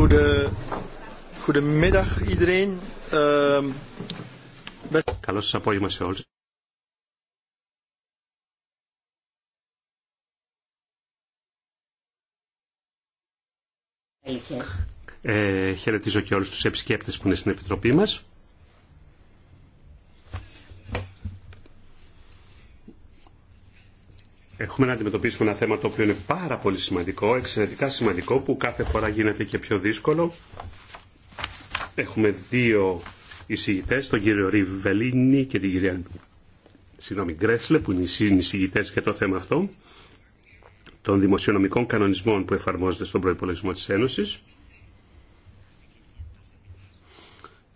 Ehm, Καλώς σας απόγευμα σε όλους. Ε, χαιρετίζω και όλους τους επισκέπτες που είναι στην Επιτροπή μας. έχουμε να αντιμετωπίσουμε ένα θέμα το οποίο είναι πάρα πολύ σημαντικό, εξαιρετικά σημαντικό, που κάθε φορά γίνεται και πιο δύσκολο. Έχουμε δύο εισηγητέ, τον κύριο Ριβελίνη και την κυρία συγγνώμη, Γκρέσλε, που είναι εισηγητέ για το θέμα αυτό, των δημοσιονομικών κανονισμών που εφαρμόζονται στον προπολογισμό τη Ένωση.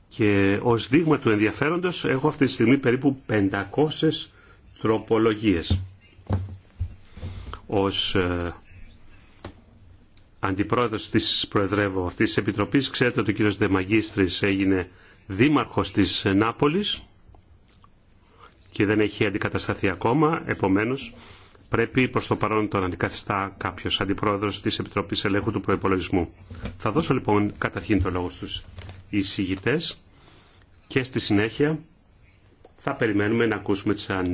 Και ω δείγμα του ενδιαφέροντο έχω αυτή τη στιγμή περίπου 500 τροπολογίε ως ε, αντιπρόεδρος της Προεδρεύω αυτής της Επιτροπής. Ξέρετε ότι ο κύριος Δεμαγίστρης έγινε δήμαρχος της Νάπολης και δεν έχει αντικατασταθεί ακόμα, επομένως πρέπει προς το παρόν τον αντικαθιστά κάποιος αντιπρόεδρος της Επιτροπής Ελέγχου του Προϋπολογισμού. Θα δώσω λοιπόν καταρχήν το λόγο στους εισηγητές και στη συνέχεια θα περιμένουμε να ακούσουμε τις, αν...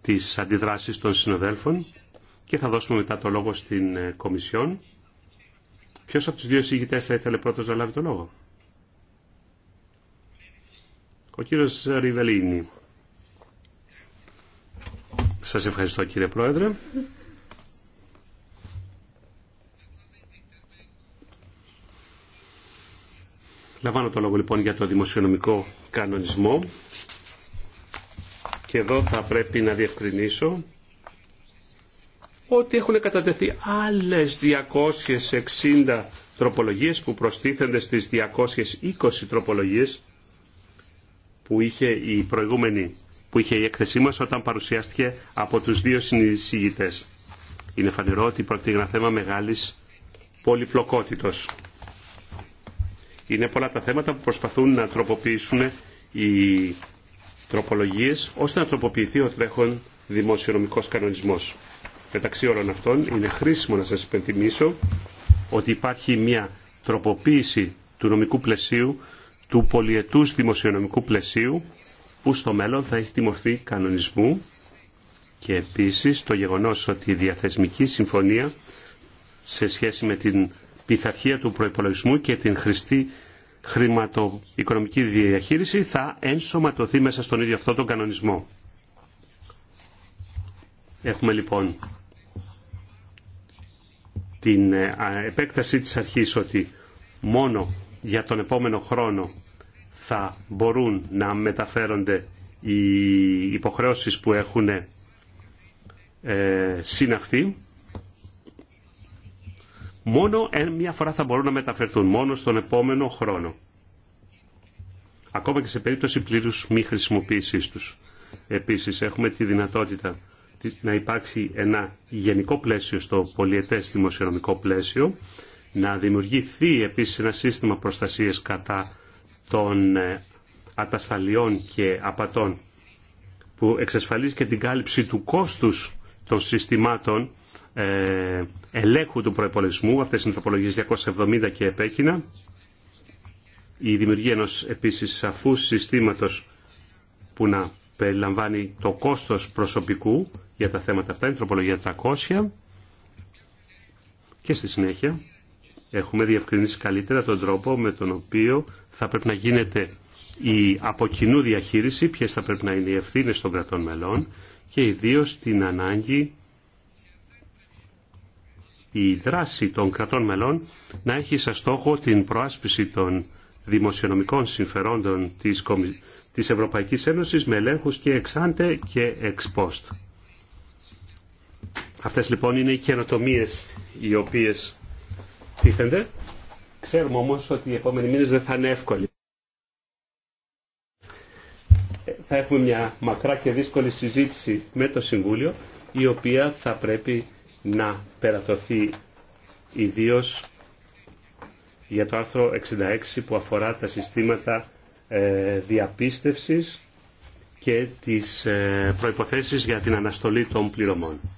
τις αντιδράσεις των συνοδέλφων και θα δώσουμε μετά το λόγο στην ε, Κομισιόν. Ποιος από τους δύο συγγητές θα ήθελε πρώτος να λάβει το λόγο. Ο κύριος Ριβελίνη. Σας ευχαριστώ κύριε Πρόεδρε. Λαμβάνω το λόγο λοιπόν για το δημοσιονομικό κανονισμό και εδώ θα πρέπει να διευκρινίσω ότι έχουν κατατεθεί άλλες 260 τροπολογίες που προστίθενται στις 220 τροπολογίες που είχε η προηγούμενη που είχε η έκθεσή μας όταν παρουσιάστηκε από τους δύο συνεισηγητές. Είναι φανερό ότι πρόκειται για ένα θέμα μεγάλης πολυπλοκότητος. Είναι πολλά τα θέματα που προσπαθούν να τροποποιήσουν οι τροπολογίες ώστε να τροποποιηθεί ο τρέχον δημοσιονομικός κανονισμός μεταξύ όλων αυτών. Είναι χρήσιμο να σας υπενθυμίσω ότι υπάρχει μια τροποποίηση του νομικού πλαισίου, του πολιετούς δημοσιονομικού πλαισίου, που στο μέλλον θα έχει τη κανονισμού και επίσης το γεγονός ότι η διαθεσμική συμφωνία σε σχέση με την πειθαρχία του προϋπολογισμού και την χρηστή χρηματοοικονομική διαχείριση θα ενσωματωθεί μέσα στον ίδιο αυτό τον κανονισμό. Έχουμε λοιπόν την ε, επέκταση της αρχής ότι μόνο για τον επόμενο χρόνο θα μπορούν να μεταφέρονται οι υποχρεώσεις που έχουν ε, συναυθεί μόνο μία φορά θα μπορούν να μεταφερθούν, μόνο στον επόμενο χρόνο. Ακόμα και σε περίπτωση πλήρους μη χρησιμοποίησής τους. Επίσης έχουμε τη δυνατότητα να υπάρξει ένα γενικό πλαίσιο στο πολιετές δημοσιονομικό πλαίσιο, να δημιουργηθεί επίσης ένα σύστημα προστασίας κατά των ε, ατασταλιών και απατών που εξασφαλίζει και την κάλυψη του κόστους των συστημάτων ε, ελέγχου του προϋπολογισμού. αυτές είναι ανθρωπολογίες 270 και επέκεινα, η δημιουργία ενός επίσης σαφούς συστήματος που να περιλαμβάνει το κόστος προσωπικού για τα θέματα αυτά, είναι τροπολογία 300 και στη συνέχεια έχουμε διευκρινίσει καλύτερα τον τρόπο με τον οποίο θα πρέπει να γίνεται η από κοινού διαχείριση, ποιε θα πρέπει να είναι οι ευθύνε των κρατών μελών και ιδίω την ανάγκη η δράση των κρατών μελών να έχει σαν στόχο την προάσπιση των δημοσιονομικών συμφερόντων της, της Ευρωπαϊκής Ένωσης με ελέγχους και εξάντε και εξπόστ. Αυτές λοιπόν είναι οι καινοτομίε οι οποίες τίθενται. Ξέρουμε όμως ότι οι επόμενοι μήνες δεν θα είναι εύκολοι. Ε, θα έχουμε μια μακρά και δύσκολη συζήτηση με το Συμβούλιο η οποία θα πρέπει να περατωθεί ιδίως για το άρθρο 66 που αφορά τα συστήματα ε, διαπίστευσης και τις ε, προϋποθέσεις για την αναστολή των πληρωμών.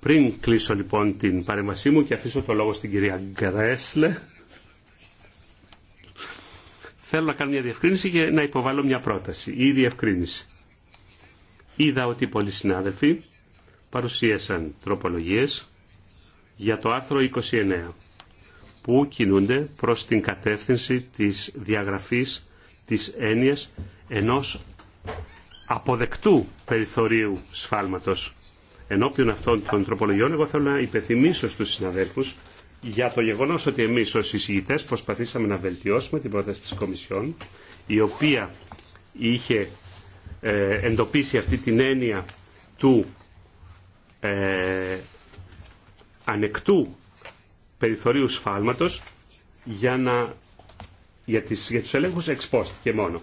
Πριν κλείσω λοιπόν την παρέμβασή μου και αφήσω το λόγο στην κυρία Γκρέσλε, θέλω να κάνω μια διευκρίνηση και να υποβάλω μια πρόταση ή διευκρίνηση. Είδα ότι πολλοί συνάδελφοι παρουσίασαν τροπολογίες για το άρθρο 29 που κινούνται προς την κατεύθυνση της διαγραφής της έννοιας ενός αποδεκτού περιθωρίου σφάλματος. Ενώπιον αυτών των τροπολογιών, εγώ θέλω να υπενθυμίσω στους συναδέλφους για το γεγονός ότι εμείς ως εισηγητές προσπαθήσαμε να βελτιώσουμε την πρόταση της Κομισιόν, η οποία είχε ε, εντοπίσει αυτή την έννοια του ε, ανεκτού περιθωρίου σφάλματος για, να, για, τις, για τους ελέγχους και μόνο.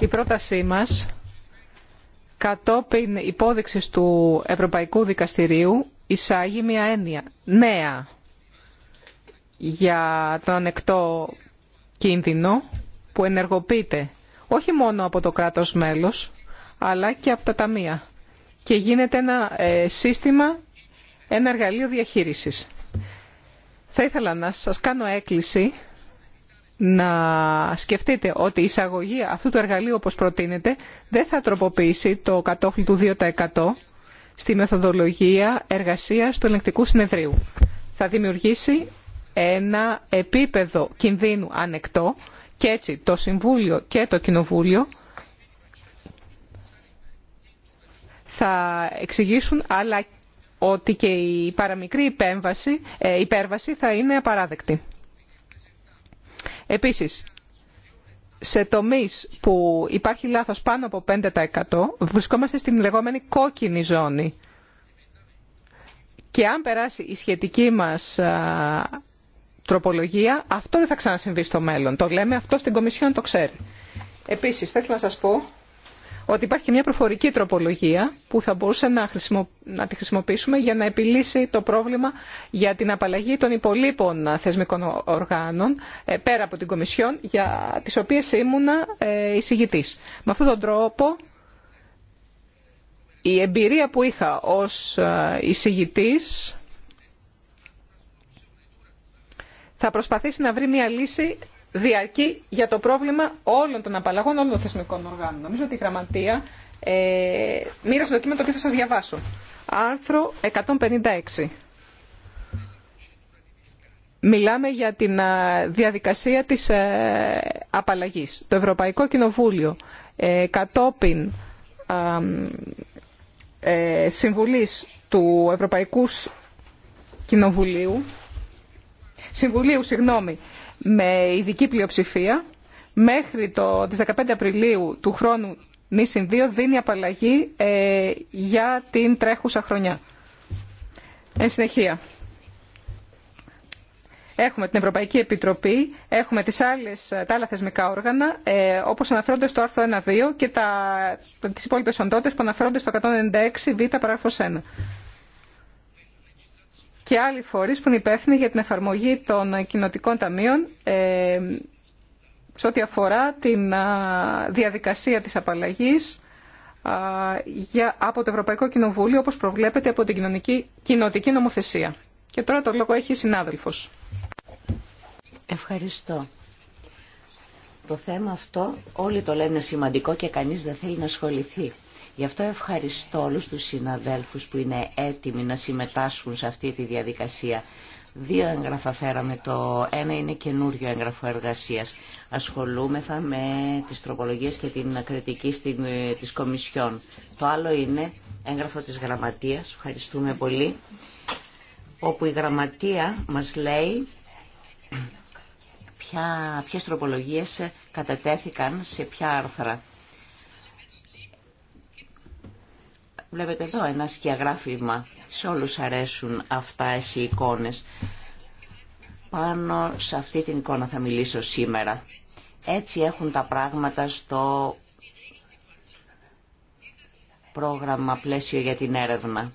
η πρότασή μας κατόπιν υπόδειξης του Ευρωπαϊκού Δικαστηρίου εισάγει μια έννοια νέα για τον ανεκτό κίνδυνο που ενεργοποιείται όχι μόνο από το κράτος μέλος αλλά και από τα ταμεία και γίνεται ένα ε, σύστημα ένα εργαλείο διαχείρισης. Θα ήθελα να σας κάνω έκκληση να σκεφτείτε ότι η εισαγωγή αυτού του εργαλείου όπως προτείνεται δεν θα τροποποιήσει το κατόφλι του 2% στη μεθοδολογία εργασίας του ελεγκτικού συνεδρίου. Θα δημιουργήσει ένα επίπεδο κινδύνου ανεκτό και έτσι το Συμβούλιο και το Κοινοβούλιο θα εξηγήσουν αλλά ότι και η παραμικρή ε, υπέρβαση θα είναι απαράδεκτη. Επίσης, σε τομείς που υπάρχει λάθος πάνω από 5% βρισκόμαστε στην λεγόμενη κόκκινη ζώνη. Και αν περάσει η σχετική μας τροπολογία, αυτό δεν θα ξανασυμβεί στο μέλλον. Το λέμε, αυτό στην Κομισιόν το ξέρει. Επίσης, θέλω να σας πω ότι υπάρχει και μια προφορική τροπολογία που θα μπορούσε να, τη χρησιμοποιήσουμε για να επιλύσει το πρόβλημα για την απαλλαγή των υπολείπων θεσμικών οργάνων ε, πέρα από την Κομισιόν για τις οποίες ήμουνα ε, εισηγητής. Με αυτόν τον τρόπο η εμπειρία που είχα ως ε, εισηγητής θα προσπαθήσει να βρει μια λύση Διαρκεί για το πρόβλημα όλων των απαλλαγών, όλων των θεσμικών οργάνων. Νομίζω ότι η Γραμματεία ε, μοίρασε το κείμενο το οποίο θα σας διαβάσω. Άρθρο 156. Μιλάμε για τη διαδικασία της ε, απαλλαγής. Το Ευρωπαϊκό Κοινοβούλιο ε, κατόπιν ε, συμβουλής του Ευρωπαϊκού Κοινοβουλίου Συμβουλίου, συγγνώμη, με ειδική πλειοψηφία μέχρι το, τις 15 Απριλίου του χρόνου νησιν 2 δίνει απαλλαγή ε, για την τρέχουσα χρονιά. Εν συνεχεία, έχουμε την Ευρωπαϊκή Επιτροπή, έχουμε τις άλλες, τα άλλα θεσμικά όργανα, ε, όπως αναφέρονται στο άρθρο 1-2 και τα, τις υπόλοιπες οντότητες που αναφέρονται στο 196 β παράγραφος 1 και άλλοι φορείς που είναι υπεύθυνοι για την εφαρμογή των κοινοτικών ταμείων ε, σε ό,τι αφορά την διαδικασία της απαλλαγής για, από το Ευρωπαϊκό Κοινοβούλιο όπως προβλέπεται από την κοινωνική, κοινοτική νομοθεσία. Και τώρα το λόγο έχει η συνάδελφος. Ευχαριστώ. Το θέμα αυτό όλοι το λένε σημαντικό και κανείς δεν θέλει να ασχοληθεί. Γι' αυτό ευχαριστώ όλους τους συναδέλφους που είναι έτοιμοι να συμμετάσχουν σε αυτή τη διαδικασία. Δύο έγγραφα φέραμε. Το ένα είναι καινούριο έγγραφο εργασίας. Ασχολούμεθα με τις τροπολογίες και την κριτική ε, της Κομισιόν. Το άλλο είναι έγγραφο της Γραμματείας. Ευχαριστούμε πολύ. Όπου η Γραμματεία μας λέει ποιε ποιες τροπολογίες κατατέθηκαν σε ποια άρθρα. Βλέπετε εδώ ένα σκιαγράφημα. Σε όλους αρέσουν αυτά οι εικόνες. Πάνω σε αυτή την εικόνα θα μιλήσω σήμερα. Έτσι έχουν τα πράγματα στο πρόγραμμα πλαίσιο για την έρευνα.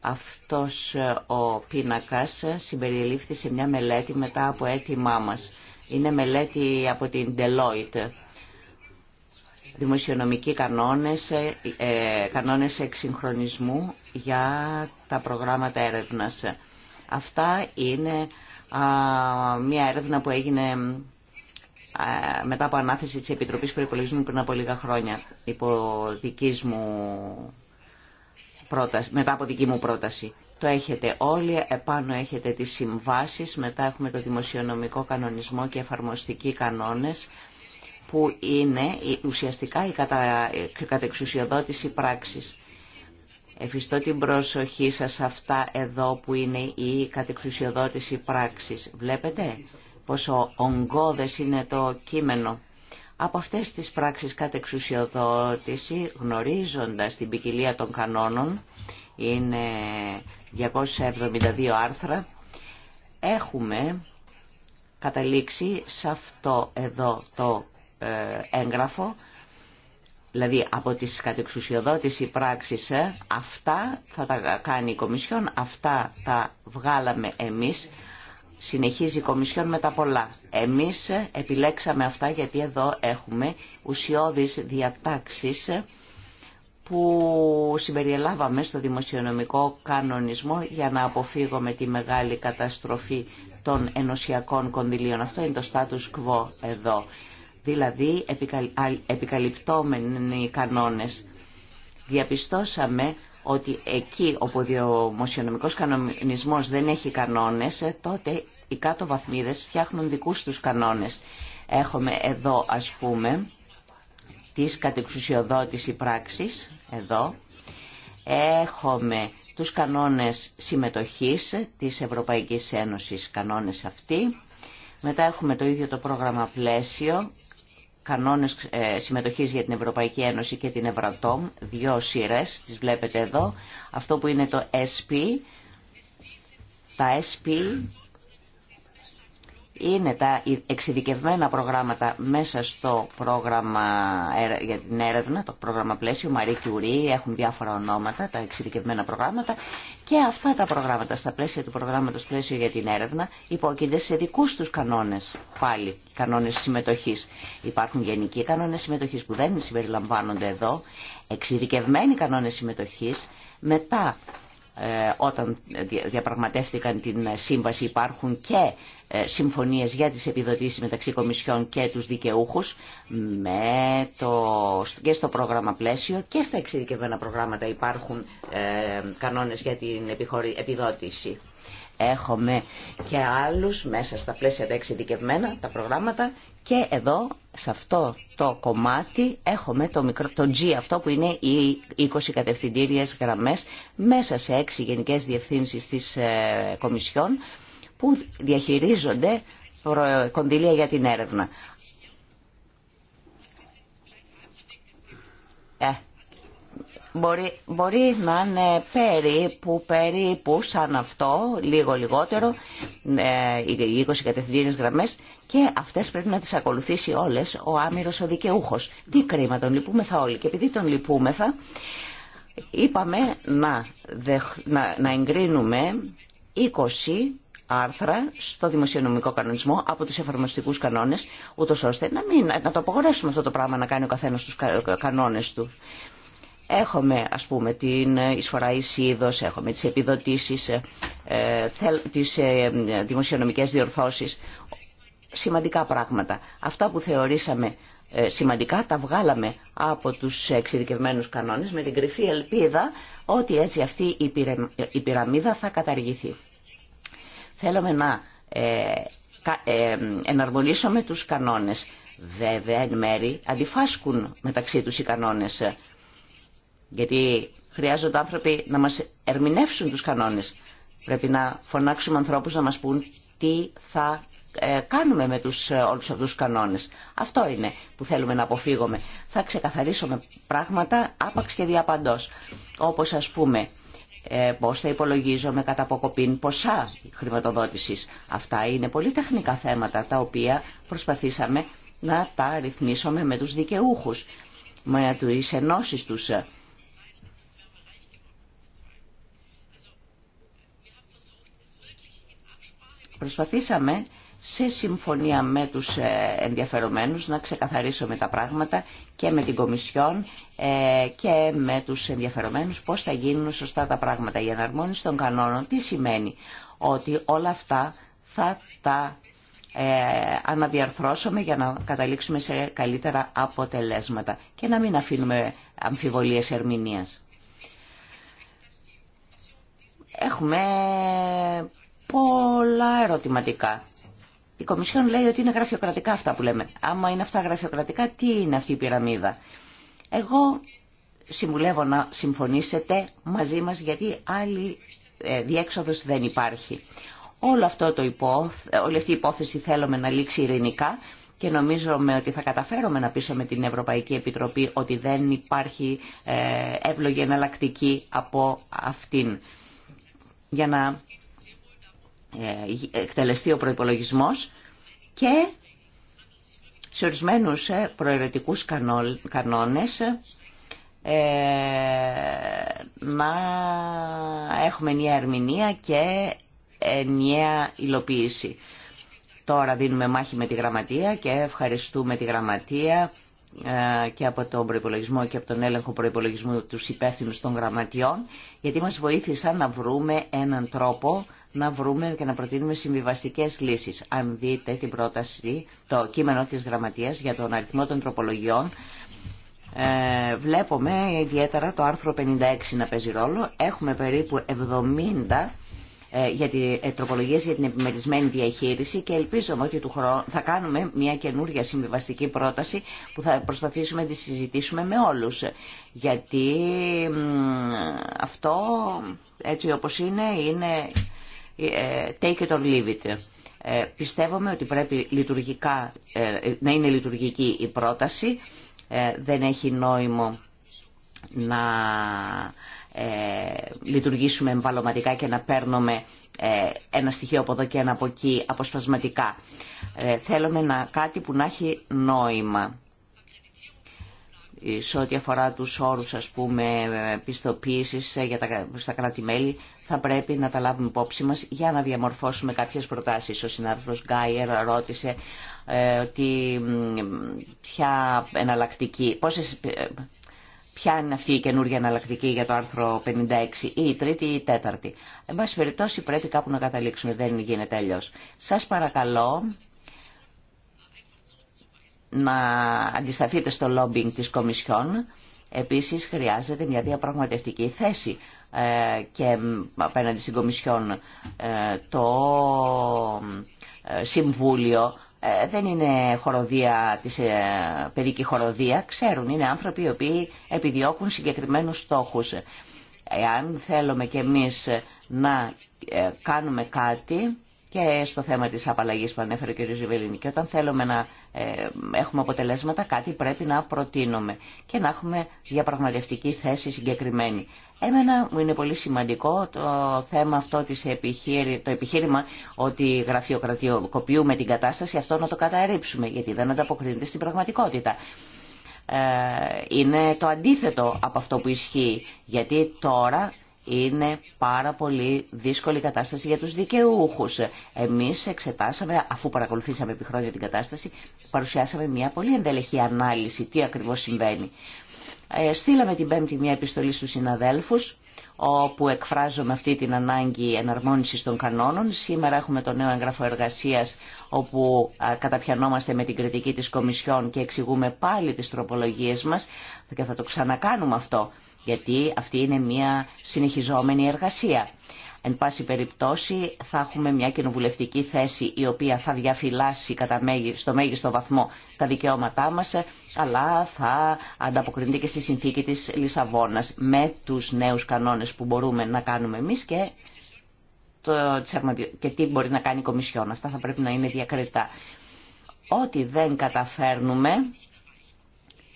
Αυτός ε, ο πίνακας ε, συμπεριλήφθη σε μια μελέτη μετά από έτοιμά μας. Είναι μελέτη από την Deloitte δημοσιονομικοί κανόνες, ε, ε, κανόνες εξυγχρονισμού για τα προγράμματα έρευνας. Αυτά είναι μια έρευνα που έγινε μετά από ανάθεση της Επιτροπής Προϋπολογισμού πριν από λίγα χρόνια, υπό μου μετά από δική μου πρόταση. Το έχετε όλοι, επάνω έχετε τις συμβάσεις, μετά έχουμε το δημοσιονομικό κανονισμό και εφαρμοστικοί κανόνες που είναι ουσιαστικά η κατεξουσιοδότηση πράξης. Εφιστώ την προσοχή σας αυτά εδώ που είναι η κατεξουσιοδότηση πράξης. Βλέπετε πόσο ογκώδες είναι το κείμενο. Από αυτές τις πράξεις κατεξουσιοδότηση, γνωρίζοντας την ποικιλία των κανόνων, είναι 272 άρθρα, έχουμε καταλήξει σε αυτό εδώ το ε, έγγραφο, δηλαδή από τις κατεξουσιοδότηση πράξεις, ε, αυτά θα τα κάνει η Κομισιόν, αυτά τα βγάλαμε εμείς, συνεχίζει η Κομισιόν με τα πολλά. Εμείς ε, επιλέξαμε αυτά γιατί εδώ έχουμε ουσιώδεις διατάξεις που συμπεριελάβαμε στο δημοσιονομικό κανονισμό για να αποφύγουμε τη μεγάλη καταστροφή των ενωσιακών κονδυλίων. Αυτό είναι το status quo εδώ δηλαδή επικαλυπτόμενοι κανόνες. Διαπιστώσαμε ότι εκεί όπου ο δημοσιονομικός κανονισμός δεν έχει κανόνες, ε, τότε οι κάτω βαθμίδες φτιάχνουν δικούς τους κανόνες. Έχουμε εδώ ας πούμε της κατεξουσιοδότηση πράξης, εδώ. Έχουμε τους κανόνες συμμετοχής της Ευρωπαϊκής Ένωσης, κανόνες αυτοί. Μετά έχουμε το ίδιο το πρόγραμμα πλαίσιο, κανόνες ε, συμμετοχής για την Ευρωπαϊκή Ένωση και την Ευρατόμ, δύο σειρές, τις βλέπετε εδώ. Αυτό που είναι το SP, τα SP είναι τα εξειδικευμένα προγράμματα μέσα στο πρόγραμμα για την έρευνα, το πρόγραμμα πλαίσιο, Marie Curie, έχουν διάφορα ονόματα, τα εξειδικευμένα προγράμματα και αυτά τα προγράμματα στα πλαίσια του προγράμματος πλαίσιο για την έρευνα υπόκεινται σε δικούς τους κανόνες πάλι, κανόνες συμμετοχής. Υπάρχουν γενικοί κανόνες συμμετοχής που δεν συμπεριλαμβάνονται εδώ, εξειδικευμένοι κανόνες συμμετοχής, μετά ε, όταν διαπραγματεύτηκαν την ε, σύμβαση υπάρχουν και ε, συμφωνίες για τις επιδοτήσεις μεταξύ Κομισιών και τους δικαιούχους με το, και στο πρόγραμμα πλαίσιο και στα εξειδικευμένα προγράμματα υπάρχουν ε, κανόνες για την επιδότηση. Έχουμε και άλλους μέσα στα πλαίσια τα εξειδικευμένα, τα προγράμματα και εδώ σε αυτό το κομμάτι έχουμε το, μικρό, το G αυτό που είναι οι 20 κατευθυντήριες γραμμές μέσα σε 6 γενικές διευθύνσεις της ε, Κομισιόν που διαχειρίζονται κονδύλια για την έρευνα. Ε, μπορεί, μπορεί να είναι περίπου, περίπου σαν αυτό, λίγο λιγότερο, ε, οι 20 κατευθυντήριες γραμμές και αυτές πρέπει να τις ακολουθήσει όλες ο άμυρος ο δικαιούχος. Τι κρίμα, τον λυπούμεθα όλοι. Και επειδή τον λυπούμεθα, είπαμε να, δεχ, να εγκρίνουμε 20 άρθρα στο δημοσιονομικό κανονισμό από τους εφαρμοστικού κανόνες, ούτω ώστε να, μην, να το απογορεύσουμε αυτό το πράγμα να κάνει ο καθένας του κανόνες του. Έχουμε ας πούμε την εισφορά εισίδος, έχουμε τις επιδοτήσεις, ε, τις ε, δημοσιονομικές διορθώσεις, σημαντικά πράγματα. Αυτά που θεωρήσαμε ε, σημαντικά τα βγάλαμε από τους εξειδικευμένους κανόνες με την κρυφή ελπίδα ότι έτσι αυτή η πυραμίδα θα καταργηθεί. Θέλουμε να ε, ε, εναρμονίσουμε τους κανόνες. Βέβαια, εν μέρη, αντιφάσκουν μεταξύ τους οι κανόνες. Ε, γιατί χρειάζονται άνθρωποι να μας ερμηνεύσουν τους κανόνες. Πρέπει να φωνάξουμε ανθρώπους να μας πούν τι θα κάνουμε με τους, όλους αυτούς τους κανόνες. Αυτό είναι που θέλουμε να αποφύγουμε. Θα ξεκαθαρίσουμε πράγματα άπαξ και διαπαντός. Όπως ας πούμε ε, πώς θα υπολογίζομαι κατά αποκοπήν ποσά χρηματοδότησης. Αυτά είναι πολύ τεχνικά θέματα τα οποία προσπαθήσαμε να τα ρυθμίσουμε με τους δικαιούχους, με τις ενώσεις τους. Προσπαθήσαμε σε συμφωνία με τους ε, ενδιαφερομένους να ξεκαθαρίσουμε τα πράγματα και με την Κομισιόν ε, και με τους ενδιαφερομένους πώς θα γίνουν σωστά τα πράγματα. Η εναρμόνιση των κανόνων τι σημαίνει ότι όλα αυτά θα τα ε, αναδιαρθρώσουμε για να καταλήξουμε σε καλύτερα αποτελέσματα και να μην αφήνουμε αμφιβολίες ερμηνείας. Έχουμε πολλά ερωτηματικά η Κομισιόν λέει ότι είναι γραφειοκρατικά αυτά που λέμε. Άμα είναι αυτά γραφειοκρατικά, τι είναι αυτή η πυραμίδα. Εγώ συμβουλεύω να συμφωνήσετε μαζί μας γιατί άλλη ε, διέξοδος δεν υπάρχει. Όλο αυτό το ε, όλη αυτή η υπόθεση θέλουμε να λήξει ειρηνικά και νομίζουμε ότι θα καταφέρουμε να πείσουμε την Ευρωπαϊκή Επιτροπή ότι δεν υπάρχει ε, εύλογη εναλλακτική από αυτήν για να ε, εκτελεστεί ο προϋπολογισμός και σε ορισμένους ε, προαιρετικούς κανόνες να ε, έχουμε ενιαία ερμηνεία και ενιαία υλοποίηση. Τώρα δίνουμε μάχη με τη γραμματεία και ευχαριστούμε τη γραμματεία και από τον προϋπολογισμό και από τον έλεγχο προϋπολογισμού τους υπεύθυνους των γραμματιών γιατί μας βοήθησαν να βρούμε έναν τρόπο να βρούμε και να προτείνουμε συμβιβαστικέ λύσεις. Αν δείτε την πρόταση, το κείμενο της γραμματείας για τον αριθμό των τροπολογιών, ε, βλέπουμε ιδιαίτερα το άρθρο 56 να παίζει ρόλο. Έχουμε περίπου 70 ε, για ε, για την επιμερισμένη διαχείριση και ελπίζουμε ότι του θα κάνουμε μια καινούργια συμβιβαστική πρόταση που θα προσπαθήσουμε να τη συζητήσουμε με όλους. Γιατί αυτό έτσι όπως είναι είναι ε, take it or leave it. Ε, πιστεύουμε ότι πρέπει λειτουργικά, ε, να είναι λειτουργική η πρόταση. Δεν έχει νόημο να λειτουργήσουμε εμβαλωματικά και να παίρνουμε ένα στοιχείο από εδώ και ένα από εκεί αποσπασματικά. Θέλουμε να, κάτι που να έχει νόημα σε ό,τι αφορά τους όρους ας πούμε πιστοποίησης ε, για τα, στα κράτη-μέλη θα πρέπει να τα λάβουμε υπόψη μας για να διαμορφώσουμε κάποιες προτάσεις. Ο συνάδελφος Γκάιερ ρώτησε ε, ότι ποια εναλλακτική, ε, ποια είναι αυτή η καινούργια εναλλακτική για το άρθρο 56 ή η τρίτη ή η τέταρτη. Εν πάση περιπτώσει πρέπει κάπου να καταλήξουμε, δεν γίνεται αλλιώ. Σας παρακαλώ να αντισταθείτε στο λόμπινγκ της Κομισιόν. Επίσης χρειάζεται μια διαπραγματευτική θέση ε, και απέναντι στην Κομισιόν ε, το ε, Συμβούλιο δεν είναι χοροδία της περίκη χοροδία. Ξέρουν, είναι άνθρωποι οι οποίοι επιδιώκουν συγκεκριμένους στόχους. Εάν θέλουμε και εμείς να κάνουμε κάτι και στο θέμα της απαλλαγής που ανέφερε ο κ. Ζιβελίνη και όταν θέλουμε να ε, έχουμε αποτελέσματα, κάτι πρέπει να προτείνουμε και να έχουμε διαπραγματευτική θέση συγκεκριμένη. Έμενα μου είναι πολύ σημαντικό το θέμα αυτό, της επιχείρη, το επιχείρημα ότι γραφειοκρατιοκοπιούμε την κατάσταση, αυτό να το καταρρύψουμε, γιατί δεν ανταποκρίνεται στην πραγματικότητα. Ε, είναι το αντίθετο από αυτό που ισχύει, γιατί τώρα είναι πάρα πολύ δύσκολη κατάσταση για τους δικαιούχους. Εμείς εξετάσαμε, αφού παρακολουθήσαμε επί χρόνια την κατάσταση, παρουσιάσαμε μια πολύ ενδελεχή ανάλυση τι ακριβώς συμβαίνει. Ε, στείλαμε την Πέμπτη μια επιστολή στους συναδέλφους όπου εκφράζουμε αυτή την ανάγκη εναρμόνισης των κανόνων. Σήμερα έχουμε το νέο έγγραφο εργασίας όπου καταπιανόμαστε με την κριτική της Κομισιόν και εξηγούμε πάλι τις τροπολογίες μας και θα το ξανακάνουμε αυτό γιατί αυτή είναι μια συνεχιζόμενη εργασία. Εν πάση περιπτώσει θα έχουμε μια κοινοβουλευτική θέση η οποία θα διαφυλάσει κατά στο μέγιστο βαθμό τα δικαιώματά μας αλλά θα ανταποκρίνεται και στη συνθήκη της Λισαβόνας με τους νέους κανόνες που μπορούμε να κάνουμε εμείς και, το, και τι μπορεί να κάνει η Κομισιόν. Αυτά θα πρέπει να είναι διακριτά. Ό,τι δεν καταφέρνουμε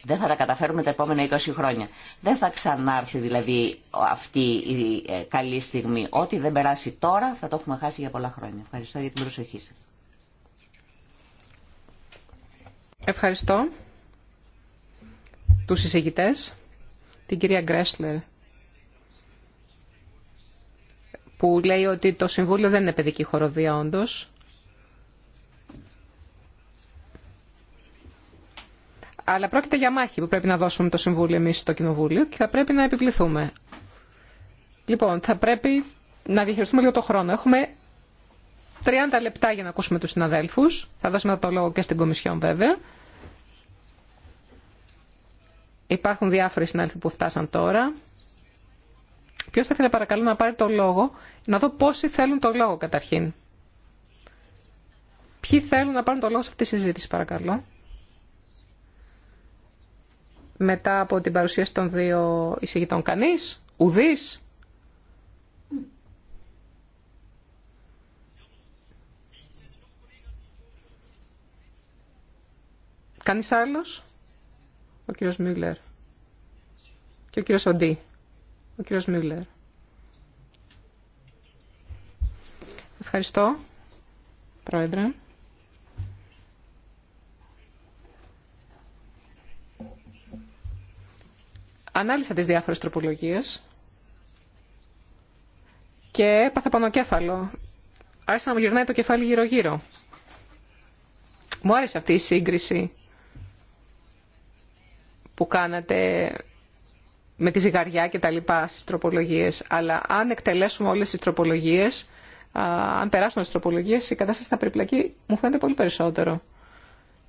δεν θα τα καταφέρουμε τα επόμενα 20 χρόνια. Δεν θα ξανάρθει δηλαδή αυτή η ε, καλή στιγμή. Ό,τι δεν περάσει τώρα θα το έχουμε χάσει για πολλά χρόνια. Ευχαριστώ για την προσοχή σας. Ευχαριστώ τους εισηγητές, την κυρία Γκρέσλερ που λέει ότι το Συμβούλιο δεν είναι παιδική χοροδία όντως Αλλά πρόκειται για μάχη που πρέπει να δώσουμε το Συμβούλιο εμείς στο Κοινοβούλιο και θα πρέπει να επιβληθούμε. Λοιπόν, θα πρέπει να διαχειριστούμε λίγο το χρόνο. Έχουμε 30 λεπτά για να ακούσουμε τους συναδέλφους. Θα δώσουμε το λόγο και στην Κομισιόν βέβαια. Υπάρχουν διάφοροι συνάδελφοι που φτάσαν τώρα. Ποιο θα ήθελε παρακαλώ να πάρει το λόγο, να δω πόσοι θέλουν το λόγο καταρχήν. Ποιοι θέλουν να πάρουν το λόγο σε αυτή τη συζήτηση, παρακαλώ μετά από την παρουσίαση των δύο εισηγητών. Κανείς, ουδής. Κανείς άλλος. Ο κύριος Μιούλερ. Και ο κύριος Οντί. Ο κύριος Μιούλερ. Ευχαριστώ, Πρόεδρε. Ανάλυσα τις διάφορες τροπολογίες και έπαθα πάνω κέφαλο. Άρχισα να μου γυρνάει το κεφάλι γύρω-γύρω. Μου άρεσε αυτή η σύγκριση που κάνατε με τη ζυγαριά και τα λοιπά στις τροπολογίες. Αλλά αν εκτελέσουμε όλες τις τροπολογίες, αν περάσουμε στις τροπολογίες, η κατάσταση θα περιπλακεί, μου φαίνεται πολύ περισσότερο.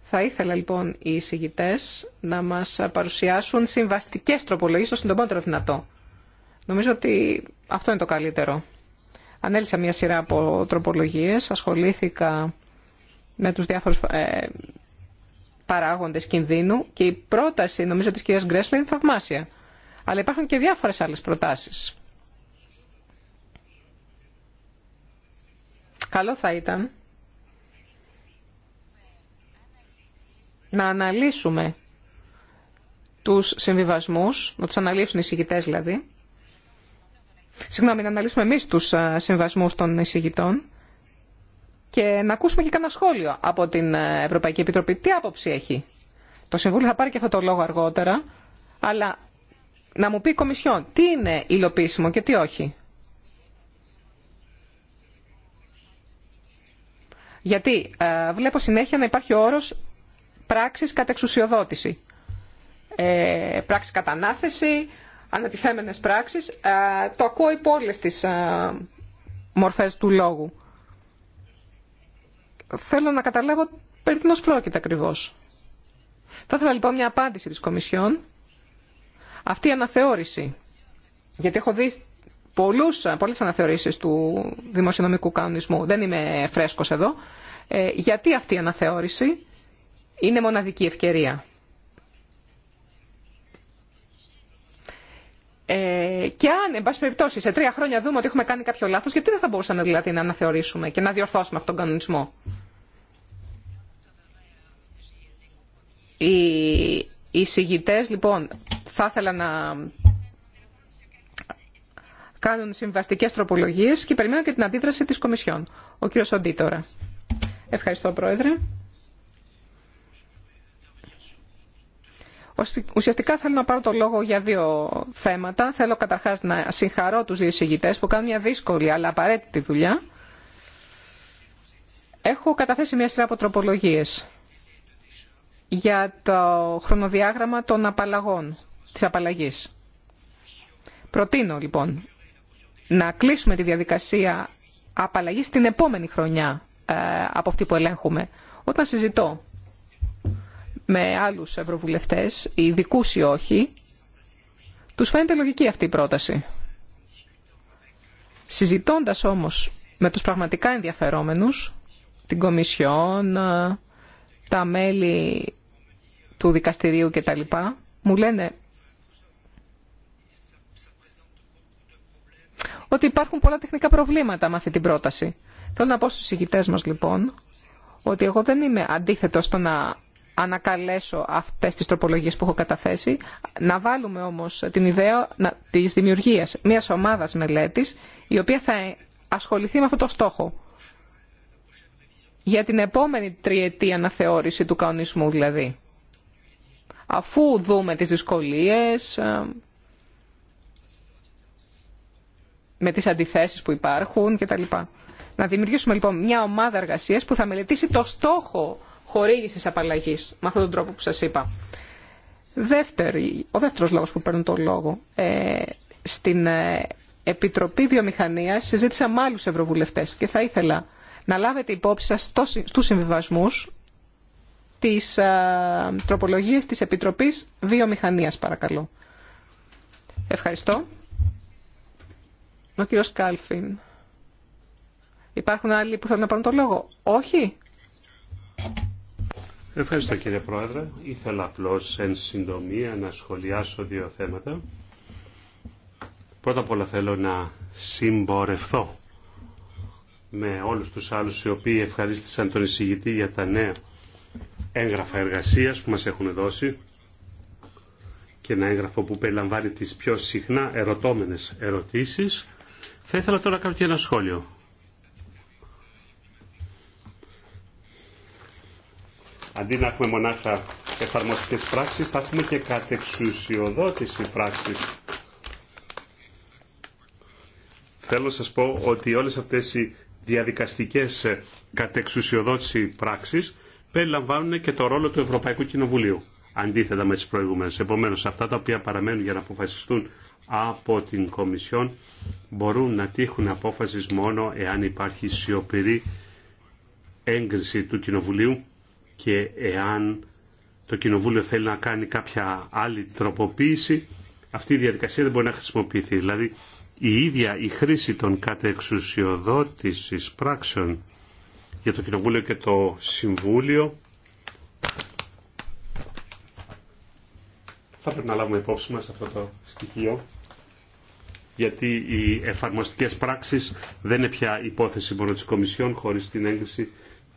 Θα ήθελα λοιπόν οι εισηγητέ να μα παρουσιάσουν συμβαστικέ τροπολογίε στο συντομότερο δυνατό. Νομίζω ότι αυτό είναι το καλύτερο. Ανέλησα μια σειρά από τροπολογίες, ασχολήθηκα με τους διάφορους ε, παράγοντες κινδύνου και η πρόταση νομίζω τη κύρια Γκρέσλα είναι θαυμάσια. Αλλά υπάρχουν και διάφορες άλλες προτάσει. Καλό θα ήταν να αναλύσουμε τους συμβιβασμούς, να τους αναλύσουν οι εισηγητές δηλαδή. Συγγνώμη, να αναλύσουμε εμείς τους ε, συμβιβασμούς των εισηγητών και να ακούσουμε και κανένα σχόλιο από την ε, Ευρωπαϊκή Επιτροπή. Τι άποψη έχει. Το Συμβούλιο θα πάρει και αυτό το λόγο αργότερα, αλλά να μου πει η Κομισιόν τι είναι υλοποιήσιμο και τι όχι. Γιατί ε, βλέπω συνέχεια να υπάρχει όρος πράξεις κατά εξουσιοδότηση. Ε, πράξεις κατά ανάθεση, ανατιθέμενες πράξεις. Ε, το ακούω υπό όλες τις ε, μορφές του λόγου. Θέλω να καταλάβω περί τίνος πρόκειται ακριβώς. Θα ήθελα λοιπόν μια απάντηση της Κομισιόν. Αυτή η αναθεώρηση, γιατί έχω δει πολλούς, πολλές αναθεωρήσεις του δημοσιονομικού κανονισμού, δεν είμαι φρέσκος εδώ, ε, γιατί αυτή η αναθεώρηση είναι μοναδική ευκαιρία. Ε, και αν, εν πάση περιπτώσει, σε τρία χρόνια δούμε ότι έχουμε κάνει κάποιο λάθος, γιατί δεν θα μπορούσαμε δηλαδή να αναθεωρήσουμε και να διορθώσουμε αυτόν τον κανονισμό. Οι, οι λοιπόν, θα ήθελα να κάνουν συμβαστικές τροπολογίες και περιμένω και την αντίδραση της Κομισιόν. Ο κύριος Σοντή τώρα. Ευχαριστώ, Πρόεδρε. Ουσιαστικά θέλω να πάρω το λόγο για δύο θέματα. Θέλω καταρχάς να συγχαρώ τους δύο συγγητές που κάνουν μια δύσκολη αλλά απαραίτητη δουλειά. Έχω καταθέσει μια σειρά από τροπολογίε για το χρονοδιάγραμμα των απαλλαγών, της απαλλαγής. Προτείνω λοιπόν να κλείσουμε τη διαδικασία απαλλαγής την επόμενη χρονιά ε, από αυτή που ελέγχουμε. Όταν συζητώ με άλλους ευρωβουλευτές, ειδικού ή όχι, τους φαίνεται λογική αυτή η πρόταση. Συζητώντας όμως με τους πραγματικά ενδιαφερόμενους, την Κομισιόν, τα μέλη του δικαστηρίου κτλ. Μου λένε ότι υπάρχουν πολλά τεχνικά προβλήματα με αυτή την πρόταση. Θέλω να πω στους ηγητές μας λοιπόν ότι εγώ δεν είμαι αντίθετο στο να ανακαλέσω αυτές τις τροπολογίες που έχω καταθέσει, να βάλουμε όμως την ιδέα της δημιουργίας μιας ομάδας μελέτης, η οποία θα ασχοληθεί με αυτό το στόχο. Για την επόμενη τριετή αναθεώρηση του καονισμού δηλαδή. Αφού δούμε τις δυσκολίες, ε, με τις αντιθέσεις που υπάρχουν κτλ. Να δημιουργήσουμε λοιπόν μια ομάδα εργασίας που θα μελετήσει το στόχο χορήγησης απαλλαγής με αυτόν τον τρόπο που σας είπα. Δεύτερη, ο δεύτερος λόγος που παίρνω τον λόγο. Ε, στην ε, Επιτροπή Βιομηχανίας συζήτησα με άλλου ευρωβουλευτές και θα ήθελα να λάβετε υπόψη σας στους συμβιβασμού τις ε, τροπολογίες της Επιτροπής Βιομηχανίας, παρακαλώ. Ευχαριστώ. Ο κύριος Κάλφιν. Υπάρχουν άλλοι που θέλουν να πάρουν το λόγο. Όχι. Ευχαριστώ κύριε Πρόεδρε. Ήθελα απλώς εν συντομία να σχολιάσω δύο θέματα. Πρώτα απ' όλα θέλω να συμπορευθώ με όλους τους άλλους οι οποίοι ευχαρίστησαν τον εισηγητή για τα νέα έγγραφα εργασίας που μας έχουν δώσει και ένα έγγραφο που περιλαμβάνει τις πιο συχνά ερωτώμενες ερωτήσεις. Θα ήθελα τώρα να κάνω και ένα σχόλιο. αντί να έχουμε μονάχα εφαρμοστικές πράξεις, θα έχουμε και κατεξουσιοδότηση πράξης. Θέλω να σας πω ότι όλες αυτές οι διαδικαστικές κατεξουσιοδότηση πράξης περιλαμβάνουν και το ρόλο του Ευρωπαϊκού Κοινοβουλίου, αντίθετα με τις προηγούμενες. Επομένως, αυτά τα οποία παραμένουν για να αποφασιστούν από την Κομισιόν μπορούν να τύχουν απόφαση μόνο εάν υπάρχει σιωπηρή έγκριση του Κοινοβουλίου και εάν το Κοινοβούλιο θέλει να κάνει κάποια άλλη τροποποίηση, αυτή η διαδικασία δεν μπορεί να χρησιμοποιηθεί. Δηλαδή, η ίδια η χρήση των κατεξουσιοδότησης πράξεων για το Κοινοβούλιο και το Συμβούλιο θα πρέπει να λάβουμε υπόψη μας αυτό το στοιχείο γιατί οι εφαρμοστικές πράξεις δεν είναι πια υπόθεση μόνο της Κομισιόν χωρίς την έγκριση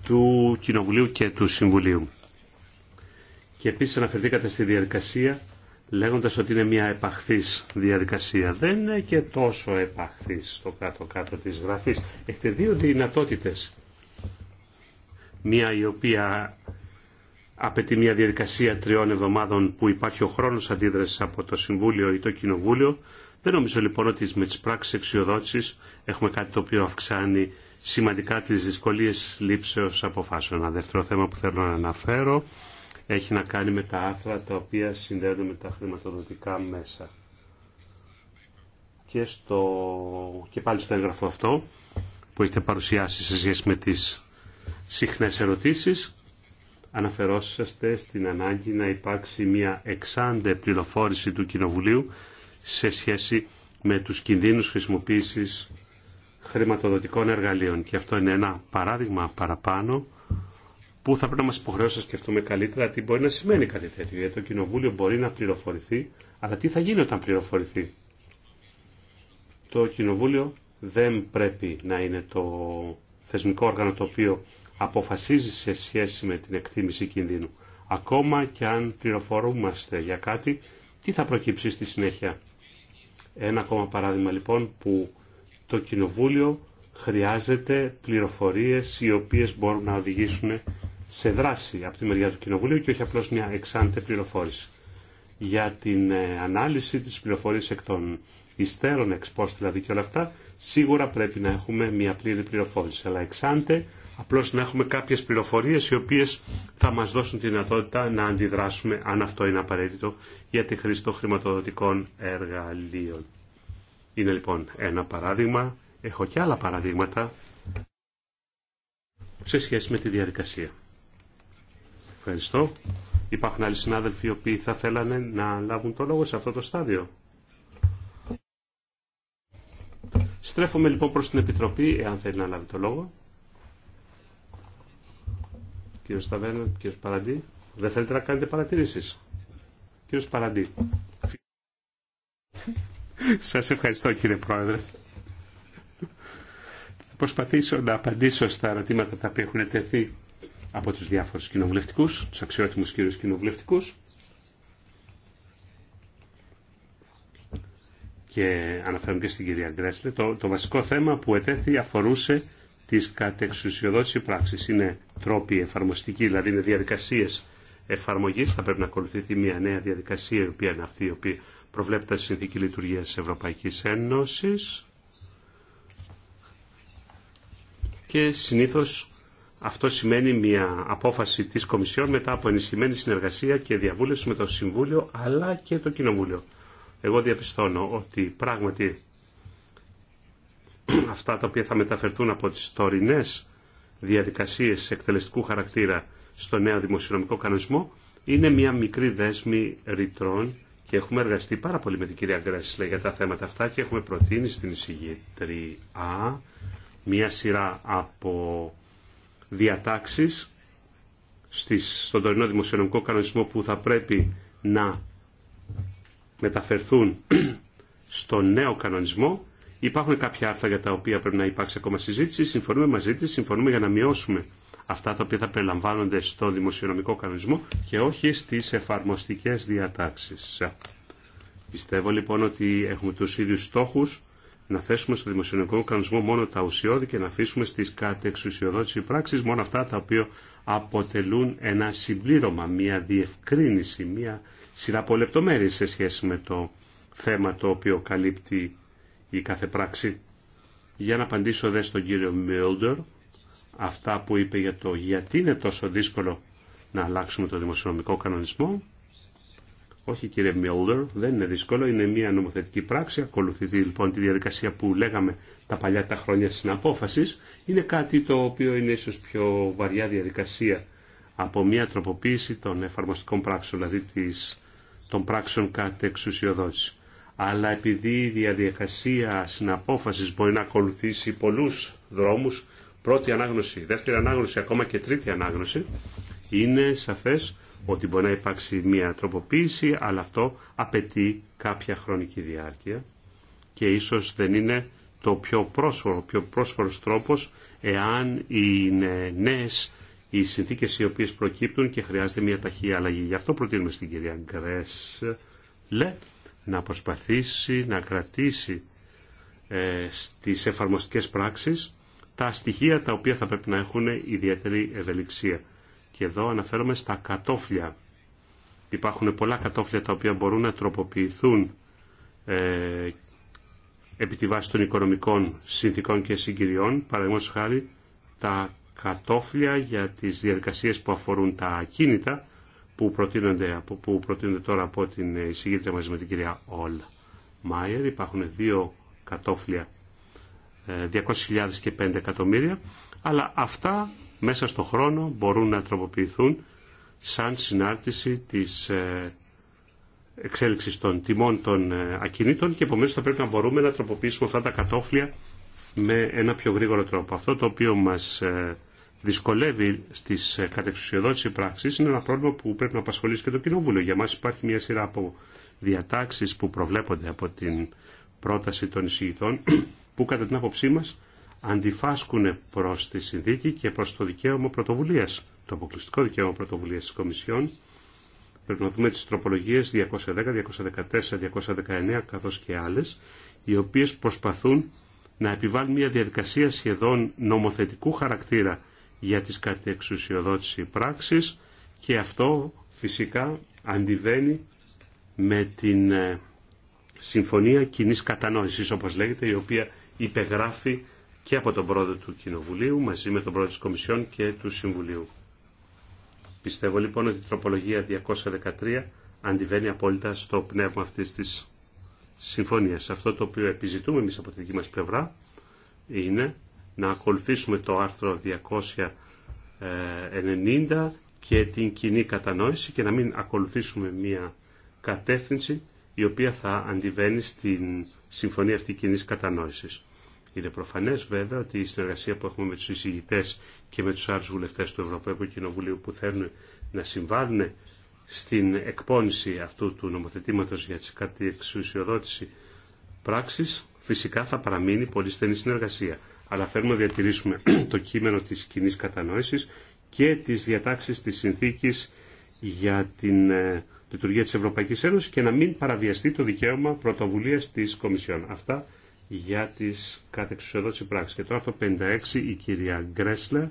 του Κοινοβουλίου και του Συμβουλίου. Και επίσης αναφερθήκατε στη διαδικασία λέγοντας ότι είναι μια επαχθής διαδικασία. Δεν είναι και τόσο επαχθής στο κάτω-κάτω της γραφής. Έχετε δύο δυνατότητες. Μία η οποία απαιτεί μια διαδικασία τριών εβδομάδων που υπάρχει ο χρόνος αντίδρασης από το Συμβούλιο ή το Κοινοβούλιο. Δεν νομίζω λοιπόν ότι με τις πράξεις εξιοδότησης έχουμε κάτι το οποίο αυξάνει σημαντικά τις δυσκολίες λήψεως αποφάσεων. Ένα δεύτερο θέμα που θέλω να αναφέρω έχει να κάνει με τα άθρα τα οποία συνδέονται με τα χρηματοδοτικά μέσα. Και, στο, και πάλι στο έγγραφο αυτό που έχετε παρουσιάσει σε σχέση με τις συχνές ερωτήσεις αναφερόσαστε στην ανάγκη να υπάρξει μια εξάντε πληροφόρηση του Κοινοβουλίου σε σχέση με τους κινδύνους χρησιμοποίησης χρηματοδοτικών εργαλείων. Και αυτό είναι ένα παράδειγμα παραπάνω που θα πρέπει να μας υποχρεώσει να σκεφτούμε καλύτερα τι μπορεί να σημαίνει κάτι τέτοιο. Γιατί το Κοινοβούλιο μπορεί να πληροφορηθεί, αλλά τι θα γίνει όταν πληροφορηθεί. Το Κοινοβούλιο δεν πρέπει να είναι το θεσμικό όργανο το οποίο αποφασίζει σε σχέση με την εκτίμηση κινδύνου. Ακόμα και αν πληροφορούμαστε για κάτι, τι θα προκύψει στη συνέχεια. Ένα ακόμα παράδειγμα λοιπόν που το Κοινοβούλιο χρειάζεται πληροφορίες οι οποίες μπορούν να οδηγήσουν σε δράση από τη μεριά του Κοινοβουλίου και όχι απλώς μια εξάντε πληροφόρηση. Για την ε, ανάλυση της πληροφορίας εκ των υστέρων, εξ δηλαδή και όλα αυτά, σίγουρα πρέπει να έχουμε μια πλήρη πληροφόρηση. Αλλά εξάντε απλώς να έχουμε κάποιες πληροφορίες οι οποίες θα μας δώσουν τη δυνατότητα να αντιδράσουμε αν αυτό είναι απαραίτητο για τη χρήση των χρηματοδοτικών εργαλείων. Είναι λοιπόν ένα παράδειγμα. Έχω και άλλα παραδείγματα σε σχέση με τη διαδικασία. Ευχαριστώ. Υπάρχουν άλλοι συνάδελφοι οι οποίοι θα θέλανε να λάβουν το λόγο σε αυτό το στάδιο. Στρέφομαι λοιπόν προς την Επιτροπή, εάν θέλει να λάβει το λόγο. Κύριος Σταβένα, κύριος Παραντή, δεν θέλετε να κάνετε παρατηρήσεις. Κύριος Παραντή. Σας ευχαριστώ κύριε Πρόεδρε. Θα προσπαθήσω να απαντήσω στα ερωτήματα τα οποία έχουν τεθεί από τους διάφορους κοινοβουλευτικούς, τους αξιότιμους κύριους κοινοβουλευτικούς. Και αναφέρομαι και στην κυρία Γκρέσλε, το, το βασικό θέμα που ετέθη αφορούσε τις κατεξουσιοδότηση πράξεις. Είναι τρόποι εφαρμοστικοί, δηλαδή είναι διαδικασίες εφαρμογής. Θα πρέπει να ακολουθηθεί μια νέα διαδικασία, η οποία είναι αυτή η οποία προβλέπεται στη Συνθήκη Λειτουργίας της Ευρωπαϊκής Ένωσης και συνήθως αυτό σημαίνει μια απόφαση της Κομισιόν μετά από ενισχυμένη συνεργασία και διαβούλευση με το Συμβούλιο αλλά και το Κοινοβούλιο. Εγώ διαπιστώνω ότι πράγματι αυτά τα οποία θα μεταφερθούν από τις τωρινέ διαδικασίες εκτελεστικού χαρακτήρα στο νέο δημοσιονομικό κανονισμό είναι μια μικρή δέσμη ρητρών και έχουμε εργαστεί πάρα πολύ με την κυρία Γκρέσλε για τα θέματα αυτά και έχουμε προτείνει στην εισηγήτρια μια σειρά από διατάξεις στις, στον τωρινό δημοσιονομικό κανονισμό που θα πρέπει να μεταφερθούν στο νέο κανονισμό. Υπάρχουν κάποια άρθρα για τα οποία πρέπει να υπάρξει ακόμα συζήτηση. Συμφωνούμε μαζί της, συμφωνούμε για να μειώσουμε αυτά τα οποία θα περιλαμβάνονται στο δημοσιονομικό κανονισμό και όχι στις εφαρμοστικές διατάξεις. Πιστεύω λοιπόν ότι έχουμε τους ίδιους στόχους να θέσουμε στο δημοσιονομικό κανονισμό μόνο τα ουσιώδη και να αφήσουμε στις κατεξουσιοδότης πράξεις μόνο αυτά τα οποία αποτελούν ένα συμπλήρωμα, μια διευκρίνηση, μια σειρά από σε σχέση με το θέμα το οποίο καλύπτει η κάθε πράξη. Για να απαντήσω δε στον κύριο Μιλντερ, αυτά που είπε για το γιατί είναι τόσο δύσκολο να αλλάξουμε το δημοσιονομικό κανονισμό. Όχι κύριε Μιόλτερ, δεν είναι δύσκολο, είναι μια νομοθετική πράξη, ακολουθεί λοιπόν τη διαδικασία που λέγαμε τα παλιά τα χρόνια συναπόφασης. Είναι κάτι το οποίο είναι ίσως πιο βαριά διαδικασία από μια τροποποίηση των εφαρμοστικών πράξεων, δηλαδή της, των πράξεων κατ' εξουσιοδότηση. Αλλά επειδή η διαδικασία συναπόφασης μπορεί να ακολουθήσει πολλούς δρόμους, πρώτη ανάγνωση, δεύτερη ανάγνωση, ακόμα και τρίτη ανάγνωση, είναι σαφές ότι μπορεί να υπάρξει μια τροποποίηση, αλλά αυτό απαιτεί κάποια χρονική διάρκεια και ίσως δεν είναι το πιο πρόσφορο, πιο πρόσφορος τρόπος εάν είναι νέε οι συνθήκες οι οποίες προκύπτουν και χρειάζεται μια ταχεία αλλαγή. Γι' αυτό προτείνουμε στην κυρία Γκρέσλε να προσπαθήσει να κρατήσει ε, στις εφαρμοστικές πράξεις τα στοιχεία τα οποία θα πρέπει να έχουν ιδιαίτερη ευελιξία. Και εδώ αναφέρομαι στα κατόφλια. Υπάρχουν πολλά κατόφλια τα οποία μπορούν να τροποποιηθούν ε, επί τη βάση των οικονομικών συνθήκων και συγκυριών. Παραδείγματο χάρη, τα κατόφλια για τις διαδικασίες που αφορούν τα ακίνητα που προτείνονται, από, που προτείνονται τώρα από την εισηγήτρια μαζί με την κυρία Όλ Μάιερ. Υπάρχουν δύο κατόφλια 200.000 και 5 εκατομμύρια, αλλά αυτά μέσα στο χρόνο μπορούν να τροποποιηθούν σαν συνάρτηση της ε, εξέλιξης των τιμών των ε, ακινήτων και επομένως θα πρέπει να μπορούμε να τροποποιήσουμε αυτά τα κατόφλια με ένα πιο γρήγορο τρόπο. Αυτό το οποίο μας ε, δυσκολεύει στις κατεξουσιοδότηση πράξεις είναι ένα πρόβλημα που πρέπει να απασχολήσει και το Κοινοβούλιο. Για μας υπάρχει μια σειρά από διατάξεις που προβλέπονται από την πρόταση των εισηγητών που κατά την άποψή μας αντιφάσκουν προς τη συνθήκη και προς το δικαίωμα πρωτοβουλίας, το αποκλειστικό δικαίωμα πρωτοβουλίας της Κομισιόν. Πρέπει να δούμε τις τροπολογίες 210, 214, 219 καθώς και άλλες, οι οποίες προσπαθούν να επιβάλλουν μια διαδικασία σχεδόν νομοθετικού χαρακτήρα για τις κατεξουσιοδότηση πράξης και αυτό φυσικά αντιβαίνει με την ε, Συμφωνία Κοινή Κατανόησης όπως λέγεται, η οποία υπεγράφει και από τον πρόεδρο του Κοινοβουλίου μαζί με τον πρόεδρο της Κομισιόν και του Συμβουλίου. Πιστεύω λοιπόν ότι η τροπολογία 213 αντιβαίνει απόλυτα στο πνεύμα αυτής της συμφωνίας. Αυτό το οποίο επιζητούμε εμείς από την δική μας πλευρά είναι να ακολουθήσουμε το άρθρο 290 και την κοινή κατανόηση και να μην ακολουθήσουμε μία κατεύθυνση η οποία θα αντιβαίνει στην συμφωνία αυτή κοινή κατανόησης. Είναι προφανέ, βέβαια ότι η συνεργασία που έχουμε με του εισηγητέ και με του άλλου βουλευτέ του Ευρωπαϊκού Κοινοβουλίου που θέλουν να συμβάλλουν στην εκπόνηση αυτού του νομοθετήματο για την εξουσιοδότηση πράξη. φυσικά θα παραμείνει πολύ στενή συνεργασία. Αλλά θέλουμε να διατηρήσουμε το κείμενο τη κοινή κατανόηση και τι διατάξει τη συνθήκη για την ε, λειτουργία της Ευρωπαϊκής Ένωσης και να μην παραβιαστεί το δικαίωμα πρωτοβουλίας της Κομισιόν. Αυτά για τις κατεξουσιοδότησες πράξεις. Και το άρθρο 56 η κυρία Γκρέσλερ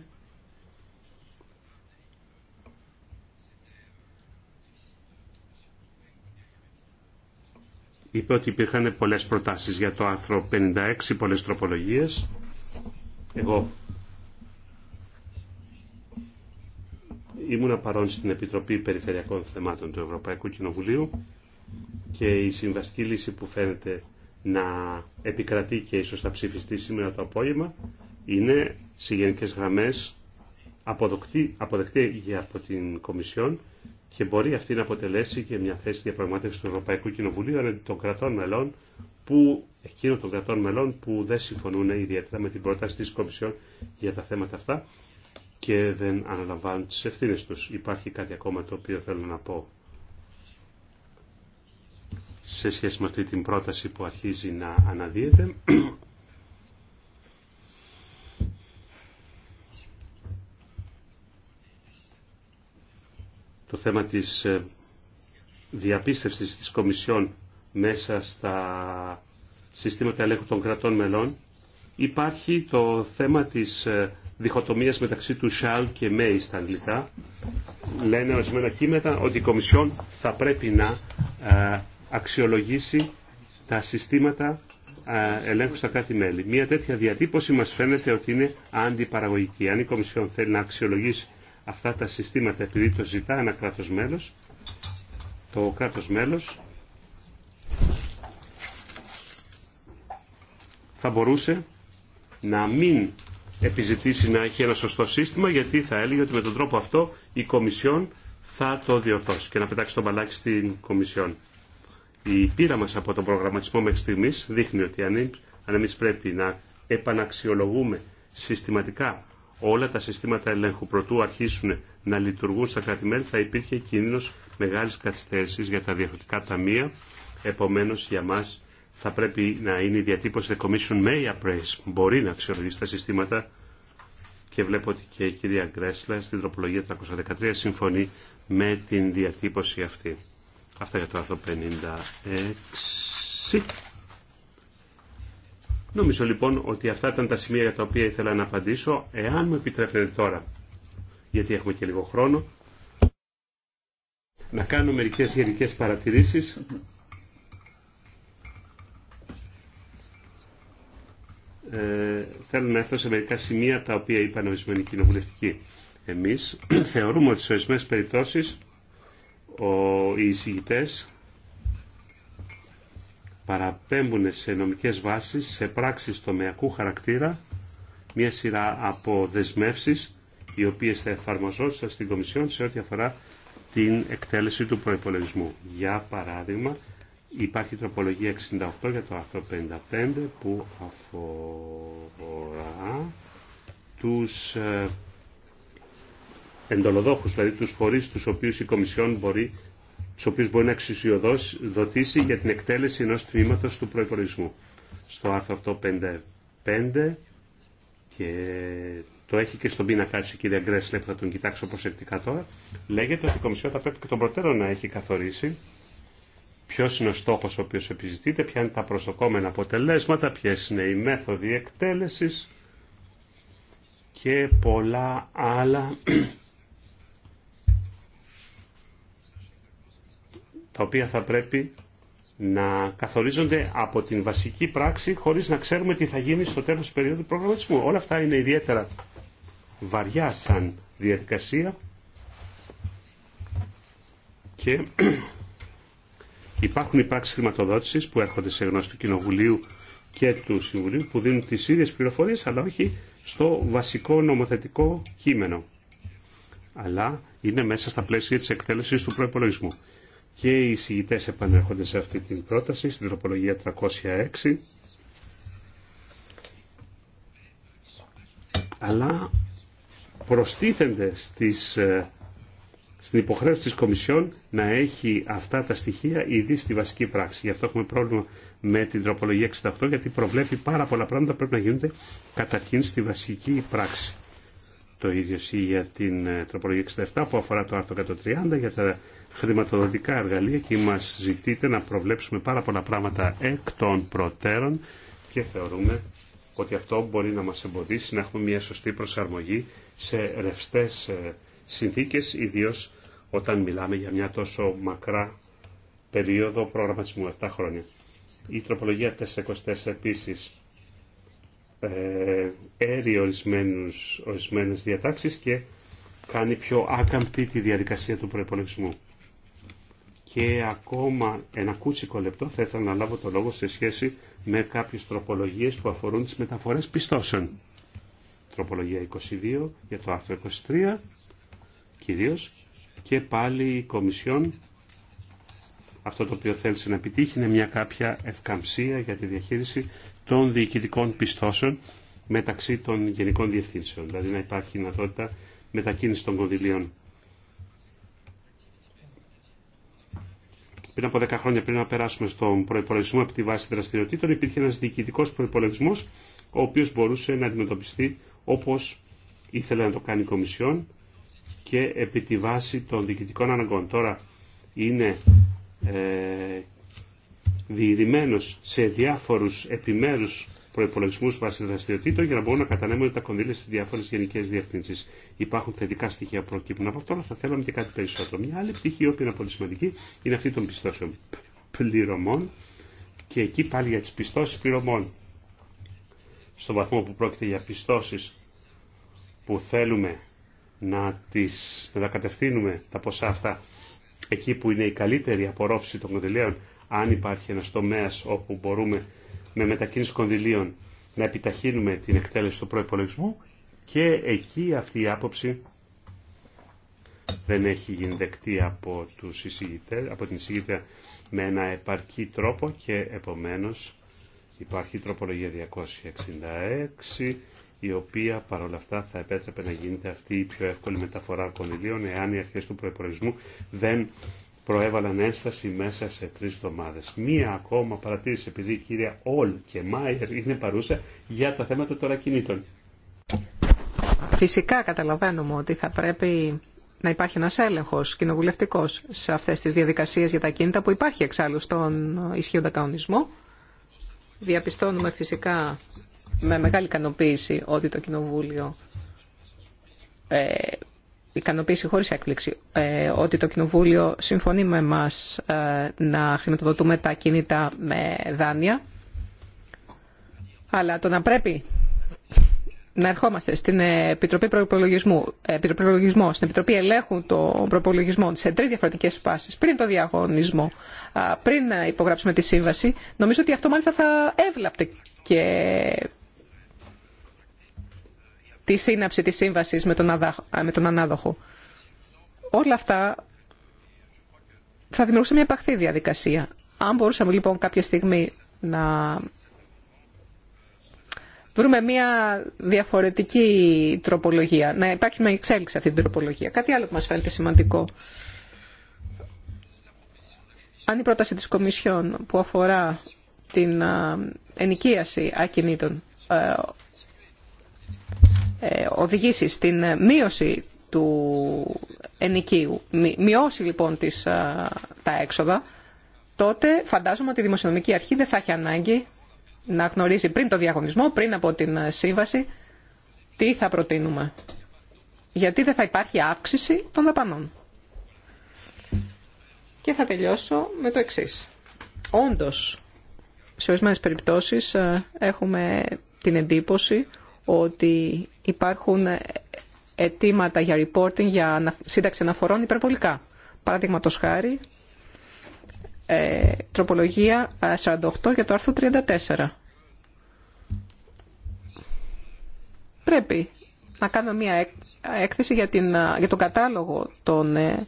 είπε ότι υπήρχαν πολλές προτάσεις για το άρθρο 56, πολλές τροπολογίες. Εγώ ήμουνα παρόν στην Επιτροπή Περιφερειακών Θεμάτων του Ευρωπαϊκού Κοινοβουλίου και η συμβαστική λύση που φαίνεται να επικρατεί και ίσως θα ψηφιστεί σήμερα το απόγευμα είναι σε γενικέ γραμμέ αποδεκτή, αποδεκτή από την Κομισιόν και μπορεί αυτή να αποτελέσει και μια θέση διαπραγμάτευση του Ευρωπαϊκού Κοινοβουλίου εναντί των κρατών μελών που, των κρατών μελών που δεν συμφωνούν ιδιαίτερα με την πρόταση της Κομισιόν για τα θέματα αυτά και δεν αναλαμβάνουν τις ευθύνες τους. Υπάρχει κάτι ακόμα το οποίο θέλω να πω σε σχέση με αυτή την πρόταση που αρχίζει να αναδύεται. Το θέμα της ε, διαπίστευσης της Κομισιόν μέσα στα συστήματα ελέγχου των κρατών μελών υπάρχει το θέμα της ε, διχοτομίας μεταξύ του Σαλ και ΜΕΙ στα αγγλικά. Λένε ορισμένα κείμενα ότι η Κομισιόν θα πρέπει να ε, αξιολογήσει τα συστήματα ελέγχου στα κάθε μελη Μία τέτοια διατύπωση μας φαίνεται ότι είναι αντιπαραγωγική. Αν η Κομισιόν θέλει να αξιολογήσει αυτά τα συστήματα επειδή το ζητά ένα κράτος μέλος, το κράτος μέλος θα μπορούσε να μην επιζητήσει να έχει ένα σωστό σύστημα γιατί θα έλεγε ότι με τον τρόπο αυτό η Κομισιόν θα το διορθώσει και να πετάξει τον μπαλάκι στην Κομισιόν η πείρα μας από τον προγραμματισμό μέχρι στιγμής δείχνει ότι αν, εμεί πρέπει να επαναξιολογούμε συστηματικά όλα τα συστήματα ελέγχου πρωτού αρχίσουν να λειτουργούν στα κράτη-μέλη, θα υπήρχε κίνδυνος μεγάλης καθυστέρησης για τα διαφορετικά ταμεία. Επομένως για μας θα πρέπει να είναι η διατύπωση The Commission may appraise. Μπορεί να αξιολογήσει τα συστήματα και βλέπω ότι και η κυρία Γκρέσλα στην τροπολογία 313 συμφωνεί με την διατύπωση αυτή. Αυτά για το άρθρο 56. Νομίζω λοιπόν ότι αυτά ήταν τα σημεία για τα οποία ήθελα να απαντήσω. Εάν μου επιτρέπετε τώρα, γιατί έχουμε και λίγο χρόνο, να κάνω μερικές γενικές παρατηρήσεις. Ε, θέλω να έρθω σε μερικά σημεία τα οποία είπαν ορισμένοι κοινοβουλευτικοί. Εμείς θεωρούμε ότι σε ορισμένε περιπτώσεις ο, οι εισηγητές παραπέμπουν σε νομικές βάσεις, σε πράξεις τομεακού χαρακτήρα, μια σειρά από δεσμεύσεις οι οποίες θα εφαρμοζόντουσαν στην Κομισιόν σε ό,τι αφορά την εκτέλεση του προϋπολογισμού. Για παράδειγμα, υπάρχει τροπολογία 68 για το άρθρο 55 που αφορά τους ε, εντολοδόχους, δηλαδή τους φορείς τους οποίους η Κομισιόν μπορεί, τους οποίους μπορεί να εξουσιοδοτήσει για την εκτέλεση ενός τμήματος του προϋπολογισμού. Στο άρθρο αυτό 5.5 και το έχει και στον πίνακα της η κυρία Γκρέσλε που θα τον κοιτάξω προσεκτικά τώρα, λέγεται ότι η Κομισιόν θα πρέπει και τον προτέρων να έχει καθορίσει ποιο είναι ο στόχο ο οποίο επιζητείται, ποια είναι τα προσδοκόμενα αποτελέσματα, ποιε είναι οι μέθοδοι εκτέλεση και πολλά άλλα τα οποία θα πρέπει να καθορίζονται από την βασική πράξη χωρίς να ξέρουμε τι θα γίνει στο τέλος του περίοδου προγραμματισμού. Όλα αυτά είναι ιδιαίτερα βαριά σαν διαδικασία και υπάρχουν πράξεις χρηματοδότησης που έρχονται σε γνώση του Κοινοβουλίου και του Συμβουλίου που δίνουν τις ίδιες πληροφορίες αλλά όχι στο βασικό νομοθετικό κείμενο αλλά είναι μέσα στα πλαίσια της εκτέλεσης του προϋπολογισμού και οι εισηγητές επανέρχονται σε αυτή την πρόταση, στην τροπολογία 306. Αλλά προστίθενται στις, ε, στην υποχρέωση της Κομισιόν να έχει αυτά τα στοιχεία ήδη στη βασική πράξη. Γι' αυτό έχουμε πρόβλημα με την τροπολογία 68, γιατί προβλέπει πάρα πολλά πράγματα που πρέπει να γίνονται καταρχήν στη βασική πράξη. Το ίδιο για την ε, τροπολογία 67 που αφορά το άρθρο 130 για τα χρηματοδοτικά εργαλεία και μας ζητείτε να προβλέψουμε πάρα πολλά πράγματα εκ των προτέρων και θεωρούμε ότι αυτό μπορεί να μας εμποδίσει να έχουμε μια σωστή προσαρμογή σε ρευστές ε, συνθήκες, ιδίως όταν μιλάμε για μια τόσο μακρά περίοδο προγραμματισμού, 7 χρόνια. Η τροπολογία 424 επίσης ε, έρει ορισμένες διατάξεις και κάνει πιο άκαμπτη τη διαδικασία του προπολογισμού και ακόμα ένα κούτσικο λεπτό θα ήθελα να λάβω το λόγο σε σχέση με κάποιες τροπολογίες που αφορούν τις μεταφορές πιστώσεων. Τροπολογία 22 για το άρθρο 23 κυρίως και πάλι η Κομισιόν αυτό το οποίο θέλησε να επιτύχει είναι μια κάποια ευκαμψία για τη διαχείριση των διοικητικών πιστώσεων μεταξύ των γενικών διευθύνσεων. Δηλαδή να υπάρχει δυνατότητα μετακίνηση των κονδυλίων Πριν από 10 χρόνια, πριν να περάσουμε στον προπολογισμό από τη βάση δραστηριοτήτων, υπήρχε ένα διοικητικό προπολογισμό, ο οποίο μπορούσε να αντιμετωπιστεί όπω ήθελε να το κάνει η Κομισιόν και επί τη βάση των διοικητικών αναγκών. Τώρα είναι ε, διηρημένος σε διάφορους επιμέρους προπολογισμού βάσει δραστηριοτήτων για να μπορούν να κατανέμονται τα κονδύλια στι διάφορε γενικέ διευθύνσει. Υπάρχουν θετικά στοιχεία που προκύπτουν από αυτό, αλλά θα θέλαμε και κάτι περισσότερο. Μια άλλη πτυχή, η οποία είναι πολύ σημαντική, είναι αυτή των πιστώσεων πληρωμών και εκεί πάλι για τι πιστώσει πληρωμών. Στον βαθμό που πρόκειται για πιστώσει που θέλουμε να, τις, να τα κατευθύνουμε τα ποσά αυτά εκεί που είναι η καλύτερη απορρόφηση των κονδυλίων, αν υπάρχει ένας τομέα, όπου μπορούμε με μετακίνηση κονδυλίων να επιταχύνουμε την εκτέλεση του προϋπολογισμού και εκεί αυτή η άποψη δεν έχει γίνει δεκτή από, τους από την εισηγήτρια με ένα επαρκή τρόπο και επομένως υπάρχει τροπολογία 266 η οποία παρόλα αυτά θα επέτρεπε να γίνεται αυτή η πιο εύκολη μεταφορά κονδυλίων εάν οι αρχές του προϋπολογισμού δεν προέβαλαν ένσταση μέσα σε τρεις εβδομάδε. Μία ακόμα παρατήρηση, επειδή η κυρία Όλ και Μάιερ είναι παρούσα για τα θέματα των ακινήτων. Φυσικά καταλαβαίνουμε ότι θα πρέπει να υπάρχει ένας έλεγχος κοινοβουλευτικός σε αυτές τις διαδικασίες για τα κίνητα που υπάρχει εξάλλου στον ισχύοντα κανονισμό. Διαπιστώνουμε φυσικά με μεγάλη ικανοποίηση ότι το Κοινοβούλιο ε, ικανοποίηση χωρί έκπληξη ε, ότι το Κοινοβούλιο συμφωνεί με μας ε, να χρηματοδοτούμε τα κινητά με δάνεια. Αλλά το να πρέπει να ερχόμαστε στην Επιτροπή Προπολογισμού, ε, στην Επιτροπή Ελέγχου των Προπολογισμών σε τρει διαφορετικέ φάσει, πριν το διαγωνισμό, πριν να υπογράψουμε τη σύμβαση, νομίζω ότι αυτό μάλιστα θα έβλαπτε και τη σύναψη της σύμβασης με τον ανάδοχο. Όλα αυτά θα δημιουργούσε μια επαχθή διαδικασία. Αν μπορούσαμε λοιπόν κάποια στιγμή να βρούμε μια διαφορετική τροπολογία, να υπάρχει μια εξέλιξη αυτή την τροπολογία. Κάτι άλλο που μας φαίνεται σημαντικό. Αν η πρόταση της Κομισιόν που αφορά την ενοικίαση ακινήτων ε, ε, οδηγήσει στην μείωση του ενοικίου, μειώσει λοιπόν τα έξοδα, τότε φαντάζομαι ότι η Δημοσιονομική Αρχή δεν θα έχει ανάγκη να γνωρίζει πριν το διαγωνισμό, πριν από την ε, σύμβαση, τι θα προτείνουμε. Γιατί δεν θα υπάρχει αύξηση των δαπανών. Και θα τελειώσω με το εξής. Όντως, σε ορισμένε περιπτώσεις ε, έχουμε την εντύπωση ότι υπάρχουν αιτήματα για reporting, για σύνταξη αναφορών υπερβολικά. Παραδείγματο χάρη, ε, τροπολογία 48 ε, για το άρθρο 34. Πρέπει να κάνουμε μια έκθεση για, την, ε, για τον κατάλογο των ε,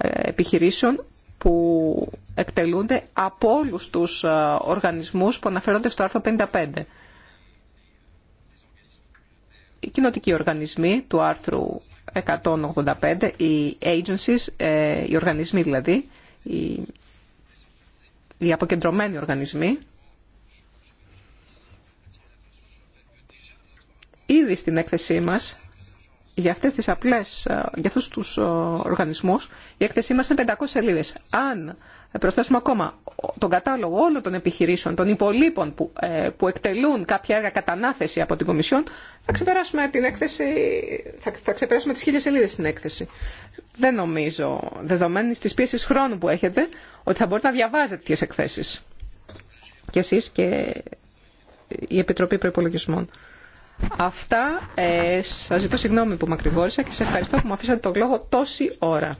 επιχειρήσεων που εκτελούνται από όλους τους οργανισμούς που αναφέρονται στο άρθρο 55 οι κοινοτικοί οργανισμοί του άρθρου 185, οι agencies, ε, οι οργανισμοί δηλαδή, οι, οι αποκεντρωμένοι οργανισμοί, ήδη στην έκθεσή μας για αυτές τις απλές, ε, για αυτούς τους ε, οργανισμούς, η έκθεσή μας είναι 500 σελίδες. Αν προσθέσουμε ακόμα τον κατάλογο όλων των επιχειρήσεων, των υπολείπων ε, που, εκτελούν κάποια έργα κατανάθεση από την Κομισιόν, θα ξεπεράσουμε, την έκθεση, θα, θα ξεπεράσουμε τις χίλιες σελίδες στην έκθεση. Δεν νομίζω, δεδομένη στις πίεσεις χρόνου που έχετε, ότι θα μπορείτε να διαβάζετε τις εκθέσεις. Και εσείς και η Επιτροπή Προπολογισμών. Αυτά. Ε, σας ζητώ συγγνώμη που μακρηγόρησα και σας ευχαριστώ που μου αφήσατε τον λόγο τόση ώρα.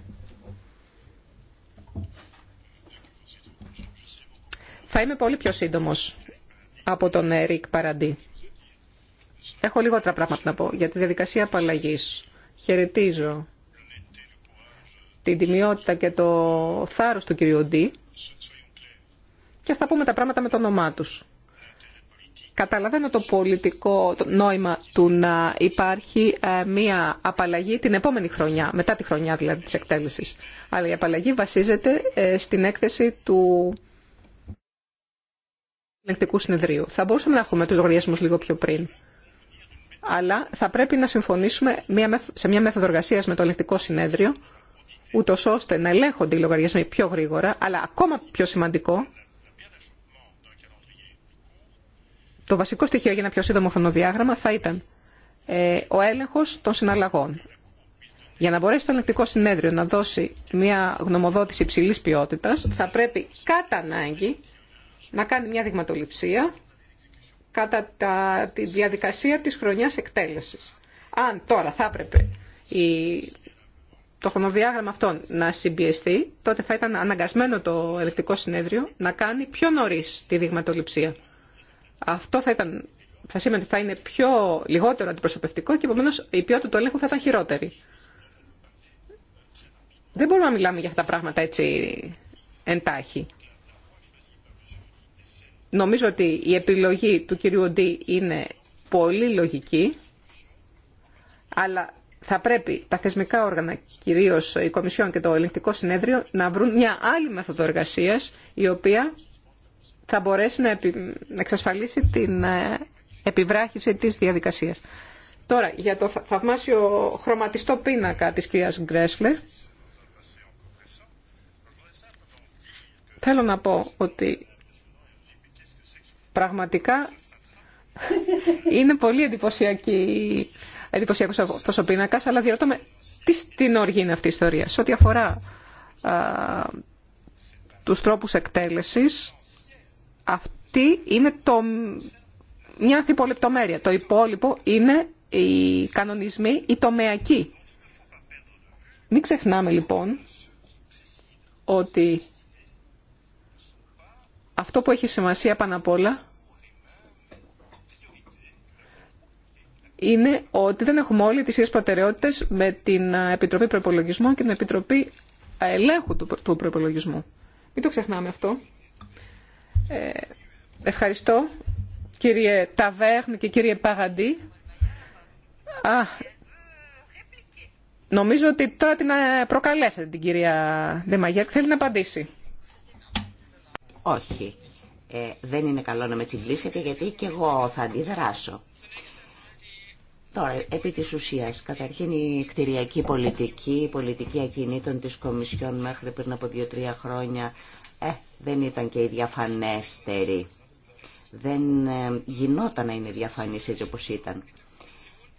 Θα είμαι πολύ πιο σύντομος από τον Ερικ Παραντή. Έχω λιγότερα πράγματα να πω για τη διαδικασία απαλλαγή. Χαιρετίζω την τιμιότητα και το θάρρος του κυρίου Ντί και θα πούμε τα πράγματα με το όνομά τους. Καταλαβαίνω το πολιτικό νόημα του να υπάρχει ε, μία απαλλαγή την επόμενη χρονιά, μετά τη χρονιά δηλαδή της εκτέλεσης. Αλλά η απαλλαγή βασίζεται ε, στην έκθεση του συνεδρίου. Θα μπορούσαμε να έχουμε του λογαριασμού λίγο πιο πριν. Αλλά θα πρέπει να συμφωνήσουμε σε μια μέθοδο εργασία με το ελεκτικό συνέδριο, ούτω ώστε να ελέγχονται οι λογαριασμοί πιο γρήγορα, αλλά ακόμα πιο σημαντικό, το βασικό στοιχείο για ένα πιο σύντομο χρονοδιάγραμμα θα ήταν ε, ο έλεγχο των συναλλαγών. Για να μπορέσει το ελεκτικό συνέδριο να δώσει μια γνωμοδότηση υψηλή ποιότητα, θα πρέπει κατά ανάγκη να κάνει μια δειγματοληψία κατά τη διαδικασία της χρονιάς εκτέλεσης. Αν τώρα θα έπρεπε η, το χρονοδιάγραμμα αυτό να συμπιεστεί, τότε θα ήταν αναγκασμένο το ελεκτικό συνέδριο να κάνει πιο νωρίς τη δειγματοληψία. Αυτό θα, ήταν, θα σημαίνει ότι θα είναι πιο λιγότερο αντιπροσωπευτικό και επομένω η ποιότητα του ελέγχου θα ήταν χειρότερη. Δεν μπορούμε να μιλάμε για αυτά τα πράγματα έτσι εντάχει. Νομίζω ότι η επιλογή του κυρίου Ντί είναι πολύ λογική, αλλά θα πρέπει τα θεσμικά όργανα, κυρίως η Κομισιόν και το Ελεγκτικό Συνέδριο, να βρουν μια άλλη μέθοδο εργασίας, η οποία θα μπορέσει να εξασφαλίσει την ε, επιβράχηση της διαδικασίας. Τώρα, για το θαυμάσιο χρωματιστό πίνακα της κυρίας Γκρέσλε. θέλω να πω ότι Πραγματικά είναι πολύ εντυπωσιακή, εντυπωσιακός αυτός ο πίνακας, αλλά διαρωτώ με τι στην οργή είναι αυτή η ιστορία. Σε ό,τι αφορά α, τους τρόπους εκτέλεσης, αυτή είναι το, μια ανθιπολεπτομέρεια. Το υπόλοιπο είναι οι κανονισμοί, οι τομεακοί. Μην ξεχνάμε λοιπόν ότι αυτό που έχει σημασία πάνω απ' όλα είναι ότι δεν έχουμε όλοι τις ίδιες προτεραιότητες με την Επιτροπή προπολογισμού και την Επιτροπή Ελέγχου του Προπολογισμού. Μην το ξεχνάμε αυτό. Ε, ευχαριστώ κύριε Ταβέρν και κύριε Παγαντή. Α, νομίζω ότι τώρα την ε, προκαλέσατε την κυρία Ντεμαγιέρ και θέλει να απαντήσει. Όχι. Ε, δεν είναι καλό να με τσιγκλίσετε γιατί και εγώ θα αντιδράσω. Τώρα, επί της ουσίας, καταρχήν η κτηριακή πολιτική, η πολιτική ακινήτων της Κομισιόν μέχρι πριν από 2-3 χρόνια ε, δεν ήταν και η διαφανέστερη. Δεν ε, γινόταν να είναι διαφανής έτσι όπως ήταν.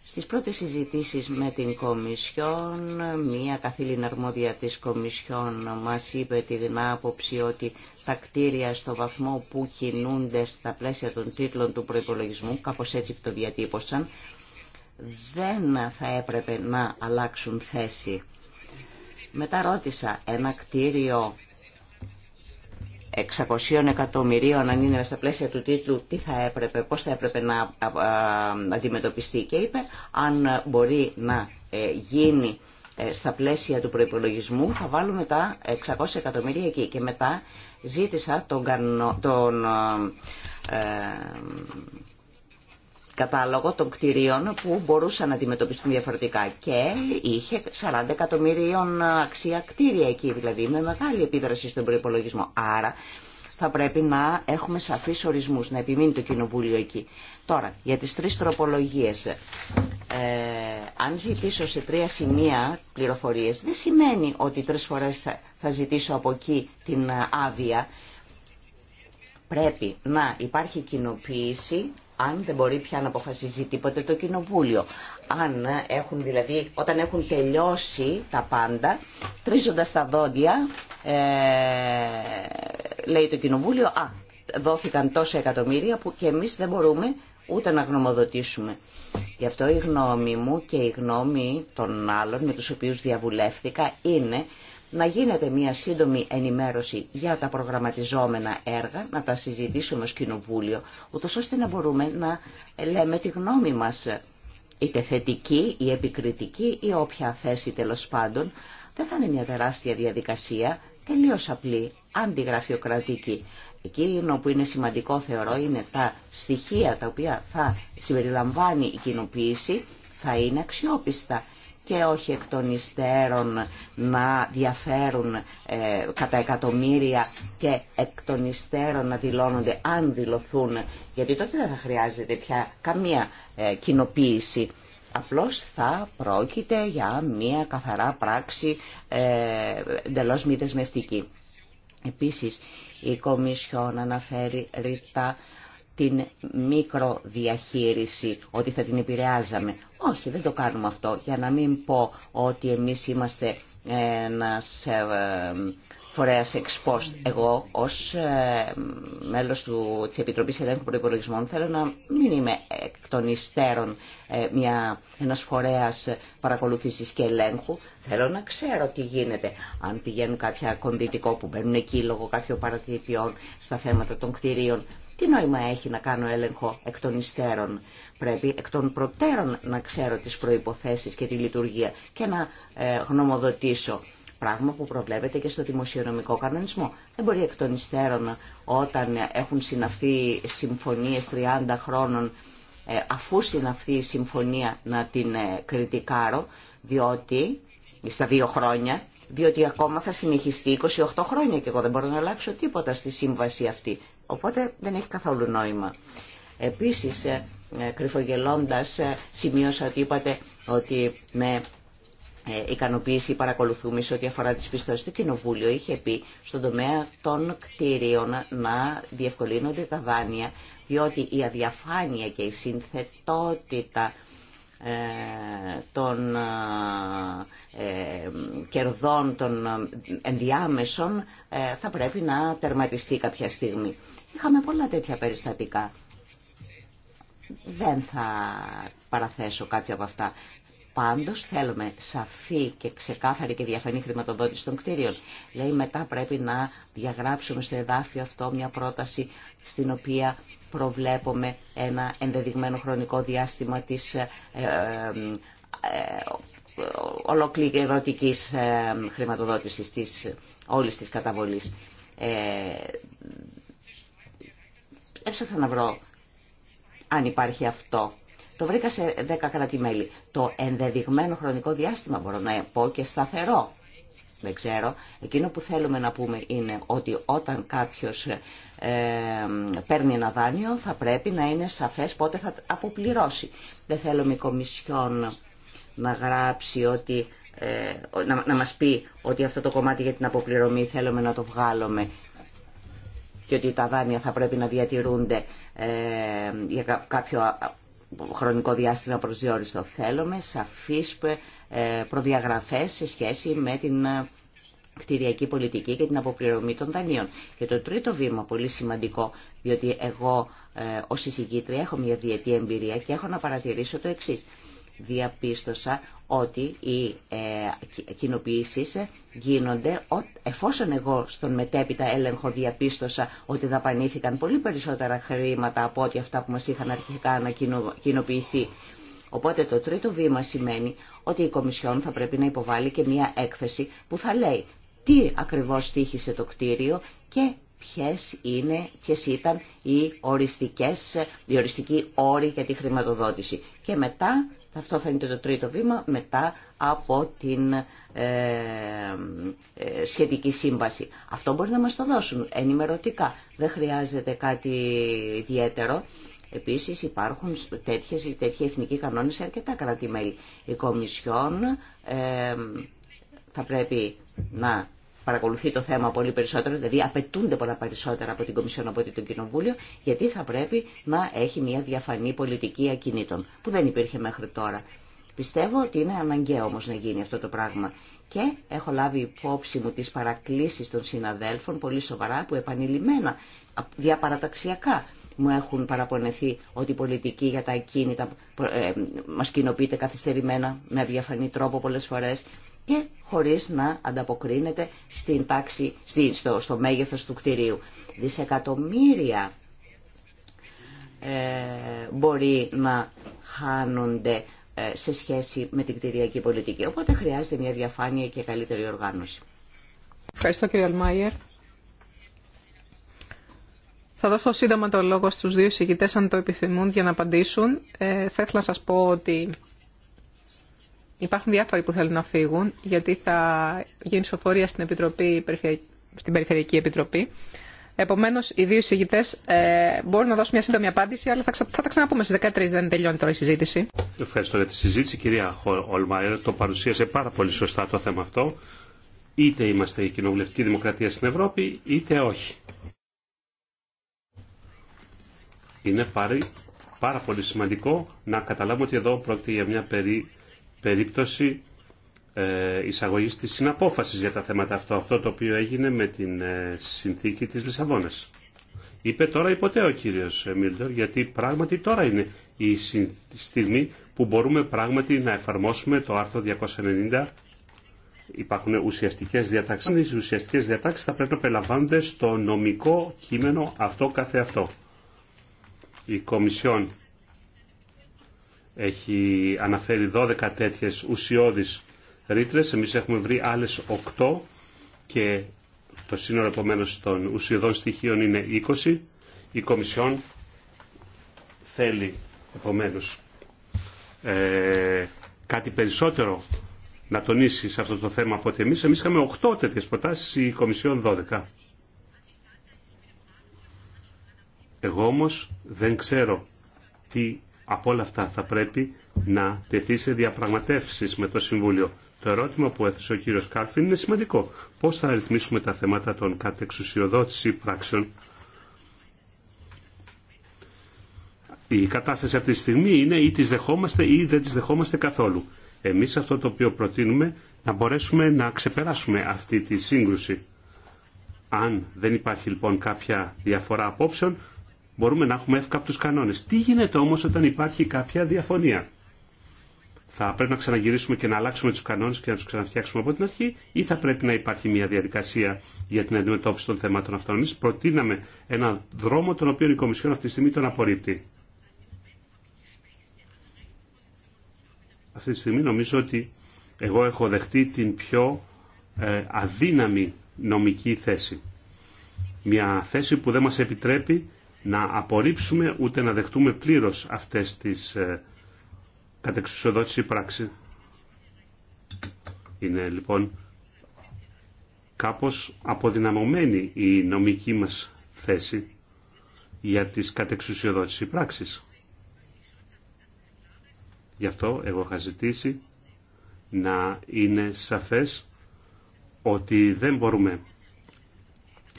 Στις πρώτες συζητήσεις με την Κομισιόν, μία καθήλυνα αρμόδια της Κομισιόν μας είπε την άποψη ότι τα κτίρια στο βαθμό που κινούνται στα πλαίσια των τίτλων του προϋπολογισμού, κάπως έτσι το διατύπωσαν, δεν θα έπρεπε να αλλάξουν θέση. Μετά ρώτησα ένα κτίριο 600 εκατομμυρίων αν είναι στα πλαίσια του τίτλου τι θα έπρεπε, πώς θα έπρεπε να αντιμετωπιστεί και είπε αν μπορεί να ε, γίνει ε, στα πλαίσια του προϋπολογισμού θα βάλουμε τα 600 εκατομμύρια εκεί και μετά ζήτησα τον, τον ε, κατάλογο των κτηρίων που μπορούσαν να αντιμετωπιστούν διαφορετικά και είχε 40 εκατομμυρίων αξία κτίρια εκεί, δηλαδή με μεγάλη επίδραση στον προπολογισμό. Άρα θα πρέπει να έχουμε σαφείς ορισμούς, να επιμείνει το Κοινοβούλιο εκεί. Τώρα, για τις τρεις τροπολογίες. Ε, αν ζητήσω σε τρία σημεία πληροφορίες, δεν σημαίνει ότι τρεις φορές θα ζητήσω από εκεί την ε, άδεια. Πρέπει να υπάρχει κοινοποίηση αν δεν μπορεί πια να αποφασίζει τίποτε το Κοινοβούλιο. Αν έχουν δηλαδή, όταν έχουν τελειώσει τα πάντα, τρίζοντας τα δόντια, ε, λέει το Κοινοβούλιο, α, δόθηκαν τόσα εκατομμύρια που και εμείς δεν μπορούμε ούτε να γνωμοδοτήσουμε. Γι' αυτό η γνώμη μου και η γνώμη των άλλων με τους οποίους διαβουλεύτηκα είναι να γίνεται μια σύντομη ενημέρωση για τα προγραμματιζόμενα έργα, να τα συζητήσουμε ως Κοινοβούλιο, ούτως ώστε να μπορούμε να λέμε τη γνώμη μας, είτε θετική ή επικριτική ή όποια θέση τέλος πάντων, δεν θα είναι μια τεράστια διαδικασία, τελείως απλή, αντιγραφειοκρατική. Εκείνο που είναι σημαντικό θεωρώ είναι τα στοιχεία τα οποία θα συμπεριλαμβάνει η κοινοποίηση θα είναι αξιόπιστα και όχι εκ των υστέρων να διαφέρουν ε, κατά εκατομμύρια και εκ των υστέρων να δηλώνονται αν δηλωθούν, γιατί τότε δεν θα χρειάζεται πια καμία ε, κοινοποίηση. Απλώς θα πρόκειται για μια καθαρά πράξη ε, εντελώ μη δεσμευτική. Επίσης, η Κομισιόν αναφέρει ρητά την μικροδιαχείριση, ότι θα την επηρεάζαμε. Όχι, δεν το κάνουμε αυτό, για να μην πω ότι εμείς είμαστε ένας ε, φορέας exposed. Εγώ, ως ε, μέλος του, της Επιτροπής Ελέγχου Προϋπολογισμών, θέλω να μην είμαι εκ των υστέρων ε, μια, ένας φορέας παρακολουθήσεις και ελέγχου. Θέλω να ξέρω τι γίνεται. Αν πηγαίνουν κάποια κονδυτικό που μπαίνουν εκεί λόγω κάποιων παρατηρητιών στα θέματα των κτηρίων, τι νόημα έχει να κάνω έλεγχο εκ των υστέρων. Πρέπει εκ των προτέρων να ξέρω τις προϋποθέσεις και τη λειτουργία και να ε, γνωμοδοτήσω. Πράγμα που προβλέπεται και στο δημοσιονομικό κανονισμό. Δεν μπορεί εκ των υστέρων όταν έχουν συναυθεί συμφωνίες 30 χρόνων ε, αφού συναυθεί η συμφωνία να την ε, κριτικάρω, διότι στα δύο χρόνια, διότι ακόμα θα συνεχιστεί 28 χρόνια και εγώ δεν μπορώ να αλλάξω τίποτα στη σύμβαση αυτή. Οπότε δεν έχει καθόλου νόημα. Επίσης, ε, κρυφογελώντας, ε, σημείωσα ότι είπατε ότι με ε, ικανοποίηση παρακολουθούμε σε ό,τι αφορά τις πιστώσεις του Κοινοβούλιο είχε πει στον τομέα των κτίριων να διευκολύνονται τα δάνεια διότι η αδιαφάνεια και η συνθετότητα των κερδών των ενδιάμεσων θα πρέπει να τερματιστεί κάποια στιγμή. Είχαμε πολλά τέτοια περιστατικά. Δεν θα παραθέσω κάποια από αυτά. Πάντως θέλουμε σαφή και ξεκάθαρη και διαφανή χρηματοδότηση των κτίριων. Λέει μετά πρέπει να διαγράψουμε στο εδάφιο αυτό μια πρόταση στην οποία προβλέπουμε ένα ενδεδειγμένο χρονικό διάστημα της ε, ε, ε, ολοκληρωτικής ε, χρηματοδότησης της, όλης της καταβολής. Ε, Έψαξα να βρω αν υπάρχει αυτό. Το βρήκα σε 10 κρατημέλη. Το ενδεδειγμένο χρονικό διάστημα μπορώ να πω και σταθερό. Δεν ξέρω. Εκείνο που θέλουμε να πούμε είναι ότι όταν κάποιος ε, παίρνει ένα δάνειο θα πρέπει να είναι σαφές πότε θα αποπληρώσει. Δεν θέλουμε η Κομισιόν να γράψει ότι, ε, να, να μας πει ότι αυτό το κομμάτι για την αποπληρωμή θέλουμε να το βγάλουμε και ότι τα δάνεια θα πρέπει να διατηρούνται ε, για κάποιο χρονικό διάστημα προσδιορίστο. Θέλουμε σαφείς ε, προδιαγραφές σε σχέση με την ε, κτηριακή πολιτική και την αποπληρωμή των δανείων. Και το τρίτο βήμα, πολύ σημαντικό, διότι εγώ ε, ως εισηγήτρια έχω μια διετή εμπειρία και έχω να παρατηρήσω το εξής διαπίστωσα ότι οι ε, κοινοποιήσει γίνονται εφόσον εγώ στον μετέπειτα έλεγχο διαπίστωσα ότι δαπανήθηκαν πολύ περισσότερα χρήματα από ό,τι αυτά που μας είχαν αρχικά να κοινοποιηθεί. Οπότε το τρίτο βήμα σημαίνει ότι η Κομισιόν θα πρέπει να υποβάλει και μια έκθεση που θα λέει τι ακριβώς στήχησε το κτίριο και ποιες είναι, ποιες ήταν οι οριστικές, οι οριστικοί όροι για τη χρηματοδότηση. Και μετά αυτό θα είναι το τρίτο βήμα μετά από την ε, ε, σχετική σύμβαση. Αυτό μπορεί να μας το δώσουν ενημερωτικά. Δεν χρειάζεται κάτι ιδιαίτερο. Επίσης υπάρχουν τέτοιες, τέτοιοι εθνικοί κανόνες σε αρκετά κράτη-μέλη. Η Κομισιόν ε, θα πρέπει να παρακολουθεί το θέμα πολύ περισσότερο, δηλαδή απαιτούνται πολλά περισσότερα από την Κομισιόν από ότι το Κοινοβούλιο, γιατί θα πρέπει να έχει μια διαφανή πολιτική ακινήτων, που δεν υπήρχε μέχρι τώρα. Πιστεύω ότι είναι αναγκαίο όμως να γίνει αυτό το πράγμα. Και έχω λάβει υπόψη μου τις παρακλήσεις των συναδέλφων πολύ σοβαρά που επανειλημμένα, διαπαραταξιακά μου έχουν παραπονεθεί ότι η πολιτική για τα ακίνητα ε, ε μας κοινοποιείται καθυστερημένα με αδιαφανή τρόπο πολλέ φορέ και χωρίς να ανταποκρίνεται στην τάξη, στο, στο μέγεθος του κτηρίου. Δισεκατομμύρια ε, μπορεί να χάνονται ε, σε σχέση με την κτηριακή πολιτική. Οπότε χρειάζεται μια διαφάνεια και καλύτερη οργάνωση. Ευχαριστώ κύριε Αλμάιερ. Θα δώσω σύντομα το λόγο στους δύο συγκητές αν το επιθυμούν για να απαντήσουν. Ε, θα ήθελα να σας πω ότι Υπάρχουν διάφοροι που θέλουν να φύγουν, γιατί θα γίνει σοφορία στην, Επιτροπή, Περιφερειακή Επιτροπή. Επομένω, οι δύο εισηγητέ ε, μπορούν να δώσουν μια σύντομη απάντηση, αλλά θα, θα τα ξαναπούμε στι 13. Δεν τελειώνει τώρα η συζήτηση. Ευχαριστώ για τη συζήτηση. Κυρία Ολμάρια. το παρουσίασε πάρα πολύ σωστά το θέμα αυτό. Είτε είμαστε η κοινοβουλευτική δημοκρατία στην Ευρώπη, είτε όχι. Είναι πάρα, πάρα πολύ σημαντικό να καταλάβουμε ότι εδώ πρόκειται για μια περί περίπτωση ε, εισαγωγής της συναπόφασης για τα θέματα αυτό, αυτό το οποίο έγινε με την ε, συνθήκη της Λισαβόνας. Είπε τώρα ή ποτέ ο κύριος Μίλτερ, γιατί πράγματι τώρα είναι η στιγμή που μπορούμε πράγματι να εφαρμόσουμε το άρθρο 290. Υπάρχουν ουσιαστικές διατάξεις. Οι ουσιαστικές διατάξεις θα πρέπει να περιλαμβάνονται στο νομικό κείμενο αυτό καθε αυτό. Η στιγμη που μπορουμε πραγματι να εφαρμοσουμε το αρθρο 290 υπαρχουν ουσιαστικες διαταξεις οι ουσιαστικες διαταξεις θα πρεπει να περιλαμβανονται στο νομικο κειμενο αυτο καθεαυτό. η κομισιον έχει αναφέρει 12 τέτοιες ουσιώδεις ρήτρες, εμείς έχουμε βρει άλλες 8 και το σύνολο επομένω των ουσιωδών στοιχείων είναι 20. Η Κομισιόν θέλει επομένω ε, κάτι περισσότερο να τονίσει σε αυτό το θέμα από ότι εμείς. Εμείς είχαμε 8 τέτοιες προτάσεις, η Κομισιόν 12. Εγώ όμως δεν ξέρω τι από όλα αυτά θα πρέπει να τεθεί σε διαπραγματεύσεις με το Συμβούλιο. Το ερώτημα που έθεσε ο κύριος Κάρφιν είναι σημαντικό. Πώς θα ρυθμίσουμε τα θέματα των κατεξουσιοδότηση πράξεων. Η κατάσταση αυτή τη στιγμή είναι ή τις δεχόμαστε ή δεν τις δεχόμαστε καθόλου. Εμείς αυτό το οποίο προτείνουμε να μπορέσουμε να ξεπεράσουμε αυτή τη σύγκρουση. Αν δεν υπάρχει λοιπόν κάποια διαφορά απόψεων, μπορούμε να έχουμε εύκαπτους κανόνες. Τι γίνεται όμως όταν υπάρχει κάποια διαφωνία. Θα πρέπει να ξαναγυρίσουμε και να αλλάξουμε τους κανόνες και να τους ξαναφτιάξουμε από την αρχή ή θα πρέπει να υπάρχει μια διαδικασία για την αντιμετώπιση των θεμάτων αυτών. Εμείς προτείναμε έναν δρόμο τον οποίο η Κομισιόν αυτή τη στιγμή τον απορρίπτει. Αυτή τη στιγμή νομίζω ότι εγώ έχω δεχτεί την πιο ε, αδύναμη νομική θέση. Μια θέση που δεν μας επιτρέπει να απορρίψουμε ούτε να δεχτούμε πλήρως αυτές τις ε, κατεξουσιοδότηση πράξη. Είναι λοιπόν κάπως αποδυναμωμένη η νομική μας θέση για τις κατεξουσιοδότηση πράξεις. Γι' αυτό εγώ είχα ζητήσει να είναι σαφές ότι δεν μπορούμε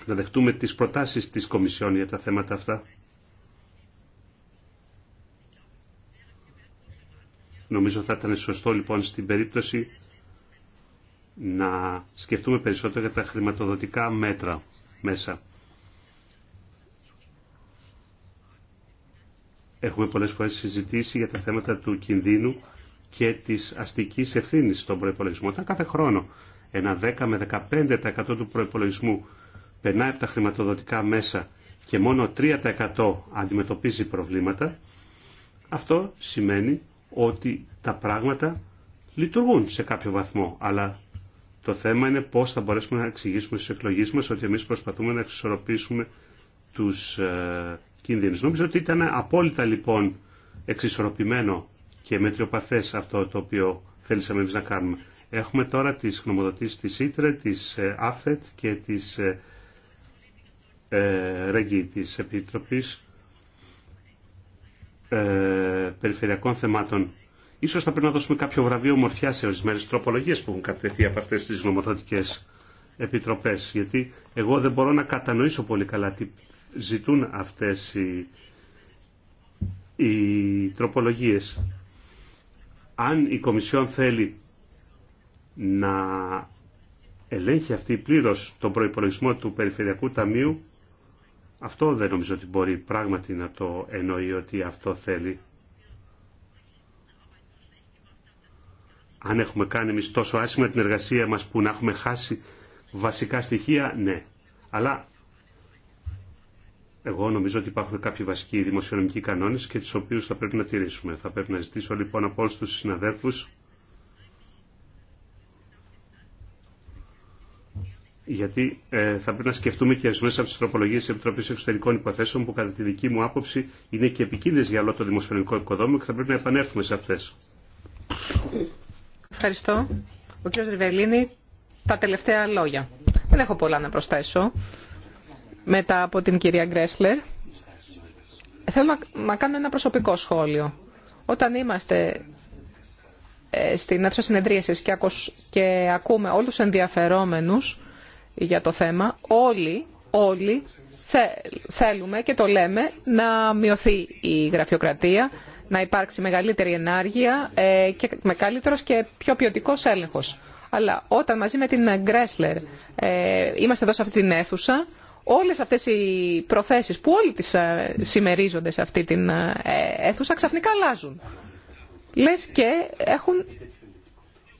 να δεχτούμε τις προτάσεις της Κομισιόν για τα θέματα αυτά. Νομίζω θα ήταν σωστό λοιπόν στην περίπτωση να σκεφτούμε περισσότερο για τα χρηματοδοτικά μέτρα μέσα. Έχουμε πολλές φορές συζητήσει για τα θέματα του κινδύνου και της αστικής ευθύνης στον προϋπολογισμό. Όταν κάθε χρόνο ένα 10 με 15% του προϋπολογισμού περνάει από τα χρηματοδοτικά μέσα και μόνο 3% αντιμετωπίζει προβλήματα, αυτό σημαίνει ότι τα πράγματα λειτουργούν σε κάποιο βαθμό. Αλλά το θέμα είναι πώς θα μπορέσουμε να εξηγήσουμε στις εκλογές μας ότι εμείς προσπαθούμε να εξισορροπήσουμε τους ε, κίνδυνους. Νομίζω ότι ήταν απόλυτα λοιπόν εξισορροπημένο και μετριοπαθές αυτό το οποίο θέλησαμε εμείς να κάνουμε. Έχουμε τώρα τις γνωμοδοτήσεις της Ήτρε, της ΑΦΕΤ ε, και της ε, Ρέγγι της Επιτροπής ε, Περιφερειακών Θεμάτων. Ίσως θα πρέπει να δώσουμε κάποιο βραβείο ομορφιά σε ορισμένες τροπολογίες που έχουν κατευθεί από αυτές τις νομοθετικές επιτροπές. Γιατί εγώ δεν μπορώ να κατανοήσω πολύ καλά τι ζητούν αυτές οι, οι τροπολογίες. Αν η Κομισιόν θέλει να ελέγχει αυτή πλήρως τον προϋπολογισμό του Περιφερειακού Ταμείου, αυτό δεν νομίζω ότι μπορεί πράγματι να το εννοεί ότι αυτό θέλει. Αν έχουμε κάνει εμεί τόσο άσχημα την εργασία μας που να έχουμε χάσει βασικά στοιχεία, ναι. Αλλά εγώ νομίζω ότι υπάρχουν κάποιοι βασικοί δημοσιονομικοί κανόνες και τους οποίους θα πρέπει να τηρήσουμε. Θα πρέπει να ζητήσω λοιπόν από όλους τους συναδέλφους γιατί ε, θα πρέπει να σκεφτούμε και ορισμένε από τι τροπολογίε τη Επιτροπή Εξωτερικών Υποθέσεων που, κατά τη δική μου άποψη, είναι και επικίνδυνε για όλο το δημοσιονομικό οικοδόμημα και θα πρέπει να επανέλθουμε σε αυτέ. Ευχαριστώ. Ο κ. Ριβελίνη, τα τελευταία λόγια. Δεν έχω πολλά να προσθέσω. Μετά από την κυρία Γκρέσλερ, ε, θέλω να, κάνω ένα προσωπικό σχόλιο. Όταν είμαστε ε, στην αίθουσα συνεδρίασης και, ακούμε όλους τους ενδιαφερόμενους για το θέμα. Όλοι, όλοι θέλουμε και το λέμε να μειωθεί η γραφειοκρατία, να υπάρξει μεγαλύτερη ενάργεια ε, και με καλύτερος και πιο ποιοτικό έλεγχος. Αλλά όταν μαζί με την Γκρέσλερ ε, είμαστε εδώ σε αυτή την αίθουσα, όλες αυτές οι προθέσεις που όλοι τις ε, συμμερίζονται σε αυτή την ε, αίθουσα ξαφνικά αλλάζουν. Λες και έχουν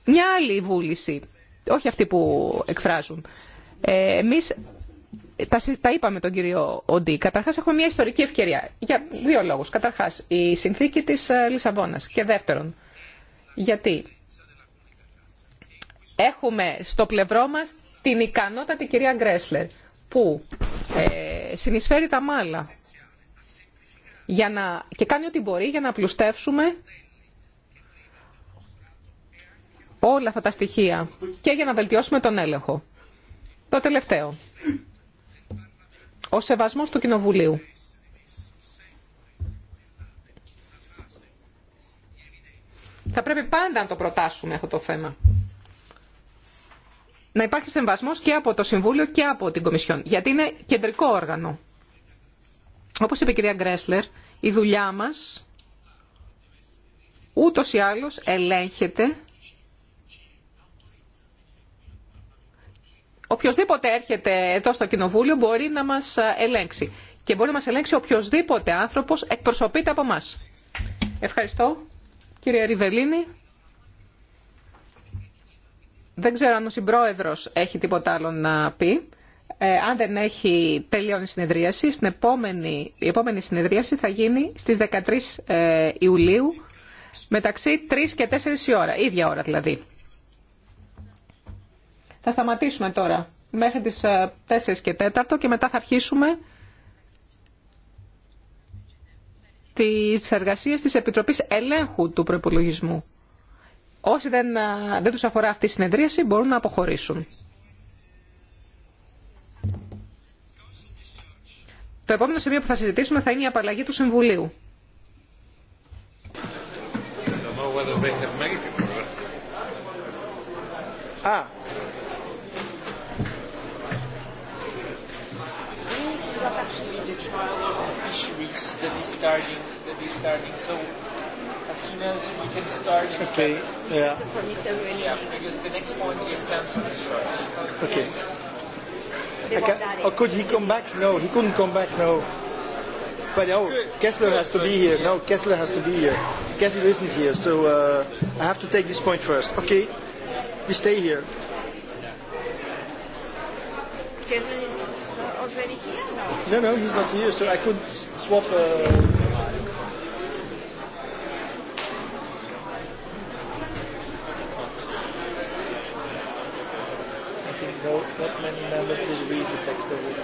μια άλλη βούληση, όχι αυτή που εκφράζουν. Ε, εμείς τα, είπαμε τον κύριο Οντί. Καταρχάς έχουμε μια ιστορική ευκαιρία για δύο λόγους. Καταρχάς η συνθήκη της ε, Λισαβόνας και δεύτερον γιατί έχουμε στο πλευρό μας την ικανότατη κυρία Γκρέσλερ που ε, συνεισφέρει τα μάλα για να, και κάνει ό,τι μπορεί για να πλουστεύσουμε όλα αυτά τα στοιχεία και για να βελτιώσουμε τον έλεγχο. Το τελευταίο. Ο σεβασμός του Κοινοβουλίου. Θα πρέπει πάντα να το προτάσουμε αυτό το θέμα. Να υπάρχει σεβασμός και από το Συμβούλιο και από την Κομισιόν, γιατί είναι κεντρικό όργανο. Όπως είπε η κυρία Γκρέσλερ, η δουλειά μας ούτως ή άλλως ελέγχεται οποιοδήποτε έρχεται εδώ στο Κοινοβούλιο μπορεί να μας ελέγξει. Και μπορεί να μας ελέγξει οποιοδήποτε άνθρωπος εκπροσωπείται από μας. Ευχαριστώ. Κύριε Ριβελίνη. Δεν ξέρω αν ο συμπρόεδρος έχει τίποτα άλλο να πει. Ε, αν δεν έχει τελειώνει η συνεδρίαση, στην επόμενη, η επόμενη συνεδρίαση θα γίνει στις 13 ε, Ιουλίου μεταξύ 3 και 4 η ώρα, ίδια ώρα δηλαδή. Θα σταματήσουμε τώρα μέχρι τις 4 ε, και 4 και μετά θα αρχίσουμε τις εργασίες της Επιτροπής Ελέγχου του Προϋπολογισμού. Όσοι δεν, ε, δεν τους αφορά αυτή η συνεδρίαση μπορούν να αποχωρήσουν. Το επόμενο σημείο που θα συζητήσουμε θα είναι η απαλλαγή του Συμβουλίου. α. each week that is starting that is starting. So as soon as we can start, it's okay. Yeah. yeah, because the next point is cancel the short. Okay. Or could he come back? No, he couldn't come back. No. But oh, Kessler has to be here. No, Kessler has to be here. Kessler isn't here, so uh, I have to take this point first. Okay, we stay here. Kessler is already here? No, no, he's not here, so I could swap. I think no, not many members will read the text of it.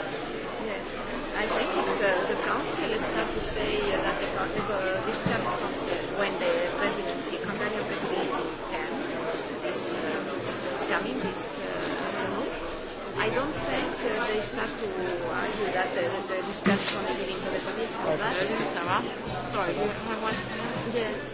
Yes, I think it's, uh, the council is starting to say uh, that the, the vice something when the presidency, Hungarian presidency, can is, uh, is coming, is... Uh, I don't think they start to argue that the, the discharge is the commission. Sorry, you have one? Yes.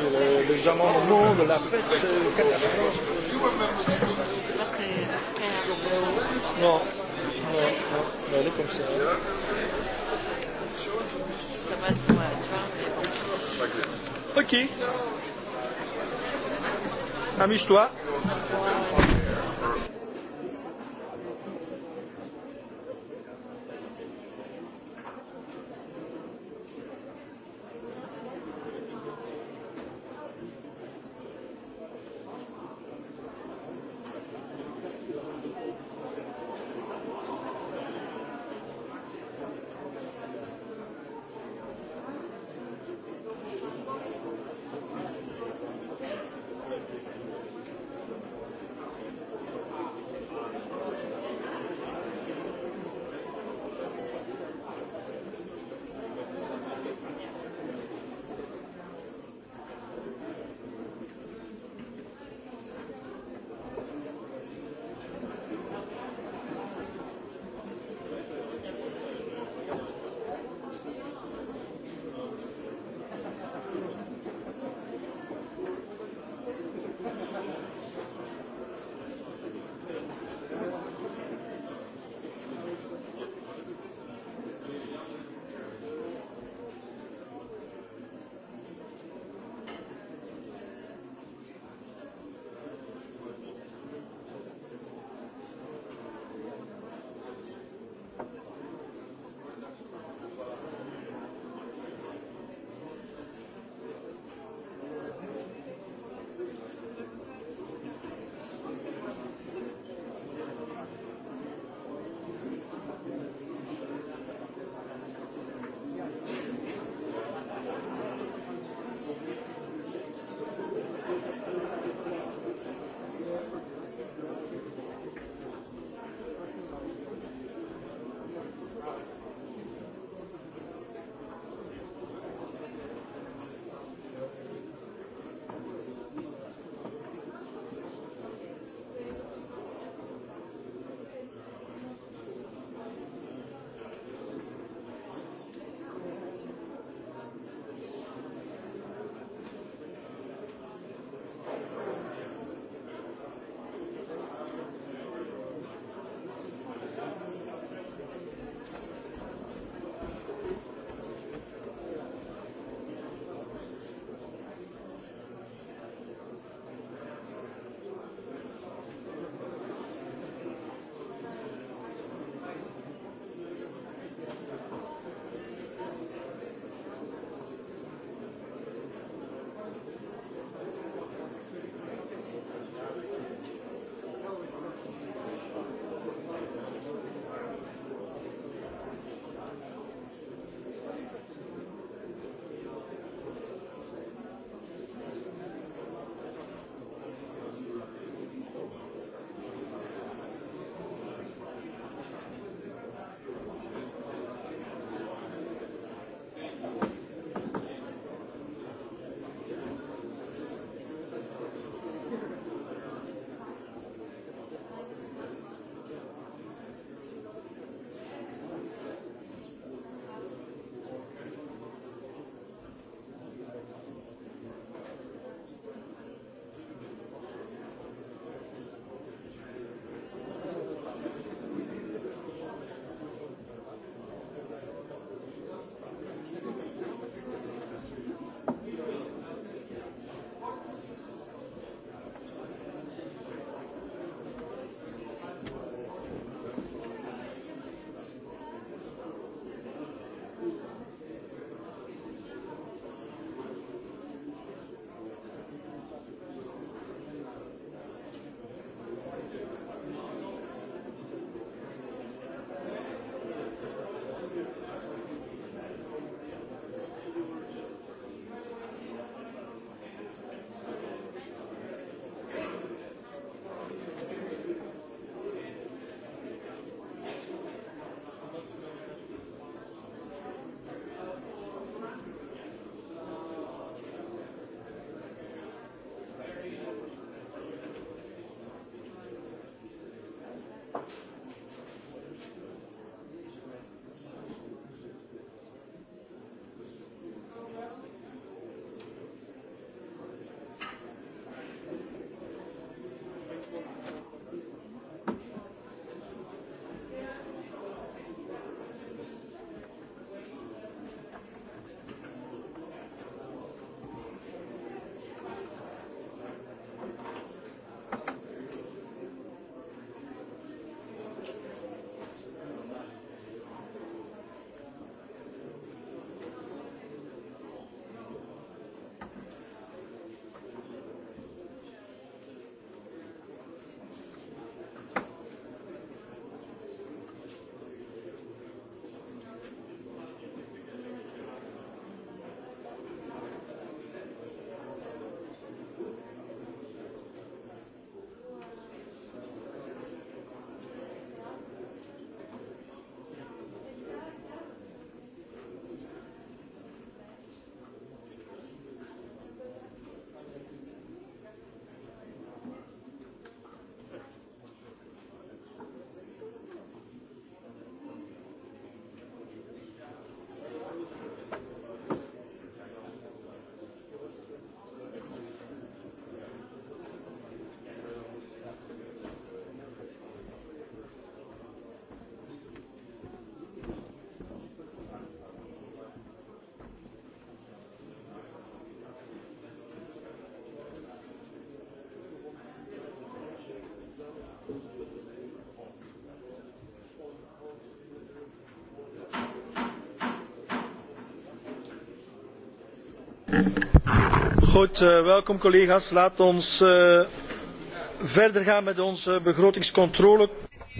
suffisamment la fête, catastrophe. Non, non, non, mais elle est comme ça. Ok. Amuse-toi.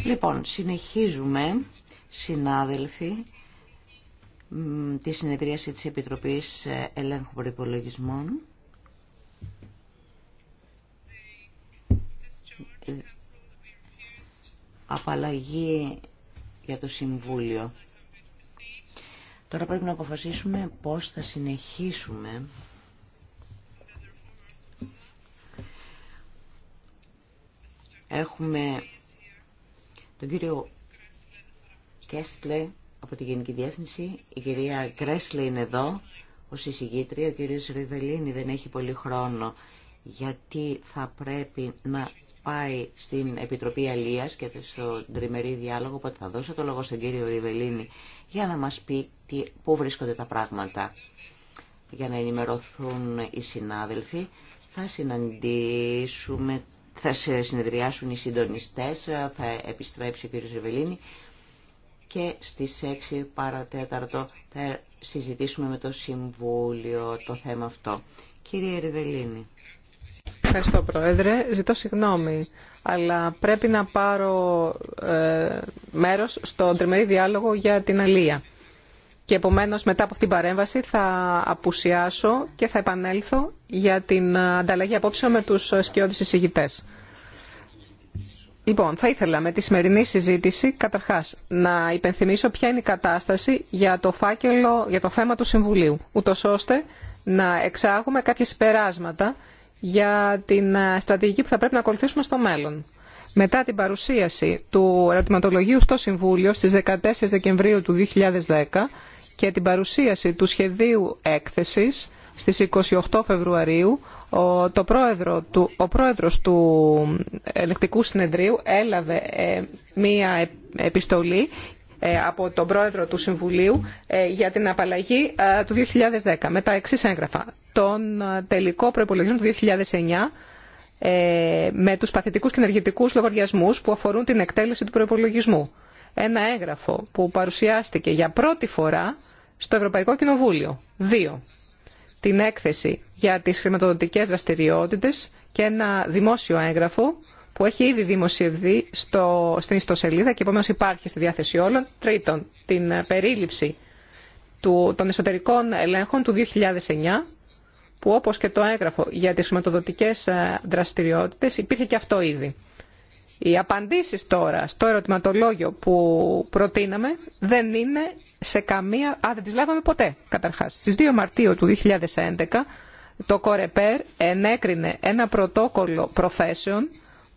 Λοιπόν, συνεχίζουμε, συνάδελφοι, τη συνεδρίαση της Επιτροπής ε, Ελέγχου Προϋπολογισμών. Ε, απαλλαγή για το Συμβούλιο. Τώρα πρέπει να αποφασίσουμε πώς θα συνεχίσουμε Έχουμε τον κύριο Κέσλε από τη Γενική Διεύθυνση. Η κυρία Κρέσλε είναι εδώ ως εισηγήτρια. Ο κύριος Ριβελίνη δεν έχει πολύ χρόνο γιατί θα πρέπει να πάει στην Επιτροπή Αλίας και στο τριμερή διάλογο, που θα δώσω το λόγο στον κύριο Ριβελίνη για να μας πει τι, πού βρίσκονται τα πράγματα. Για να ενημερωθούν οι συνάδελφοι, θα συναντήσουμε, θα συνεδριάσουν οι συντονιστές, θα επιστρέψει ο κύριο Ριβελίνη και στις 6 παρατέταρτο θα συζητήσουμε με το Συμβούλιο το θέμα αυτό. Κύριε Ριβελίνη. Ευχαριστώ, Πρόεδρε. Ζητώ συγγνώμη, αλλά πρέπει να πάρω ε, μέρος στον τριμερή διάλογο για την αλία. Και επομένως, μετά από αυτήν την παρέμβαση, θα απουσιάσω και θα επανέλθω για την ανταλλαγή απόψεων με τους σκιώδεις εισηγητές. Λοιπόν, θα ήθελα με τη σημερινή συζήτηση καταρχάς να υπενθυμίσω ποια είναι η κατάσταση για το φάκελο, για το θέμα του Συμβουλίου, ούτω ώστε να εξάγουμε κάποια περάσματα για την ε, στρατηγική που θα πρέπει να ακολουθήσουμε στο μέλλον. Μετά την παρουσίαση του ερωτηματολογίου στο Συμβούλιο στις 14 Δεκεμβρίου του 2010 και την παρουσίαση του σχεδίου έκθεσης στις 28 Φεβρουαρίου, ο, το πρόεδρο του, ο πρόεδρος του ελεκτικού συνεδρίου έλαβε ε, μία επιστολή ε, από τον πρόεδρο του Συμβουλίου ε, για την απαλλαγή ε, του 2010 με τα εξή έγγραφα. Τον τελικό προπολογισμό του 2009 με τους παθητικούς και ενεργητικούς λογαριασμούς που αφορούν την εκτέλεση του προπολογισμού. Ένα έγγραφο που παρουσιάστηκε για πρώτη φορά στο Ευρωπαϊκό Κοινοβούλιο. Δύο. Την έκθεση για τις χρηματοδοτικές δραστηριότητες και ένα δημόσιο έγγραφο που έχει ήδη δημοσιευθεί στο, στην ιστοσελίδα και επομένως υπάρχει στη διάθεση όλων. Τρίτον, την ε, περίληψη του, των εσωτερικών ελέγχων του 2009, που όπως και το έγγραφο για τις χρηματοδοτικές ε, δραστηριότητες υπήρχε και αυτό ήδη. Οι απαντήσεις τώρα στο ερωτηματολόγιο που προτείναμε δεν είναι σε καμία... Α, δεν τις λάβαμε ποτέ, καταρχάς. Στις 2 Μαρτίου του 2011 το ΚΟΡΕΠΕΡ ενέκρινε ένα πρωτόκολλο προθέσεων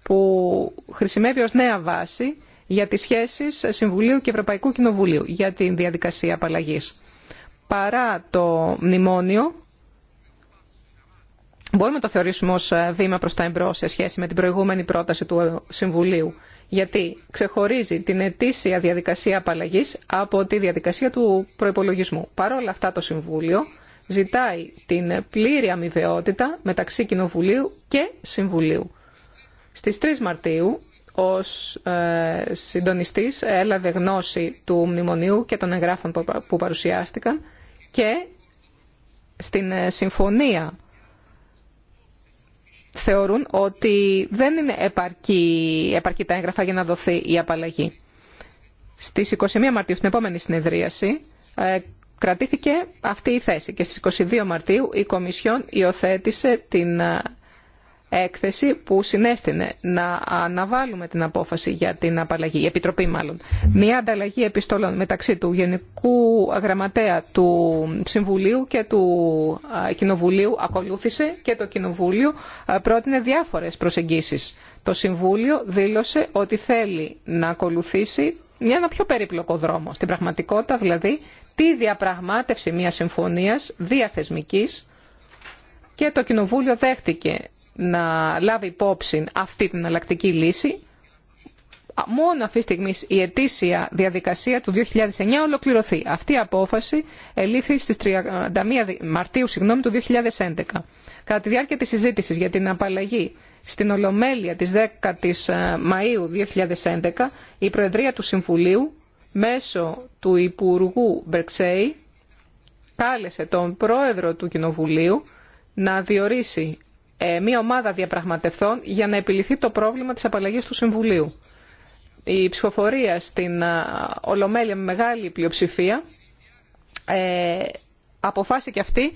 που χρησιμεύει ως νέα βάση για τις σχέσεις Συμβουλίου και Ευρωπαϊκού Κοινοβουλίου για την διαδικασία απαλλαγής. Παρά το μνημόνιο, μπορούμε να το θεωρήσουμε ως ε, βήμα προς τα εμπρό σε σχέση με την προηγούμενη πρόταση του Συμβουλίου, γιατί ξεχωρίζει την ετήσια διαδικασία απαλλαγής από τη διαδικασία του προϋπολογισμού. Παρ' όλα αυτά το Συμβούλιο ζητάει την πλήρη αμοιβαιότητα μεταξύ Κοινοβουλίου και Συμβουλίου στις 3 Μαρτίου, ως ε, συντονιστής, έλαβε γνώση του μνημονίου και των εγγράφων που παρουσιάστηκαν και στην ε, συμφωνία θεωρούν ότι δεν είναι επαρκή, επαρκή τα έγγραφα για να δοθεί η απαλλαγή. Στις 21 Μαρτίου, στην επόμενη συνεδρίαση, ε, κρατήθηκε αυτή η θέση και στις 22 Μαρτίου η Κομισιόν υιοθέτησε την έκθεση που συνέστηνε να αναβάλουμε την απόφαση για την απαλλαγή, η Επιτροπή μάλλον. Μια ανταλλαγή επιστολών μεταξύ του Γενικού Γραμματέα του Συμβουλίου και του Κοινοβουλίου ακολούθησε και το Κοινοβούλιο πρότεινε διάφορες προσεγγίσεις. Το Συμβούλιο δήλωσε ότι θέλει να ακολουθήσει μια ένα πιο περίπλοκο δρόμο. Στην πραγματικότητα δηλαδή τη διαπραγμάτευση μιας συμφωνίας διαθεσμικής και το Κοινοβούλιο δέχτηκε να λάβει υπόψη αυτή την αλλακτική λύση. Μόνο αυτή τη στιγμή η ετήσια διαδικασία του 2009 ολοκληρωθεί. Αυτή η απόφαση ελήφθη στις 31 Μαρτίου συγγνώμη, του 2011. Κατά τη διάρκεια της συζήτησης για την απαλλαγή στην Ολομέλεια της 10ης ε, Μαΐου 2011, η Προεδρία του Συμβουλίου μέσω του Υπουργού Μπερξέη κάλεσε τον Πρόεδρο του Κοινοβουλίου να διορίσει ε, μια ομάδα διαπραγματευτών για να επιληθεί το πρόβλημα της απαλλαγής του Συμβουλίου. Η ψηφοφορία στην ε, Ολομέλεια με μεγάλη πλειοψηφία ε, αποφάσισε και αυτή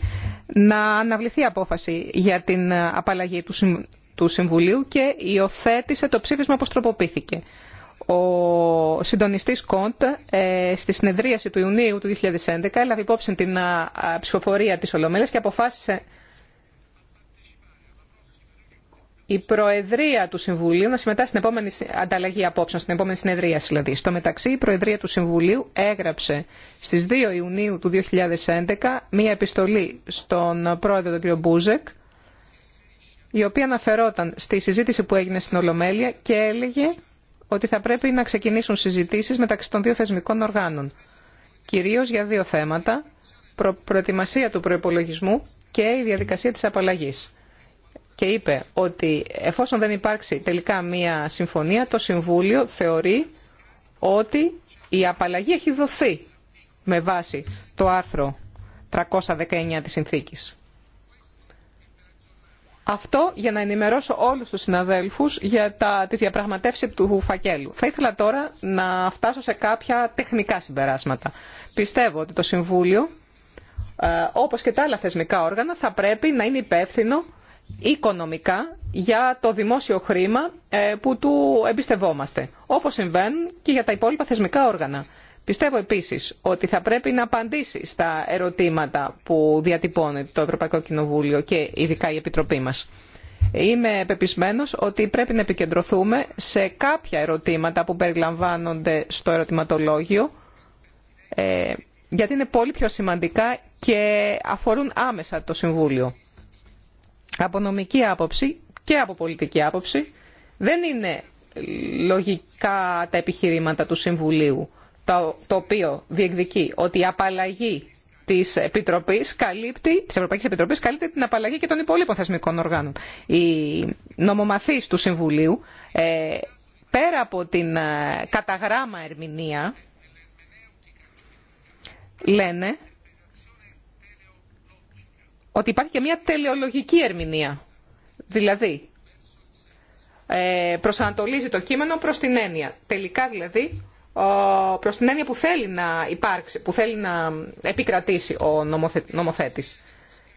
να αναβληθεί απόφαση για την απαλλαγή του Συμβουλίου και υιοθέτησε το ψήφισμα όπως τροποποιήθηκε. Ο συντονιστής Κοντ στη συνεδρίαση του Ιουνίου του 2011 έλαβε υπόψη την ψηφοφορία της Ολομέλειας και αποφάσισε η Προεδρία του Συμβουλίου να συμμετάσχει στην επόμενη ανταλλαγή απόψεων, στην επόμενη συνεδρία δηλαδή. Στο μεταξύ, η Προεδρία του Συμβουλίου έγραψε στι 2 Ιουνίου του 2011 μία επιστολή στον πρόεδρο τον κ. Μπούζεκ, η οποία αναφερόταν στη συζήτηση που έγινε στην Ολομέλεια και έλεγε ότι θα πρέπει να ξεκινήσουν συζητήσει μεταξύ των δύο θεσμικών οργάνων, κυρίω για δύο θέματα, προετοιμασία του προπολογισμού και η διαδικασία τη απαλλαγή και είπε ότι εφόσον δεν υπάρξει τελικά μία συμφωνία, το Συμβούλιο θεωρεί ότι η απαλλαγή έχει δοθεί με βάση το άρθρο 319 της Συνθήκης. Αυτό για να ενημερώσω όλους τους συναδέλφους για τα, τις διαπραγματεύσεις του φακέλου. Θα ήθελα τώρα να φτάσω σε κάποια τεχνικά συμπεράσματα. Πιστεύω ότι το Συμβούλιο, ε, όπως και τα άλλα θεσμικά όργανα, θα πρέπει να είναι υπεύθυνο οικονομικά για το δημόσιο χρήμα ε, που του εμπιστευόμαστε, όπως συμβαίνουν και για τα υπόλοιπα θεσμικά όργανα. Πιστεύω επίσης ότι θα πρέπει να απαντήσει στα ερωτήματα που διατυπώνει το Ευρωπαϊκό Κοινοβούλιο και ειδικά η Επιτροπή μας. Είμαι πεπισμένος ότι πρέπει να επικεντρωθούμε σε κάποια ερωτήματα που περιλαμβάνονται στο ερωτηματολόγιο, ε, γιατί είναι πολύ πιο σημαντικά και αφορούν άμεσα το Συμβούλιο από νομική άποψη και από πολιτική άποψη δεν είναι λογικά τα επιχειρήματα του Συμβουλίου το, οποίο διεκδικεί ότι η απαλλαγή της, Επιτροπής καλύπτει, της Ευρωπαϊκής Επιτροπής καλύπτει την απαλλαγή και των υπόλοιπων θεσμικών οργάνων. Οι νομομαθείς του Συμβουλίου ε, πέρα από την ε, καταγράμμα ερμηνεία λένε ότι υπάρχει και μια τελεολογική ερμηνεία. Δηλαδή, ε, προσανατολίζει το κείμενο προς την έννοια. Τελικά δηλαδή, προς την έννοια που θέλει να υπάρξει, που θέλει να επικρατήσει ο νομοθέτης.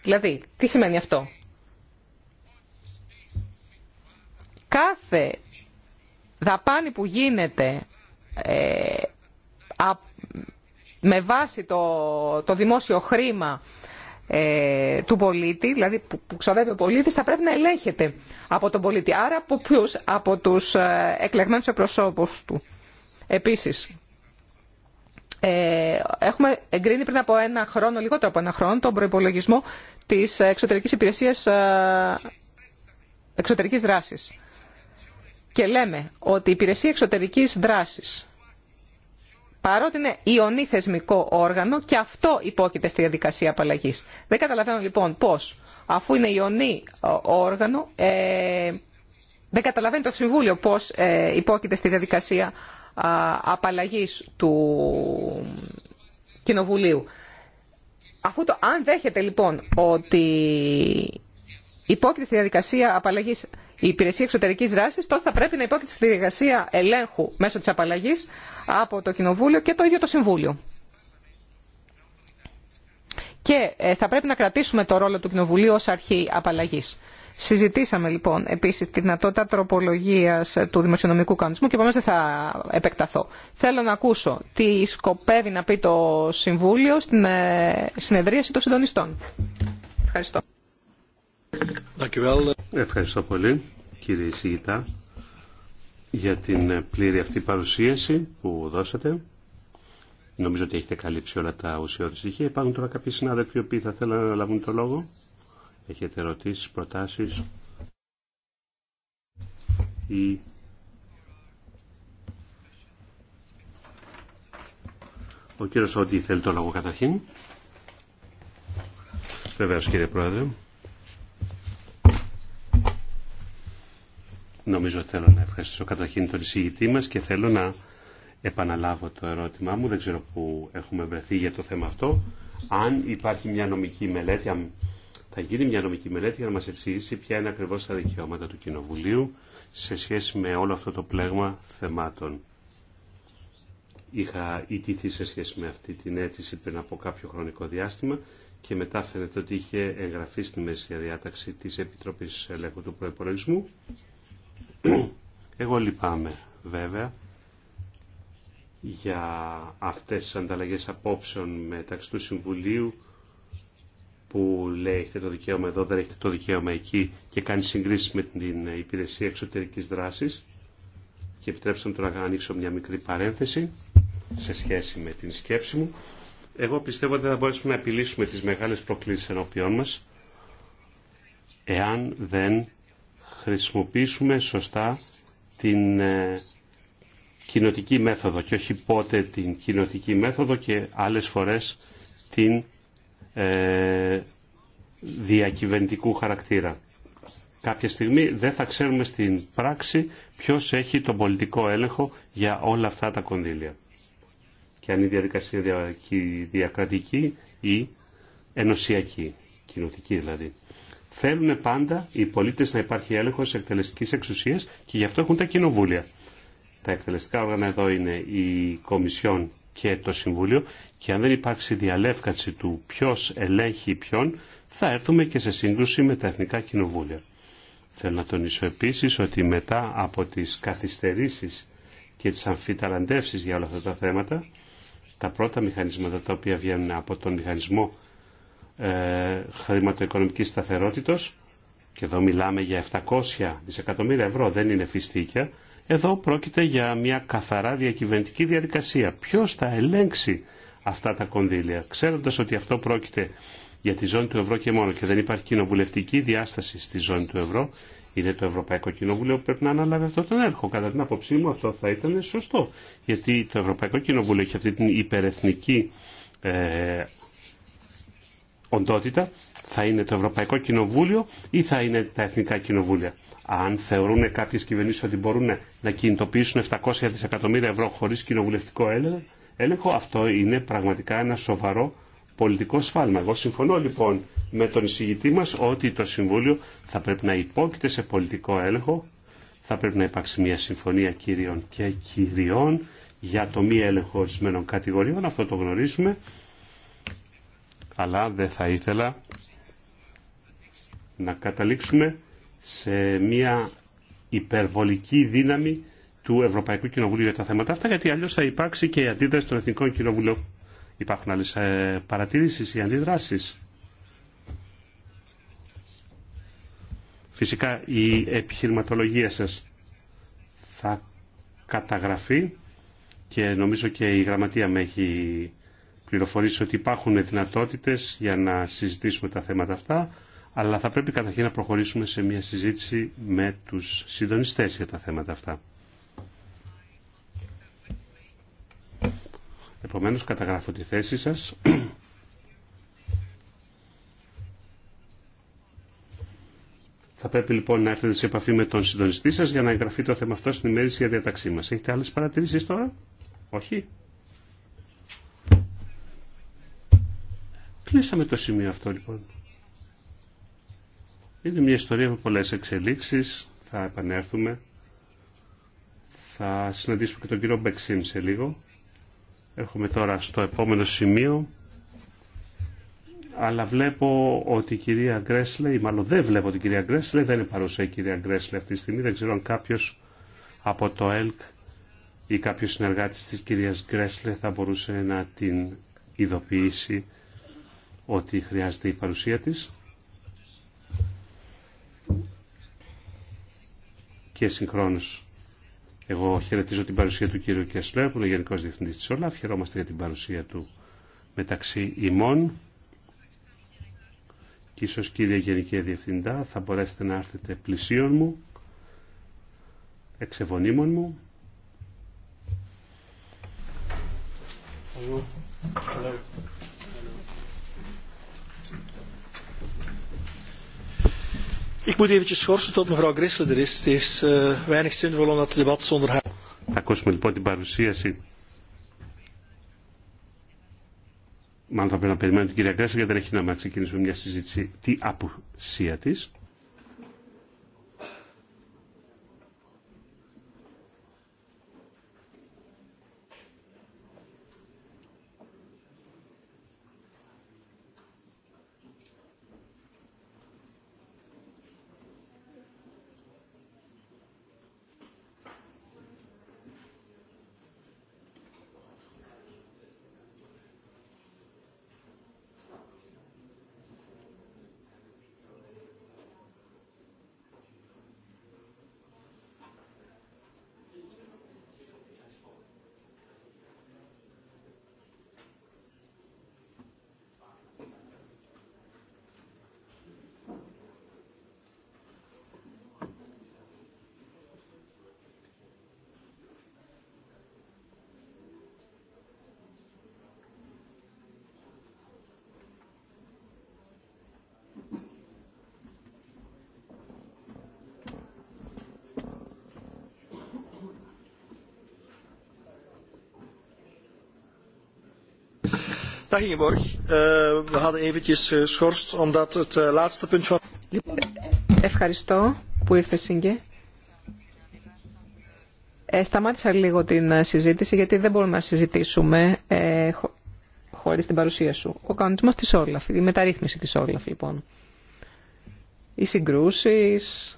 Δηλαδή, τι σημαίνει αυτό. Κάθε δαπάνη που γίνεται ε, με βάση το, το δημόσιο χρήμα ε, του πολίτη, δηλαδή που, ξοδεύει ο πολίτης, θα πρέπει να ελέγχεται από τον πολίτη. Άρα από ποιους, από τους ε, εκλεγμένους του. Επίσης, ε, έχουμε εγκρίνει πριν από ένα χρόνο, λιγότερο από ένα χρόνο, τον προϋπολογισμό της εξωτερικής υπηρεσίας εξωτερικής δράσης. Και λέμε ότι η υπηρεσία εξωτερικής δράσης παρότι είναι ιονή θεσμικό όργανο και αυτό υπόκειται στη διαδικασία απαλλαγή. Δεν καταλαβαίνω λοιπόν πώ, αφού είναι ιονή ε, όργανο, ε, δεν καταλαβαίνει το Συμβούλιο πώς ε, υπόκειται στη διαδικασία απαλλαγή του Κοινοβουλίου. Αφού το, αν δέχεται λοιπόν ότι υπόκειται στη διαδικασία απαλλαγή η υπηρεσία εξωτερική δράση τώρα θα πρέπει να υπόκειται στη διαδικασία ελέγχου μέσω τη απαλλαγή από το Κοινοβούλιο και το ίδιο το Συμβούλιο. Και ε, θα πρέπει να κρατήσουμε το ρόλο του Κοινοβουλίου ω αρχή απαλλαγή. Συζητήσαμε λοιπόν επίση τη δυνατότητα τροπολογία του δημοσιονομικού κανονισμού και επομένω δεν θα επεκταθώ. Θέλω να ακούσω τι σκοπεύει να πει το Συμβούλιο στην ε, συνεδρίαση των συντονιστών. Ευχαριστώ. Ευχαριστώ πολύ κύριε Σιγητά, για την πλήρη αυτή παρουσίαση που δώσατε. Νομίζω ότι έχετε καλύψει όλα τα ουσιώδη στοιχεία. Υπάρχουν τώρα κάποιοι συνάδελφοι οι θα θέλουν να λάβουν το λόγο. Έχετε ερωτήσεις, προτάσεις ή... Ο κύριος Ότι θέλει το λόγο καταρχήν. Βεβαίω, κύριε Πρόεδρε. Νομίζω θέλω να ευχαριστήσω καταρχήν τον εισηγητή μας και θέλω να επαναλάβω το ερώτημά μου. Δεν ξέρω που έχουμε βρεθεί για το θέμα αυτό. Αν υπάρχει μια νομική μελέτη, αν θα γίνει μια νομική μελέτη για να μας εξηγήσει ποια είναι ακριβώς τα δικαιώματα του Κοινοβουλίου σε σχέση με όλο αυτό το πλέγμα θεμάτων. Είχα ιτηθεί σε σχέση με αυτή την αίτηση πριν από κάποιο χρονικό διάστημα και μετά φαίνεται ότι είχε εγγραφεί στη μέση διάταξη της Επιτροπής Ελέγχου του Προϋπολογισμού εγώ λυπάμαι βέβαια για αυτές τις ανταλλαγές απόψεων μεταξύ του Συμβουλίου που λέει έχετε το δικαίωμα εδώ, δεν έχετε το δικαίωμα εκεί και κάνει συγκρίσεις με την υπηρεσία εξωτερικής δράσης και επιτρέψτε μου τώρα να ανοίξω μια μικρή παρένθεση σε σχέση με την σκέψη μου. Εγώ πιστεύω ότι δεν θα μπορέσουμε να επιλύσουμε τις μεγάλες προκλήσεις ενώπιών μας εάν δεν χρησιμοποιήσουμε σωστά την ε, κοινοτική μέθοδο και όχι πότε την κοινοτική μέθοδο και άλλες φορές την ε, διακυβερνητικού χαρακτήρα. Κάποια στιγμή δεν θα ξέρουμε στην πράξη ποιος έχει τον πολιτικό έλεγχο για όλα αυτά τα κονδύλια. Και αν η διαδικασία διακρατική ή ενωσιακή, κοινοτική δηλαδή. Θέλουν πάντα οι πολίτες να υπάρχει έλεγχος εκτελεστικής εξουσίας και γι' αυτό έχουν τα κοινοβούλια. Τα εκτελεστικά όργανα εδώ είναι η Κομισιόν και το Συμβούλιο και αν δεν υπάρξει διαλεύκανση του ποιο ελέγχει ποιον θα έρθουμε και σε σύγκρουση με τα Εθνικά Κοινοβούλια. Θέλω να τονίσω επίσης ότι μετά από τις καθυστερήσεις και τις αμφιταλαντεύσεις για όλα αυτά τα θέματα τα πρώτα μηχανίσματα τα οποία βγαίνουν από τον μηχανισμό ε, χρηματοοικονομικής σταθερότητος και εδώ μιλάμε για 700 δισεκατομμύρια ευρώ, δεν είναι φιστίκια. Εδώ πρόκειται για μια καθαρά διακυβερνητική διαδικασία. Ποιος θα ελέγξει αυτά τα κονδύλια, ξέροντας ότι αυτό πρόκειται για τη ζώνη του ευρώ και μόνο και δεν υπάρχει κοινοβουλευτική διάσταση στη ζώνη του ευρώ, είναι το Ευρωπαϊκό Κοινοβούλιο που πρέπει να αναλάβει αυτό τον έλεγχο. Κατά την άποψή μου αυτό θα ήταν σωστό. Γιατί το Ευρωπαϊκό Κοινοβούλιο έχει αυτή την υπερεθνική ε, οντότητα θα είναι το Ευρωπαϊκό Κοινοβούλιο ή θα είναι τα Εθνικά Κοινοβούλια. Αν θεωρούν κάποιε κυβερνήσει ότι μπορούν να κινητοποιήσουν 700 δισεκατομμύρια ευρώ χωρί κοινοβουλευτικό έλεγχο, αυτό είναι πραγματικά ένα σοβαρό πολιτικό σφάλμα. Εγώ συμφωνώ λοιπόν με τον εισηγητή μα ότι το Συμβούλιο θα πρέπει να υπόκειται σε πολιτικό έλεγχο, θα πρέπει να υπάρξει μια συμφωνία κυρίων και κυριών για το μη έλεγχο ορισμένων κατηγοριών, αυτό το γνωρίζουμε αλλά δεν θα ήθελα να καταλήξουμε σε μια υπερβολική δύναμη του Ευρωπαϊκού Κοινοβουλίου για τα θέματα αυτά, γιατί αλλιώς θα υπάρξει και η αντίδραση των Εθνικών Κοινοβουλίων. Υπάρχουν άλλε παρατηρήσει ή αντιδράσεις. Φυσικά η αντιδρασεις φυσικα η επιχειρηματολογια σας θα καταγραφεί και νομίζω και η γραμματεία με έχει πληροφορήσω ότι υπάρχουν δυνατότητε για να συζητήσουμε τα θέματα αυτά, αλλά θα πρέπει καταρχήν να προχωρήσουμε σε μια συζήτηση με τους συντονιστέ για τα θέματα αυτά. Επομένω, καταγράφω τη θέση σας. Θα πρέπει λοιπόν να έρθετε σε επαφή με τον συντονιστή σας για να εγγραφεί το θέμα αυτό στην ημέρηση για διαταξή μα. Έχετε άλλε παρατηρήσει τώρα? Όχι? Κλείσαμε το σημείο αυτό λοιπόν. Είναι μια ιστορία με πολλές εξελίξεις. Θα επανέλθουμε. Θα συναντήσουμε και τον κύριο Μπεξίμ σε λίγο. Έρχομαι τώρα στο επόμενο σημείο. Αλλά βλέπω ότι η κυρία Γκρέσλε, ή μάλλον δεν βλέπω την κυρία Γκρέσλε, δεν είναι παρούσα η κυρία Γκρέσλε αυτή τη στιγμή. Δεν ξέρω αν κάποιο από το ΕΛΚ ή κάποιο συνεργάτη τη κυρία Γκρέσλε θα μπορούσε να την ειδοποιήσει ότι χρειάζεται η παρουσία της και συγχρόνως εγώ χαιρετίζω την παρουσία του κύριου Κεσλέρ που είναι Γενικός Διευθυντής της ΟΛΑΦ χαιρόμαστε για την παρουσία του μεταξύ ημών και ίσως κύριε Γενική Διευθυντά θα μπορέσετε να έρθετε πλησίον μου εξεβονίμων μου Hello. Θα ακούσουμε er eh, λοιπόν την παρουσίαση. Μάλλον θα πρέπει να περιμένουμε την κυρία Γκρέσσα γιατί δεν έχει νόημα να ξεκινήσουμε μια συζήτηση τη απουσία Ευχαριστώ που ήρθε Σίγκε. Ε, σταμάτησα λίγο την ε, συζήτηση γιατί δεν μπορούμε να συζητήσουμε ε, χωρίς την παρουσία σου. Ο κανονισμός της Όλαφ, η μεταρρύθμιση της Όλαφ λοιπόν. Οι συγκρούσεις,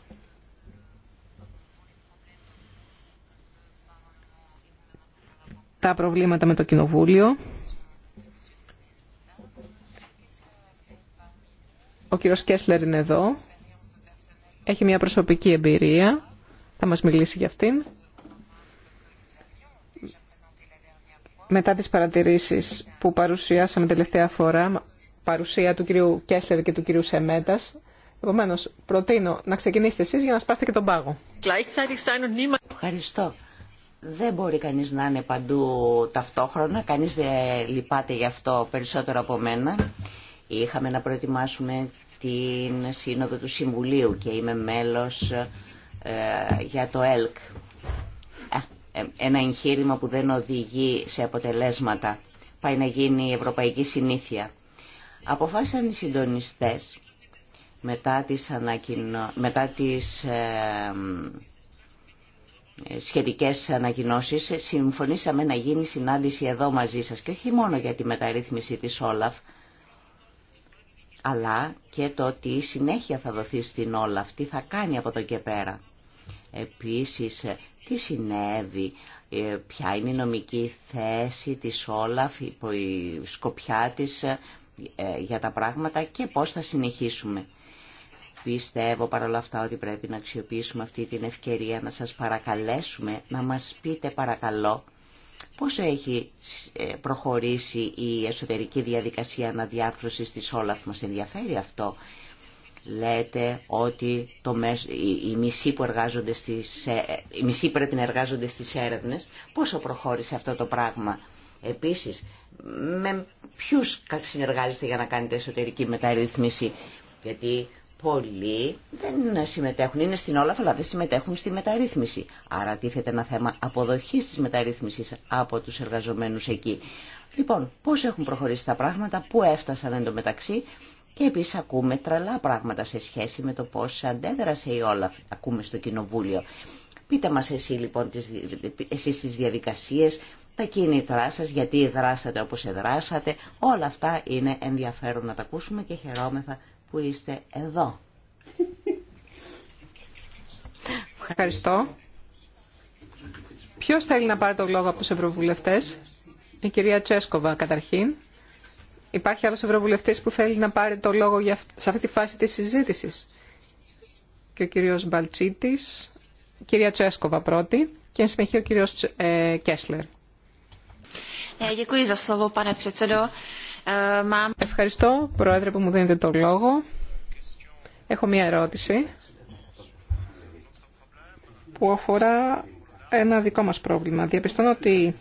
τα προβλήματα με το Κοινοβούλιο. Ο κύριος Κέσλερ είναι εδώ. Έχει μια προσωπική εμπειρία. Θα μας μιλήσει για αυτήν. Μετά τις παρατηρήσεις που παρουσιάσαμε τελευταία φορά, παρουσία του κυρίου Κέσλερ και του κυρίου Σεμέτας, Επομένω, προτείνω να ξεκινήσετε εσεί για να σπάσετε και τον πάγο. Ευχαριστώ. Δεν μπορεί κανείς να είναι παντού ταυτόχρονα, κανείς δεν λυπάται γι' αυτό περισσότερο από μένα. Είχαμε να προετοιμάσουμε στην Σύνοδο του Συμβουλίου και είμαι μέλος ε, για το ΕΛΚ. Ε, ένα εγχείρημα που δεν οδηγεί σε αποτελέσματα. Πάει να γίνει η ευρωπαϊκή συνήθεια. Αποφάσισαν οι συντονιστές μετά τις, σχετικέ μετά τις ε, σχετικές ανακοινώσεις συμφωνήσαμε να γίνει συνάντηση εδώ μαζί σας και όχι μόνο για τη μεταρρύθμιση της Όλαφ αλλά και το ότι η συνέχεια θα δοθεί στην όλα, αυτή θα κάνει από το και πέρα. Επίσης, τι συνέβη, ε, ποια είναι η νομική θέση της Όλαφ, η σκοπιά της ε, για τα πράγματα και πώς θα συνεχίσουμε. Πιστεύω παρόλα αυτά ότι πρέπει να αξιοποιήσουμε αυτή την ευκαιρία να σας παρακαλέσουμε να μας πείτε παρακαλώ Πόσο έχει ε, προχωρήσει η εσωτερική διαδικασία αναδιάρθρωσης της Όλαφ, μας ενδιαφέρει αυτό. Λέτε ότι το οι, μισοί που στις, οι ε, πρέπει να εργάζονται στις έρευνες. Πόσο προχώρησε αυτό το πράγμα. Επίσης, με ποιους συνεργάζεστε για να κάνετε εσωτερική μεταρρύθμιση. Γιατί πολλοί δεν συμμετέχουν, είναι στην όλα αλλά δεν συμμετέχουν στη μεταρρύθμιση. Άρα τίθεται ένα θέμα αποδοχής της μεταρρύθμισης από τους εργαζομένους εκεί. Λοιπόν, πώς έχουν προχωρήσει τα πράγματα, πού έφτασαν εν μεταξύ και επίσης ακούμε τρελά πράγματα σε σχέση με το πώς αντέδρασε η όλα ακούμε στο Κοινοβούλιο. Πείτε μας εσύ λοιπόν τις, εσείς τις διαδικασίες, τα κίνητρά σας, γιατί δράσατε όπως εδράσατε. Όλα αυτά είναι ενδιαφέρον να τα ακούσουμε και χαιρόμεθα που είστε εδώ. Ευχαριστώ. Ποιος θέλει να πάρει το λόγο από τους ευρωβουλευτές. Η κυρία Τσέσκοβα καταρχήν. Υπάρχει άλλος ευρωβουλευτής που θέλει να πάρει το λόγο για, σε αυτή τη φάση της συζήτησης. Και ο κύριος Μπαλτσίτης, κυρία Τσέσκοβα πρώτη και συνεχεί συνεχεία ο κύριος ε, Κέσλερ. Ε, děkuji za Ευχαριστώ, Πρόεδρε, που μου δίνετε το λόγο. Έχω μία ερώτηση που αφορά ένα δικό μας πρόβλημα. Διαπιστώνω ότι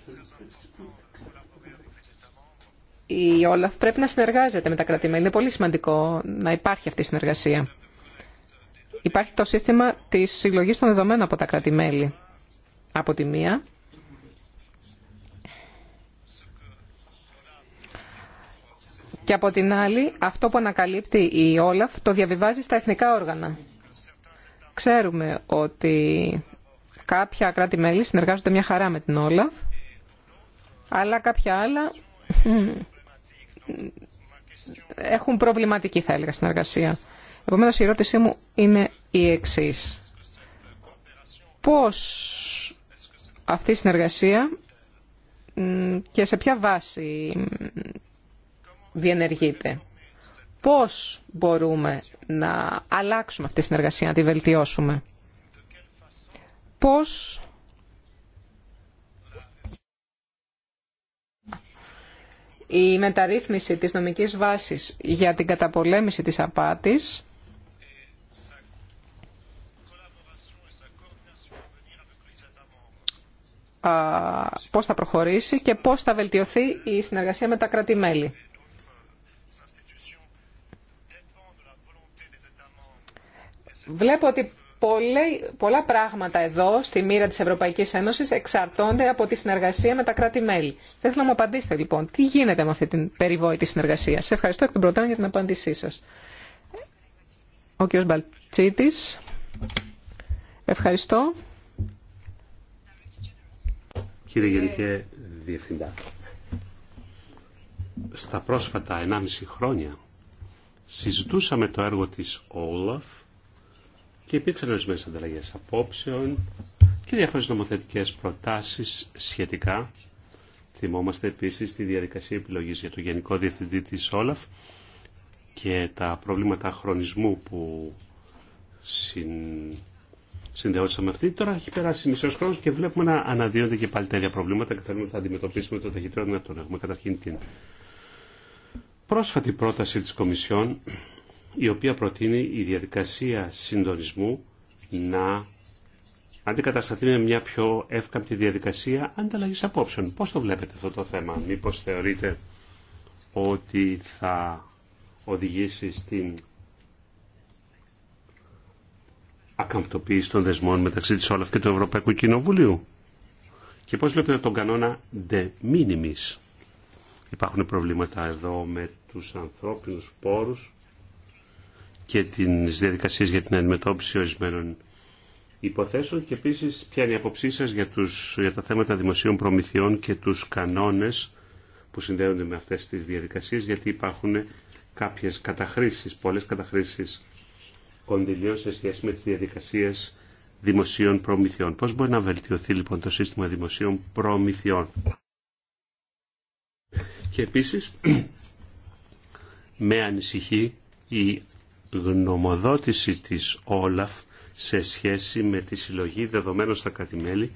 η Όλαφ πρέπει να συνεργάζεται με τα κρατήματα. Είναι πολύ σημαντικό να υπάρχει αυτή η συνεργασία. Υπάρχει το σύστημα της συλλογής των δεδομένων από τα κρατημέλη από τη μία και από την άλλη αυτό που ανακαλύπτει η Όλαφ το διαβιβάζει στα εθνικά όργανα. Ξέρουμε ότι κάποια κράτη-μέλη συνεργάζονται μια χαρά με την Όλαφ, αλλά κάποια άλλα έχουν προβληματική θα έλεγα συνεργασία. Επομένως η ερώτησή μου είναι η εξής. Πώς αυτή η συνεργασία και σε ποια βάση διενεργείται. Πώς μπορούμε να αλλάξουμε αυτή τη συνεργασία, να τη βελτιώσουμε. Πώς η μεταρρύθμιση της νομικής βάσης για την καταπολέμηση της απάτης πώς θα προχωρήσει και πώς θα βελτιωθεί η συνεργασία με τα κρατη βλέπω ότι πολλά πράγματα εδώ στη μοίρα της Ευρωπαϊκής Ένωσης εξαρτώνται από τη συνεργασία με τα κράτη-μέλη. Θα ήθελα να μου απαντήσετε λοιπόν, τι γίνεται με αυτή την περιβόητη συνεργασία. Σε ευχαριστώ εκ των προτέρων για την απάντησή σας. Ο κ. Μπαλτσίτης. Ευχαριστώ. Κύριε Γερικέ Διευθυντά, στα πρόσφατα 1,5 χρόνια συζητούσαμε το έργο της Όλαφ και υπήρξαν ορισμένε ανταλλαγέ απόψεων και διάφορε νομοθετικέ προτάσει σχετικά. Θυμόμαστε επίση τη διαδικασία επιλογή για το Γενικό Διευθυντή τη Όλαφ και τα προβλήματα χρονισμού που συν... συνδεόντουσαν με αυτή. Τώρα έχει περάσει μισό χρόνο και βλέπουμε να αναδύονται και πάλι τέτοια προβλήματα και θέλουμε να τα αντιμετωπίσουμε το ταχύτερο δυνατόν. Έχουμε καταρχήν την πρόσφατη πρόταση της Κομισιόν η οποία προτείνει η διαδικασία συντονισμού να αντικατασταθεί με μια πιο εύκαμπτη διαδικασία ανταλλαγής απόψεων. Πώς το βλέπετε αυτό το θέμα, μήπως θεωρείτε ότι θα οδηγήσει στην ακαμπτοποίηση των δεσμών μεταξύ της Όλαφ και του Ευρωπαϊκού Κοινοβουλίου. Και πώς βλέπετε τον κανόνα de minimis. Υπάρχουν προβλήματα εδώ με τους ανθρώπινους πόρους και τις διαδικασίες για την αντιμετώπιση ορισμένων υποθέσεων και επίσης ποια είναι η αποψή σας για, τους, για τα θέματα δημοσίων προμηθειών και τους κανόνες που συνδέονται με αυτές τις διαδικασίες γιατί υπάρχουν κάποιες καταχρήσεις, πολλές καταχρήσεις κονδυλίων σε σχέση με τις διαδικασίες δημοσίων προμηθειών. Πώς μπορεί να βελτιωθεί λοιπόν το σύστημα δημοσίων προμηθειών. Και επίσης με ανησυχεί η γνωμοδότηση της Όλαφ σε σχέση με τη συλλογή δεδομένων στα κρατη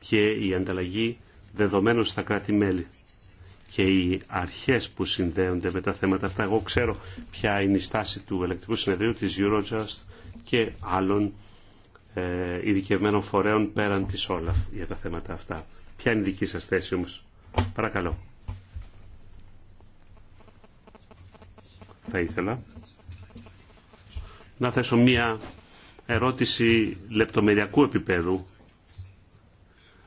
και η ανταλλαγή δεδομένων στα κρατη και οι αρχές που συνδέονται με τα θέματα αυτά. Εγώ ξέρω ποια είναι η στάση του Ελεκτρικού Συνεδρίου της Eurojust και άλλων ε, ειδικευμένων φορέων πέραν της Όλαφ για τα θέματα αυτά. Ποια είναι η δική σας θέση όμως. Παρακαλώ. Θα ήθελα να θέσω μία ερώτηση λεπτομεριακού επίπεδου.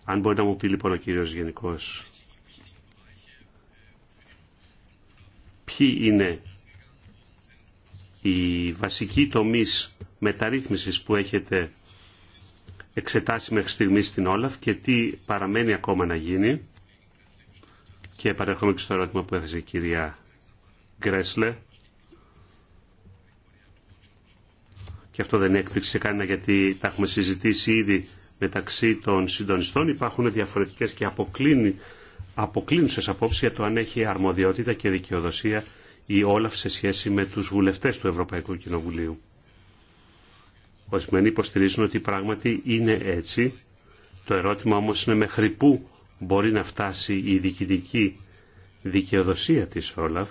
Αν μπορεί να μου πει λοιπόν ο κύριος Γενικός ποιοι είναι οι βασικοί τομείς μεταρρύθμισης που έχετε εξετάσει μέχρι στιγμή στην Όλαφ και τι παραμένει ακόμα να γίνει. Και παρέχομαι και στο ερώτημα που έθεσε η κυρία Γκρέσλε και αυτό δεν έκπληξε κανένα γιατί τα έχουμε συζητήσει ήδη μεταξύ των συντονιστών. Υπάρχουν διαφορετικές και αποκλίνει, αποκλίνουσες απόψεις για το αν έχει αρμοδιότητα και δικαιοδοσία η Όλαφ σε σχέση με τους βουλευτές του Ευρωπαϊκού Κοινοβουλίου. Ορισμένοι υποστηρίζουν ότι πράγματι είναι έτσι. Το ερώτημα όμως είναι μέχρι πού μπορεί να φτάσει η διοικητική δικαιοδοσία της Όλαφ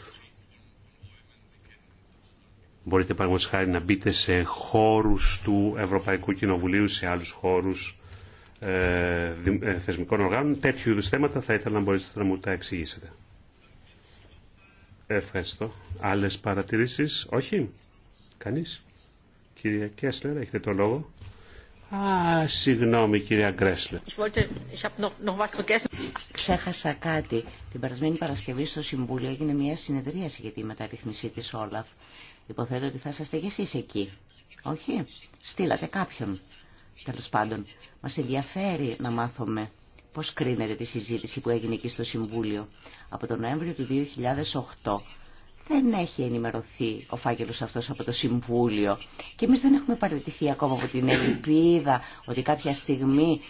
Μπορείτε παραδείγματος χάρη να μπείτε σε χώρους του Ευρωπαϊκού Κοινοβουλίου, σε άλλους χώρους ε, ε, θεσμικών οργάνων. Τέτοιου είδους θέματα θα ήθελα να μπορείτε να μου τα εξηγήσετε. Ευχαριστώ. Άλλες παρατηρήσεις. Όχι. Κανείς. Κυρία Κέσλερ, έχετε το λόγο. Α, συγγνώμη κυρία Γκρέσλε. Ξέχασα κάτι. Την περασμένη Παρασκευή στο Συμβούλιο έγινε μια συνεδρίαση για τη μεταρρύθμιση της Όλαφ. Υποθέτω ότι θα είσαστε κι εσείς εκεί. Όχι, στείλατε κάποιον. Τέλο πάντων, μας ενδιαφέρει να μάθουμε πώς κρίνεται τη συζήτηση που έγινε εκεί στο Συμβούλιο. Από τον Νοέμβριο του 2008 δεν έχει ενημερωθεί ο φάκελος αυτός από το Συμβούλιο και εμείς δεν έχουμε παραιτηθεί ακόμα από την ελπίδα ότι κάποια στιγμή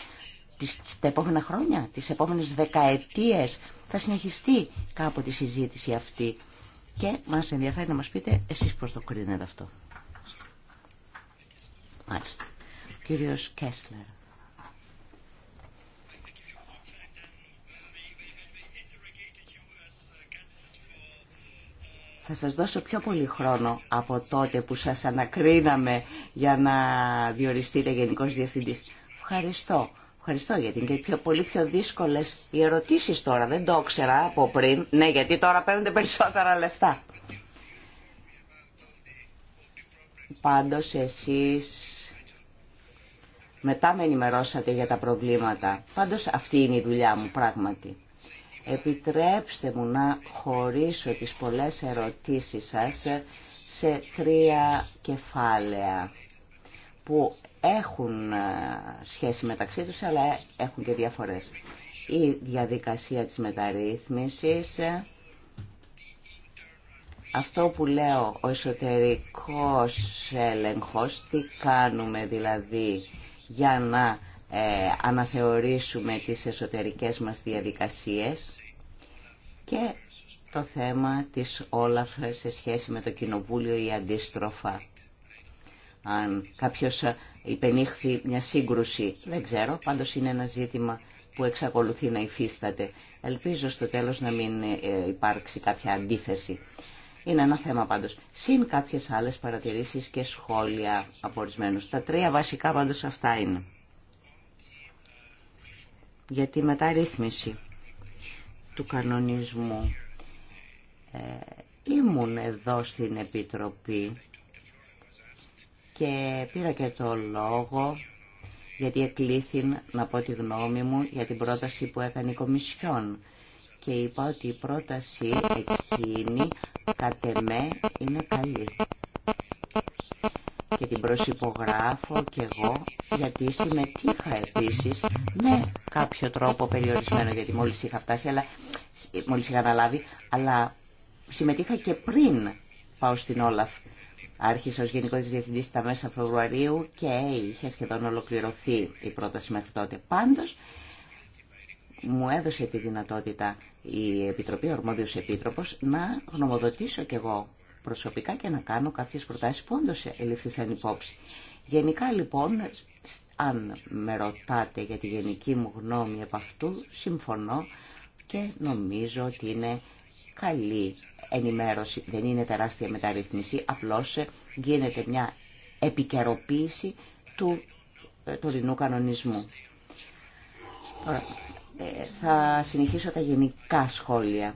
τα επόμενα χρόνια, τις επόμενες δεκαετίες θα συνεχιστεί κάποτε η συζήτηση αυτή και μας ενδιαφέρει να μας πείτε εσείς πώς το κρίνετε αυτό. Μάλιστα. Ο κύριος Κέσλερ. Θα σας δώσω πιο πολύ χρόνο από τότε που σας ανακρίναμε για να διοριστείτε Γενικός Διευθυντής. Ευχαριστώ. Ευχαριστώ γιατί είναι και πιο, πολύ πιο δύσκολες οι ερωτήσεις τώρα. Δεν το ήξερα από πριν. Ναι, γιατί τώρα παίρνετε περισσότερα λεφτά. Πάντω εσείς μετά με ενημερώσατε για τα προβλήματα. Πάντως αυτή είναι η δουλειά μου πράγματι. Επιτρέψτε μου να χωρίσω τις πολλές ερωτήσεις σας σε τρία κεφάλαια που έχουν ε, σχέση μεταξύ τους αλλά έχουν και διαφορές. Η διαδικασία της μεταρρύθμισης, ε, αυτό που λέω ο εσωτερικός έλεγχος, τι κάνουμε δηλαδή για να ε, αναθεωρήσουμε τις εσωτερικές μας διαδικασίες και το θέμα της όλα σε σχέση με το Κοινοβούλιο ή αντίστροφα αν κάποιος ε, υπενήχθη μια σύγκρουση. Δεν ξέρω, πάντως είναι ένα ζήτημα που εξακολουθεί να υφίσταται. Ελπίζω στο τέλος να μην ε, υπάρξει κάποια αντίθεση. Είναι ένα θέμα πάντως. Συν κάποιες άλλες παρατηρήσεις και σχόλια από ορισμένους. Τα τρία βασικά πάντως αυτά είναι. Για τη μεταρρύθμιση του κανονισμού. Ε, ήμουν εδώ στην Επιτροπή και πήρα και το λόγο γιατί εκλήθη να πω τη γνώμη μου για την πρόταση που έκανε η Κομισιόν και είπα ότι η πρόταση εκείνη κατ' εμέ είναι καλή. Και την προσυπογράφω κι εγώ γιατί συμμετείχα επίσης με κάποιο τρόπο περιορισμένο γιατί μόλις είχα φτάσει, αλλά, μόλις είχα αναλάβει, αλλά συμμετείχα και πριν πάω στην Όλαφ Άρχισε ως Γενικός Διευθυντής στα μέσα Φεβρουαρίου και είχε σχεδόν ολοκληρωθεί η πρόταση μέχρι τότε. Πάντως, μου έδωσε τη δυνατότητα η Επιτροπή, ο Ορμόδιος Επίτροπος, να γνωμοδοτήσω κι εγώ προσωπικά και να κάνω κάποιες προτάσεις που όντως ελήφθησαν υπόψη. Γενικά λοιπόν, αν με ρωτάτε για τη γενική μου γνώμη από αυτού, συμφωνώ και νομίζω ότι είναι καλή ενημέρωση, δεν είναι τεράστια μεταρρύθμιση, απλώς γίνεται μια επικαιροποίηση του ε, τωρινού κανονισμού. Τώρα, ε, θα συνεχίσω τα γενικά σχόλια.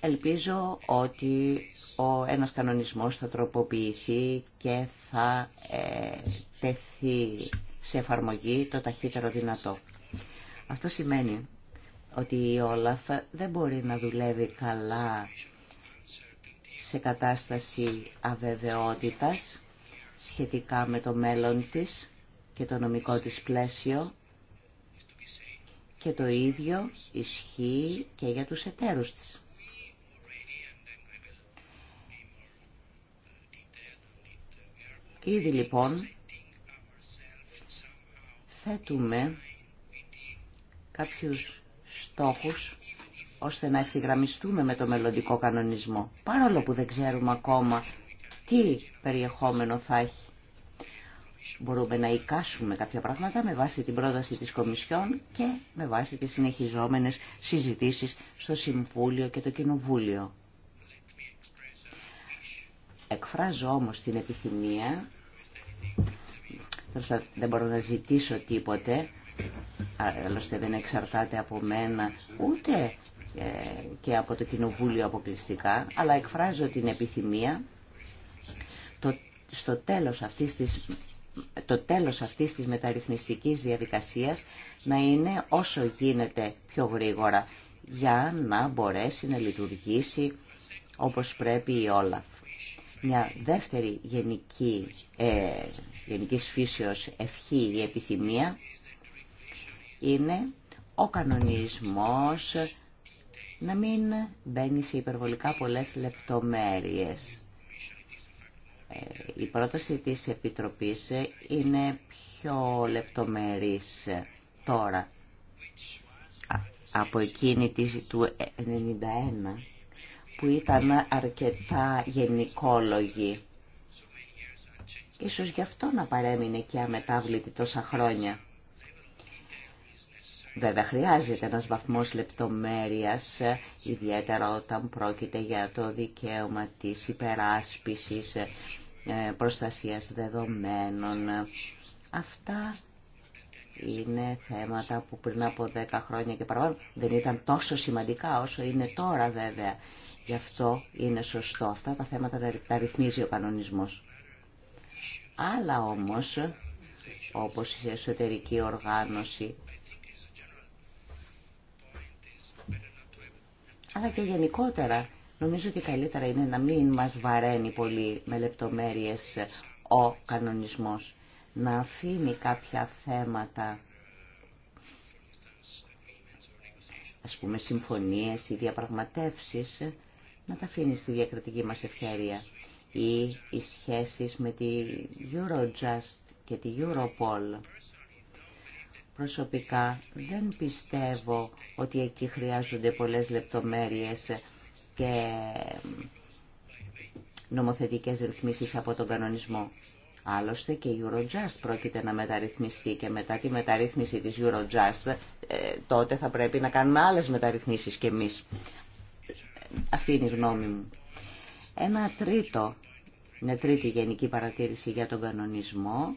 Ελπίζω ότι ο ένας κανονισμός θα τροποποιηθεί και θα ε, τεθεί σε εφαρμογή το ταχύτερο δυνατό. Αυτό σημαίνει ότι η Όλαφ δεν μπορεί να δουλεύει καλά σε κατάσταση αβεβαιότητας σχετικά με το μέλλον της και το νομικό της πλαίσιο και το ίδιο ισχύει και για τους εταίρους της. Ήδη λοιπόν θέτουμε κάποιους στόχους ώστε να ευθυγραμμιστούμε με το μελλοντικό κανονισμό, παρόλο που δεν ξέρουμε ακόμα τι περιεχόμενο θα έχει. Μπορούμε να εικάσουμε κάποια πράγματα με βάση την πρόταση της Κομισιόν και με βάση τις συνεχιζόμενες συζητήσεις στο Συμβούλιο και το Κοινοβούλιο. Εκφράζω όμως την επιθυμία, δεν μπορώ να ζητήσω τίποτε, Άλλωστε δεν εξαρτάται από μένα ούτε ε, και από το Κοινοβούλιο αποκλειστικά, αλλά εκφράζω την επιθυμία το, στο τέλος αυτής της, το τέλος αυτής της μεταρρυθμιστικής διαδικασίας να είναι όσο γίνεται πιο γρήγορα για να μπορέσει να λειτουργήσει όπως πρέπει η Όλαφ. Μια δεύτερη γενική, ε, γενικής φύσεως ευχή ή επιθυμία είναι ο κανονισμός να μην μπαίνει σε υπερβολικά πολλές λεπτομέρειες. Ε, η πρόταση της Επιτροπής είναι πιο λεπτομερής τώρα από εκείνη της του 1991 που ήταν αρκετά γενικόλογη. Ίσως γι' αυτό να παρέμεινε και αμετάβλητη τόσα χρόνια. Βέβαια χρειάζεται ένας βαθμός λεπτομέρειας, ε, ιδιαίτερα όταν πρόκειται για το δικαίωμα της υπεράσπισης, ε, προστασίας δεδομένων. Αυτά είναι θέματα που πριν από 10 χρόνια και παραπάνω δεν ήταν τόσο σημαντικά όσο είναι τώρα βέβαια. Γι' αυτό είναι σωστό. Αυτά τα θέματα τα ρυθμίζει ο κανονισμός. Άλλα όμως, όπως η εσωτερική οργάνωση, αλλά και γενικότερα. Νομίζω ότι καλύτερα είναι να μην μας βαραίνει πολύ με λεπτομέρειες ο κανονισμός. Να αφήνει κάποια θέματα, ας πούμε συμφωνίες ή διαπραγματεύσεις, να τα αφήνει στη διακριτική μας ευκαιρία. Ή οι σχέσεις με τη Eurojust και τη Europol Προσωπικά δεν πιστεύω ότι εκεί χρειάζονται πολλές λεπτομέρειες και νομοθετικές ρυθμίσεις από τον κανονισμό. Άλλωστε και η Eurojust πρόκειται να μεταρρυθμιστεί και μετά τη μεταρρύθμιση της Eurojust ε, τότε θα πρέπει να κάνουμε άλλες μεταρρυθμίσεις κι εμείς. Αυτή είναι η γνώμη μου. Ένα τρίτο, μια τρίτη γενική παρατήρηση για τον κανονισμό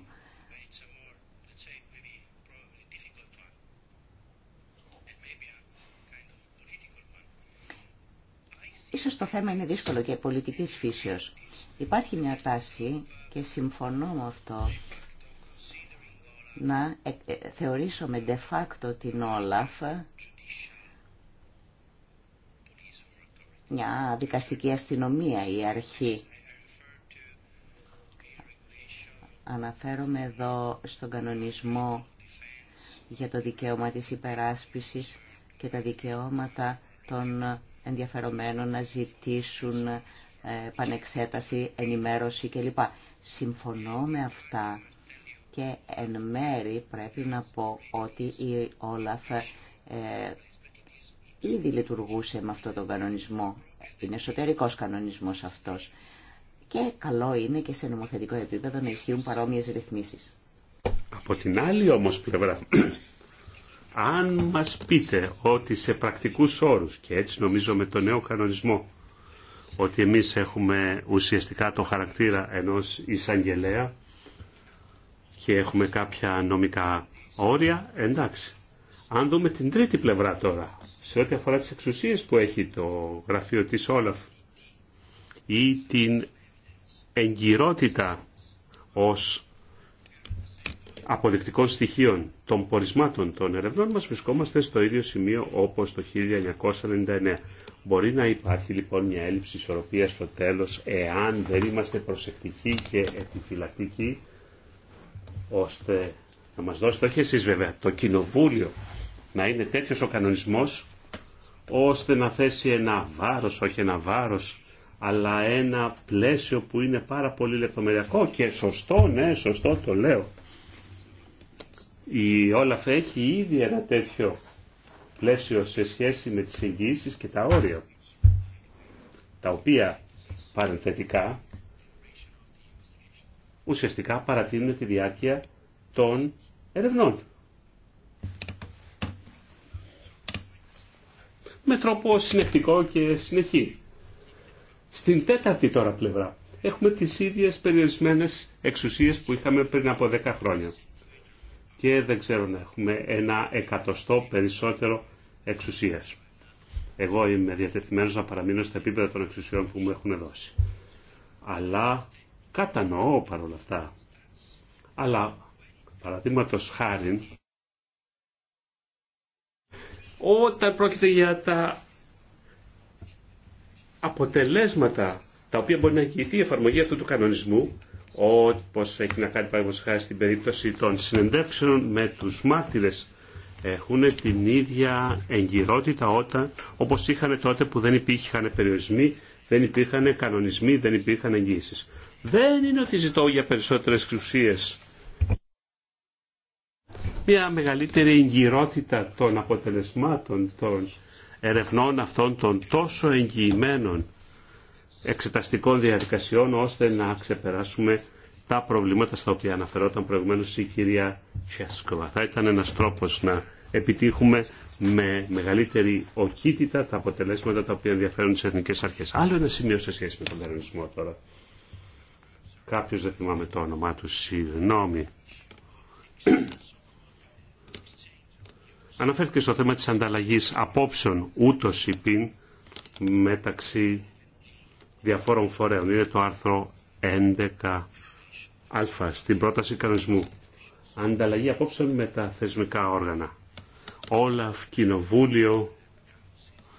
Ίσως το θέμα είναι δύσκολο και πολιτικής φύσεως. Υπάρχει μια τάση, και συμφωνώ με αυτό, να ε, ε, θεωρήσουμε de facto την Όλαφ μια δικαστική αστυνομία η αρχή. Αναφέρομαι εδώ στον κανονισμό για το δικαίωμα της υπεράσπισης και τα δικαιώματα των ενδιαφερομένων να ζητήσουν ε, πανεξέταση, ενημέρωση κλπ. Συμφωνώ με αυτά και εν μέρη πρέπει να πω ότι η Όλαφ ε, ήδη λειτουργούσε με αυτόν τον κανονισμό. Είναι εσωτερικός κανονισμός αυτός. Και καλό είναι και σε νομοθετικό επίπεδο να ισχύουν παρόμοιες ρυθμίσεις. Από την άλλη όμως πλευρά αν μας πείτε ότι σε πρακτικούς όρους και έτσι νομίζω με το νέο κανονισμό ότι εμείς έχουμε ουσιαστικά το χαρακτήρα ενός εισαγγελέα και έχουμε κάποια νομικά όρια, εντάξει. Αν δούμε την τρίτη πλευρά τώρα, σε ό,τι αφορά τις εξουσίες που έχει το γραφείο της Όλαφ ή την εγκυρότητα ως αποδεικτικών στοιχείων των πορισμάτων των ερευνών μας βρισκόμαστε στο ίδιο σημείο όπως το 1999. Μπορεί να υπάρχει λοιπόν μια έλλειψη ισορροπίας στο τέλος εάν δεν είμαστε προσεκτικοί και επιφυλακτικοί ώστε να μας δώσετε όχι εσείς βέβαια το κοινοβούλιο να είναι τέτοιος ο κανονισμός ώστε να θέσει ένα βάρος, όχι ένα βάρος αλλά ένα πλαίσιο που είναι πάρα πολύ λεπτομεριακό και σωστό, ναι, σωστό το λέω η Όλαφ έχει ήδη ένα τέτοιο πλαίσιο σε σχέση με τις εγγύησεις και τα όρια, τα οποία παρενθετικά ουσιαστικά παρατείνουν τη διάρκεια των ερευνών. Με τρόπο συνεχτικό και συνεχή. Στην τέταρτη τώρα πλευρά έχουμε τις ίδιες περιορισμένες εξουσίες που είχαμε πριν από δέκα χρόνια και δεν ξέρω να έχουμε ένα εκατοστό περισσότερο εξουσίας. Εγώ είμαι διατεθειμένος να παραμείνω στα επίπεδα των εξουσιών που μου έχουν δώσει. Αλλά κατανοώ παρόλα αυτά. Αλλά παραδείγματο χάρη, όταν πρόκειται για τα αποτελέσματα τα οποία μπορεί να εγγυηθεί η εφαρμογή αυτού του κανονισμού, όπω έχει να κάνει παραδείγματο χάρη στην περίπτωση των συνεντεύξεων με τους μάρτυρε έχουν την ίδια εγκυρότητα όταν, όπως είχαν τότε που δεν υπήρχαν περιορισμοί, δεν υπήρχαν κανονισμοί, δεν υπήρχαν εγγύησει. Δεν είναι ότι ζητώ για περισσότερες κρουσίες. Μια μεγαλύτερη εγκυρότητα των αποτελεσμάτων των ερευνών αυτών των τόσο εγγυημένων εξεταστικών διαδικασιών ώστε να ξεπεράσουμε τα προβλήματα στα οποία αναφερόταν προηγουμένως η κυρία Τσέσκοβα. Θα ήταν ένας τρόπος να επιτύχουμε με μεγαλύτερη οκίτητα τα αποτελέσματα τα οποία ενδιαφέρουν τις εθνικές αρχές. Άλλο ένα σημείο σε σχέση με τον κανονισμό τώρα. Κάποιος δεν θυμάμαι το όνομά του, συγγνώμη. Αναφέρθηκε στο θέμα της ανταλλαγής απόψεων ούτως υπήν μεταξύ διαφόρων φορέων. Είναι το άρθρο 11α στην πρόταση κανονισμού. Ανταλλαγή απόψεων με τα θεσμικά όργανα. Ολάφ κοινοβούλιο,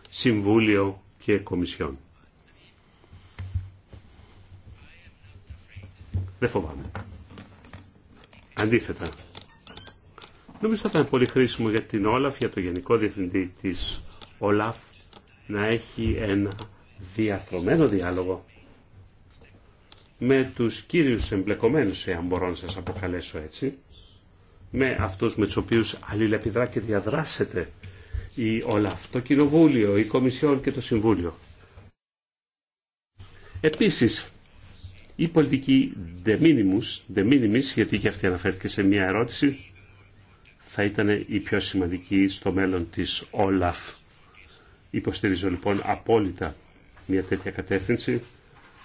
συμβούλιο και κομισιόν. Δεν φοβάμαι. Αντίθετα, νομίζω θα ήταν πολύ χρήσιμο για την Όλαφ, για το Γενικό Διευθυντή της Όλαφ, να έχει ένα διαθρωμένο διάλογο με τους κύριους εμπλεκομένους, εάν μπορώ να σας αποκαλέσω έτσι, με αυτούς με τους οποίους αλληλεπιδρά και διαδράσετε η ΟΛΑΦ, το Κοινοβούλιο, η Κομισιόν και το Συμβούλιο. Επίσης, η πολιτική de minimis, de γιατί και αυτή αναφέρθηκε σε μια ερώτηση, θα ήταν η πιο σημαντική στο μέλλον της ΟΛΑΦ. Υποστηρίζω λοιπόν απόλυτα μια τέτοια κατεύθυνση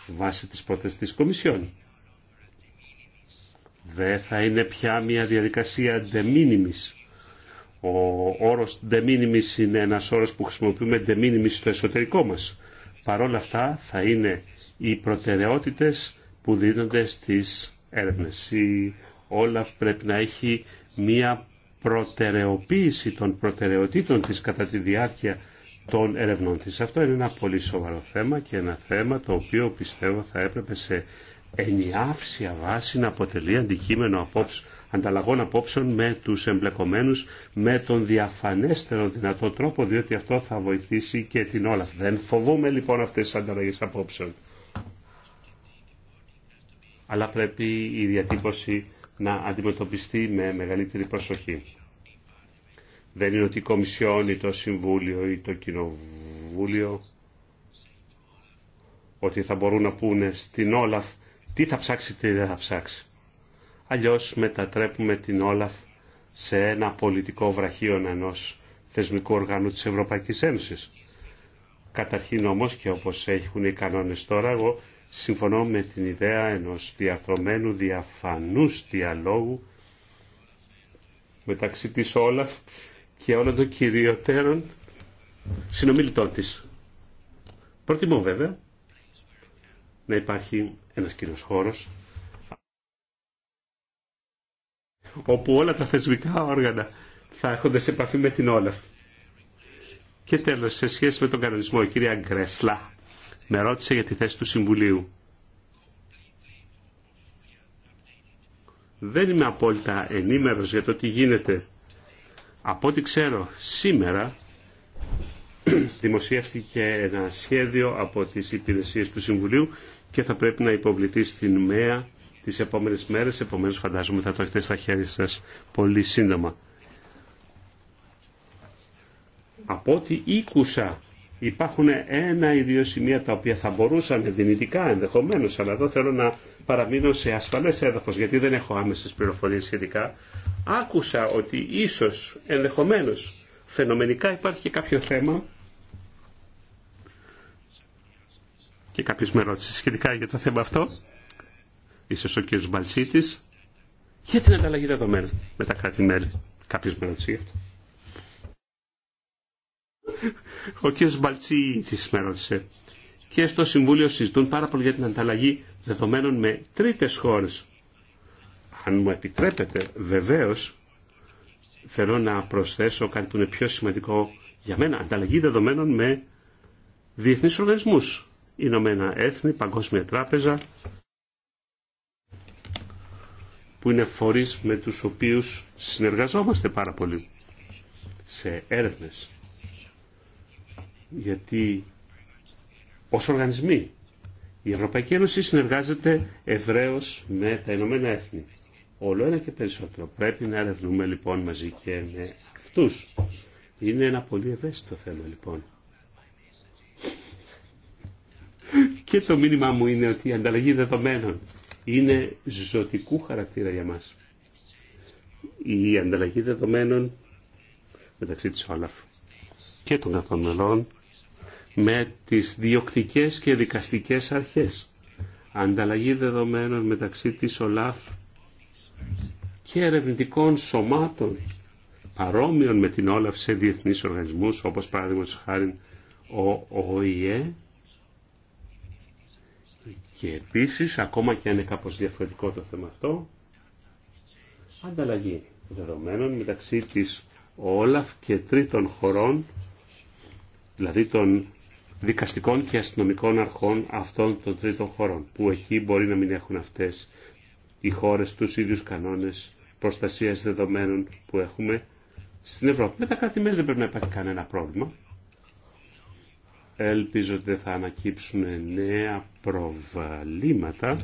βάσει της πρόταση της Κομισιόν. Δεν θα είναι πια μια διαδικασία de minimis. Ο όρος de minimis είναι ένας όρος που χρησιμοποιούμε de minimis στο εσωτερικό μας. Παρ' όλα αυτά θα είναι οι προτεραιότητες που δίνονται στις έρευνες. Η Όλαφ πρέπει να έχει μια προτεραιοποίηση των προτεραιοτήτων της κατά τη διάρκεια των ερευνών της. Αυτό είναι ένα πολύ σοβαρό θέμα και ένα θέμα το οποίο πιστεύω θα έπρεπε σε ενιάυσια βάση να αποτελεί αντικείμενο απόψε, ανταλλαγών απόψεων με τους εμπλεκομένους με τον διαφανέστερο δυνατό τρόπο διότι αυτό θα βοηθήσει και την όλα. Δεν φοβούμε λοιπόν αυτές τις ανταλλαγές απόψεων. Αλλά πρέπει η διατύπωση να αντιμετωπιστεί με μεγαλύτερη προσοχή. Δεν είναι ότι η Κομισιόν ή το Συμβούλιο ή το Κοινοβούλιο ότι θα μπορούν να πούνε στην Όλαφ τι θα ψάξει, τι δεν θα ψάξει. Αλλιώς μετατρέπουμε την Όλαφ σε ένα πολιτικό βραχείο ενός θεσμικού οργάνου της Ευρωπαϊκής Ένωσης. Καταρχήν όμως και όπως έχουν οι κανόνες τώρα, εγώ συμφωνώ με την ιδέα ενός διαρθρωμένου διαφανούς διαλόγου μεταξύ της Όλαφ και όλων των κυριωτέρων συνομιλητών της. Προτιμώ βέβαια να υπάρχει ένας κύριος χώρος όπου όλα τα θεσμικά όργανα θα έρχονται σε επαφή με την Όλαφ. Και τέλος, σε σχέση με τον κανονισμό, η κυρία Γκρέσλα με ρώτησε για τη θέση του Συμβουλίου. Δεν είμαι απόλυτα ενήμερος για το τι γίνεται από ό,τι ξέρω σήμερα δημοσιεύτηκε ένα σχέδιο από τις υπηρεσίες του Συμβουλίου και θα πρέπει να υποβληθεί στην ΜΕΑ τις επόμενες μέρες, επομένως φαντάζομαι θα το έχετε στα χέρια σας πολύ σύντομα. Από ό,τι ήκουσα υπάρχουν ένα ή δύο σημεία τα οποία θα μπορούσαν δυνητικά ενδεχομένω, αλλά εδώ θέλω να παραμείνω σε ασφαλέ έδαφο γιατί δεν έχω άμεσε πληροφορίε σχετικά. Άκουσα ότι ίσω ενδεχομένω φαινομενικά υπάρχει και κάποιο θέμα και κάποιο με ρώτησε σχετικά για το θέμα αυτό, ίσως ο κ. Μπαλσίτη. για την ανταλλαγή δεδομένων με τα κράτη-μέλη. Κάποιο με ρώτησε γι' αυτό. Ο κ. της με ρώτησε. Και στο Συμβούλιο συζητούν πάρα πολύ για την ανταλλαγή δεδομένων με τρίτες χώρε. Αν μου επιτρέπετε, βεβαίω θέλω να προσθέσω κάτι που είναι πιο σημαντικό για μένα. Ανταλλαγή δεδομένων με διεθνεί οργανισμού. Ηνωμένα Έθνη, Παγκόσμια Τράπεζα, που είναι φορείς με τους οποίους συνεργαζόμαστε πάρα πολύ σε έρευνες γιατί ως οργανισμοί η Ευρωπαϊκή Ένωση συνεργάζεται ευρέως με τα Ηνωμένα Έθνη. Όλο ένα και περισσότερο. Πρέπει να ερευνούμε λοιπόν μαζί και με αυτούς. Είναι ένα πολύ ευαίσθητο θέμα λοιπόν. Και το μήνυμά μου είναι ότι η ανταλλαγή δεδομένων είναι ζωτικού χαρακτήρα για μας. Η ανταλλαγή δεδομένων μεταξύ της Όλαφ και των καθομελών με τις διοκτικές και δικαστικές αρχές. Ανταλλαγή δεδομένων μεταξύ της ΟΛΑΦ και ερευνητικών σωμάτων παρόμοιων με την Όλαφ σε διεθνείς οργανισμούς όπως παράδειγμα χάρη ο ΟΗΕ και επίσης ακόμα και αν είναι κάπως διαφορετικό το θέμα αυτό ανταλλαγή δεδομένων μεταξύ της Όλαφ και τρίτων χωρών δηλαδή των δικαστικών και αστυνομικών αρχών αυτών των τρίτων χωρών, που εκεί μπορεί να μην έχουν αυτές οι χώρες τους ίδιους κανόνες προστασίας δεδομένων που έχουμε στην Ευρώπη. Με τα κράτη-μέλη δεν πρέπει να υπάρχει κανένα πρόβλημα. Ελπίζω ότι δεν θα ανακύψουν νέα προβλήματα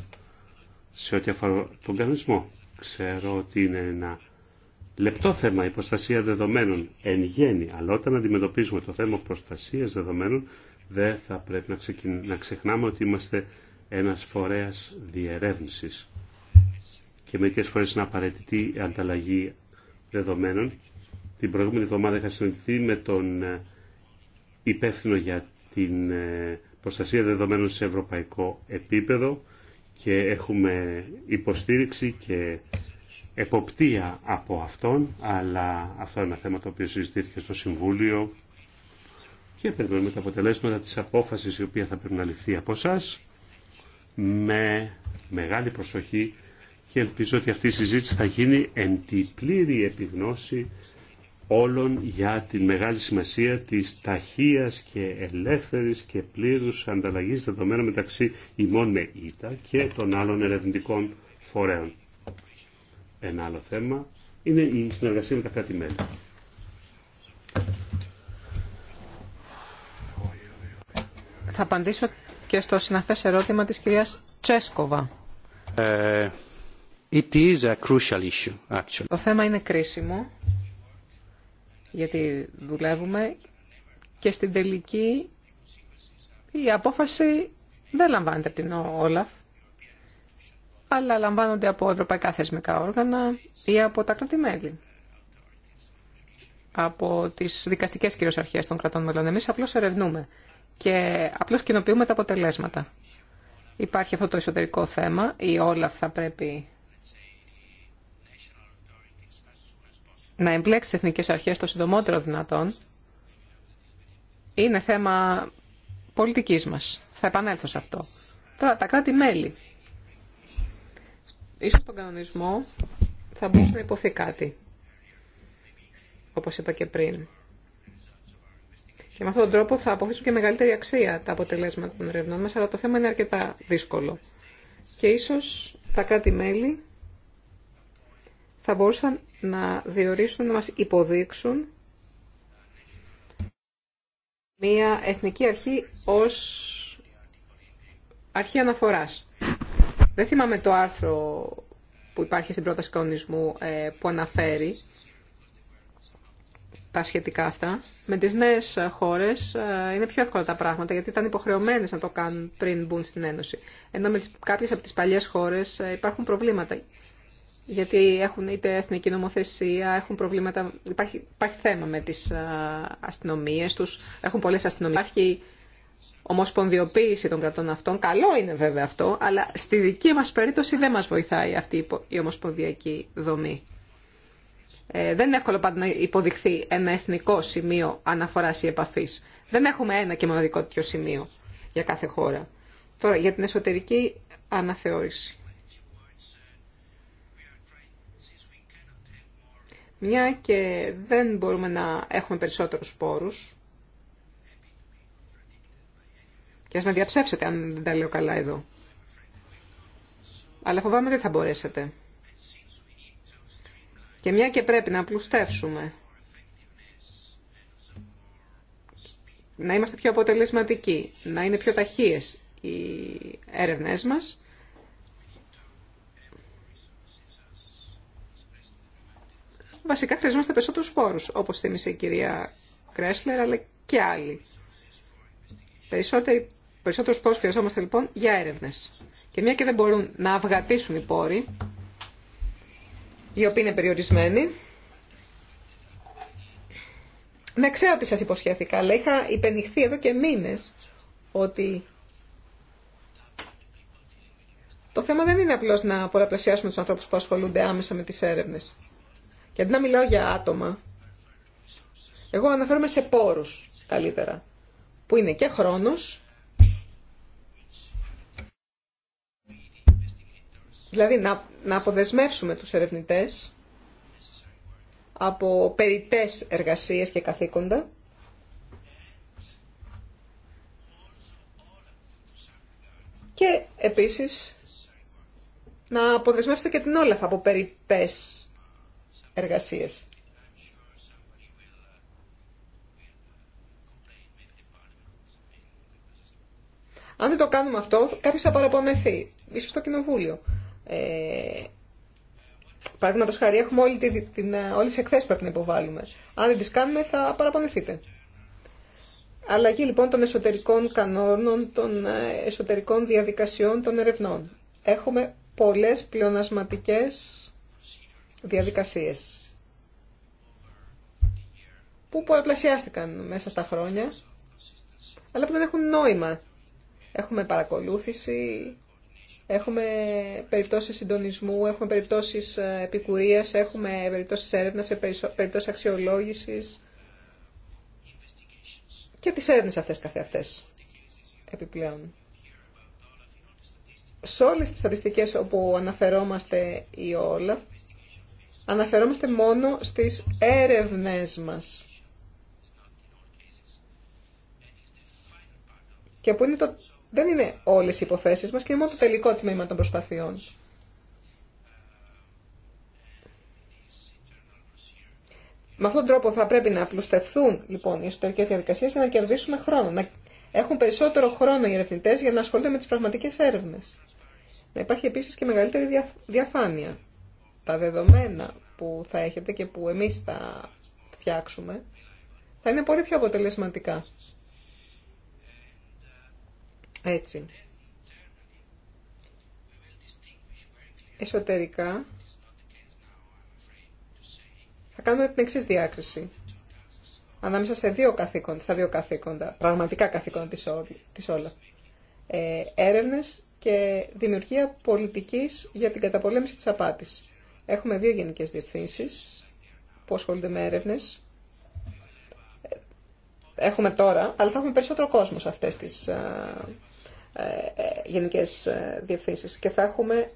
σε ό,τι αφορά τον κανονισμό. Ξέρω ότι είναι ένα λεπτό θέμα η προστασία δεδομένων εν γέννη, αλλά όταν αντιμετωπίζουμε το θέμα προστασίας δεδομένων δεν θα πρέπει να, ξεχνάμε ότι είμαστε ένας φορέας διερεύνησης και μερικές φορές είναι απαραίτητη ανταλλαγή δεδομένων. Την προηγούμενη εβδομάδα είχα συναντηθεί με τον ε, υπεύθυνο για την ε, προστασία δεδομένων σε ευρωπαϊκό επίπεδο και έχουμε υποστήριξη και εποπτεία από αυτόν, αλλά αυτό είναι ένα θέμα το οποίο συζητήθηκε στο Συμβούλιο και περιμένουμε τα αποτελέσματα της απόφασης η οποία θα πρέπει να ληφθεί από εσά με μεγάλη προσοχή και ελπίζω ότι αυτή η συζήτηση θα γίνει εν τη επιγνώση όλων για τη μεγάλη σημασία της ταχείας και ελεύθερης και πλήρους ανταλλαγής δεδομένων μεταξύ ημών με ΙΤΑ και των άλλων ερευνητικών φορέων. Ένα άλλο θέμα είναι η συνεργασία με τα κράτη-μέλη. Θα απαντήσω και στο συναφές ερώτημα της κυρίας Τσέσκοβα. Ε, Το θέμα είναι κρίσιμο, γιατί δουλεύουμε και στην τελική η απόφαση δεν λαμβάνεται από την Όλαφ, αλλά λαμβάνονται από ευρωπαϊκά θεσμικά όργανα ή από τα κράτη-μέλη, από τις δικαστικές κυρίως των κρατών μελών. Εμείς απλώς ερευνούμε και απλώς κοινοποιούμε τα αποτελέσματα. Υπάρχει αυτό το εσωτερικό θέμα, η όλα θα πρέπει να εμπλέξει τις εθνικές αρχές το συντομότερο δυνατόν. Είναι θέμα πολιτικής μας. Θα επανέλθω σε αυτό. Τώρα, τα κράτη-μέλη. Ίσως τον κανονισμό θα μπορούσε να υποθεί κάτι, όπως είπα και πριν. Και με αυτόν τον τρόπο θα αποκτήσουν και μεγαλύτερη αξία τα αποτελέσματα των ερευνών μας, αλλά το θέμα είναι αρκετά δύσκολο. Και ίσως τα κράτη-μέλη θα μπορούσαν να διορίσουν, να μας υποδείξουν μια εθνική αρχή ως αρχή αναφοράς. Δεν θυμάμαι το άρθρο που υπάρχει στην πρόταση κανονισμού ε, που αναφέρει τα σχετικά αυτά. Με τις νέες χώρες ε, είναι πιο εύκολα τα πράγματα γιατί ήταν υποχρεωμένες να το κάνουν πριν μπουν στην Ένωση. Ενώ με κάποιες από τις παλιές χώρες ε, υπάρχουν προβλήματα γιατί έχουν είτε εθνική νομοθεσία, έχουν προβλήματα, υπάρχει, υπάρχει θέμα με τις ε, αστυνομίες τους, έχουν πολλές αστυνομίες. Υπάρχει ομοσπονδιοποίηση των κρατών αυτών, καλό είναι βέβαια αυτό, αλλά στη δική μας περίπτωση δεν μας βοηθάει αυτή η ομοσπονδιακή δομή. Ε, δεν είναι εύκολο πάντα να υποδειχθεί ένα εθνικό σημείο αναφοράς ή επαφής. Δεν έχουμε ένα και μοναδικό τέτοιο σημείο για κάθε χώρα. Τώρα, για την εσωτερική αναθεώρηση. Μια και δεν μπορούμε να έχουμε περισσότερους πόρους. Και ας με διαψεύσετε αν δεν τα λέω καλά εδώ. Αλλά φοβάμαι ότι θα μπορέσετε. Και μια και πρέπει να πλουστεύσουμε, να είμαστε πιο αποτελεσματικοί, να είναι πιο ταχύες οι έρευνές μας, βασικά χρειαζόμαστε περισσότερους πόρους, όπως θύμισε η κυρία Κρέσλερ, αλλά και άλλοι. Περισσότεροι, περισσότερους πόρους χρειαζόμαστε λοιπόν για έρευνες. Και μια και δεν μπορούν να αυγατήσουν οι πόροι, η οποία είναι περιορισμένη. Να ξέρω ότι σας υποσχέθηκα, αλλά είχα υπενηχθεί εδώ και μήνες ότι το θέμα δεν είναι απλώς να πολλαπλασιάσουμε τους ανθρώπους που ασχολούνται άμεσα με τις έρευνες. Και αντί να μιλάω για άτομα, εγώ αναφέρομαι σε πόρους καλύτερα, που είναι και χρόνος Δηλαδή να, να αποδεσμεύσουμε τους ερευνητές από περιτές εργασίες και καθήκοντα και επίσης να αποδεσμεύσετε και την Όλαφ από περιτές εργασίες. Αν δεν το κάνουμε αυτό, κάποιος θα παραπονεθεί, ίσως το κοινοβούλιο. Ε, Παραδείγματο χάρη, έχουμε όλε την, ε, όλες τις που πρέπει να υποβάλουμε. Αν δεν τις κάνουμε θα παραπονηθείτε. Αλλαγή λοιπόν των εσωτερικών κανόνων, των ε, εσωτερικών διαδικασιών των ερευνών. Έχουμε πολλές πλεονασματικέ διαδικασίες που πολλαπλασιάστηκαν μέσα στα χρόνια αλλά που δεν έχουν νόημα. Έχουμε παρακολούθηση, Έχουμε περιπτώσεις συντονισμού, έχουμε περιπτώσεις ε, επικουρίας, έχουμε περιπτώσεις έρευνας, περιπτώσεις αξιολόγησης και τις έρευνες αυτές καθεαυτές επιπλέον. Σε όλε τις στατιστικές όπου αναφερόμαστε η όλα, αναφερόμαστε μόνο στις έρευνες μας. Και που είναι το δεν είναι όλες οι υποθέσεις μας και μόνο το τελικό τμήμα των προσπαθειών. Με αυτόν τον τρόπο θα πρέπει να απλουστευθούν λοιπόν οι εσωτερικέ διαδικασίε για να κερδίσουμε χρόνο. Να έχουν περισσότερο χρόνο οι ερευνητέ για να ασχολούνται με τι πραγματικέ έρευνε. Να υπάρχει επίση και μεγαλύτερη διαφάνεια. Τα δεδομένα που θα έχετε και που εμεί θα φτιάξουμε θα είναι πολύ πιο αποτελεσματικά έτσι. Εσωτερικά θα κάνουμε την εξή διάκριση ανάμεσα σε δύο καθήκοντα, στα δύο καθήκοντα, πραγματικά καθήκοντα της, ό, της όλα. Ε, έρευνες και δημιουργία πολιτικής για την καταπολέμηση της απάτης. Έχουμε δύο γενικές διευθύνσεις που ασχολούνται με έρευνες. Ε, έχουμε τώρα, αλλά θα έχουμε περισσότερο κόσμο σε αυτές τις ε, ε, γενικές ε, διευθύνσεις και θα έχουμε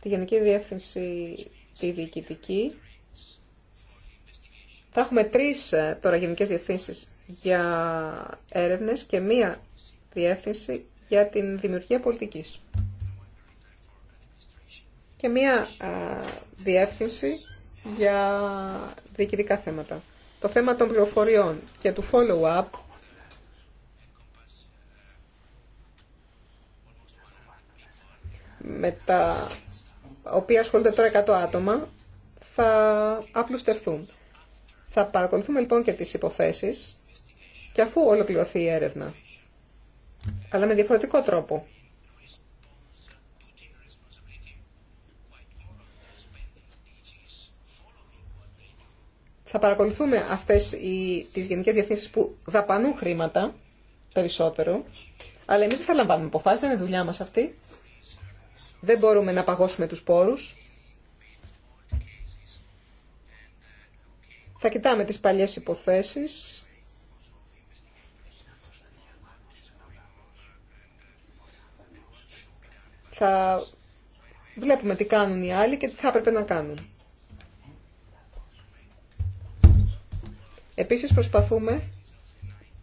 τη Γενική Διεύθυνση τη Διοικητική. Θα έχουμε τρεις τώρα γενικές διευθύνσεις για έρευνες και μία διεύθυνση για την δημιουργία πολιτικής. Και μία διεύθυνση για διοικητικά θέματα. Το θέμα των πληροφοριών και του follow-up με τα οποία ασχολούνται τώρα 100 άτομα θα απλουστευτούν. Θα παρακολουθούμε λοιπόν και τις υποθέσεις και αφού ολοκληρωθεί η έρευνα, αλλά με διαφορετικό τρόπο. Θα παρακολουθούμε αυτές οι, τις γενικές διευθύνσεις που δαπανούν χρήματα περισσότερο, αλλά εμείς δεν θα λαμβάνουμε αποφάσεις, δεν είναι δουλειά μας αυτή. Δεν μπορούμε να παγώσουμε τους πόρους. Θα κοιτάμε τις παλιές υποθέσεις. Θα βλέπουμε τι κάνουν οι άλλοι και τι θα έπρεπε να κάνουν. Επίσης προσπαθούμε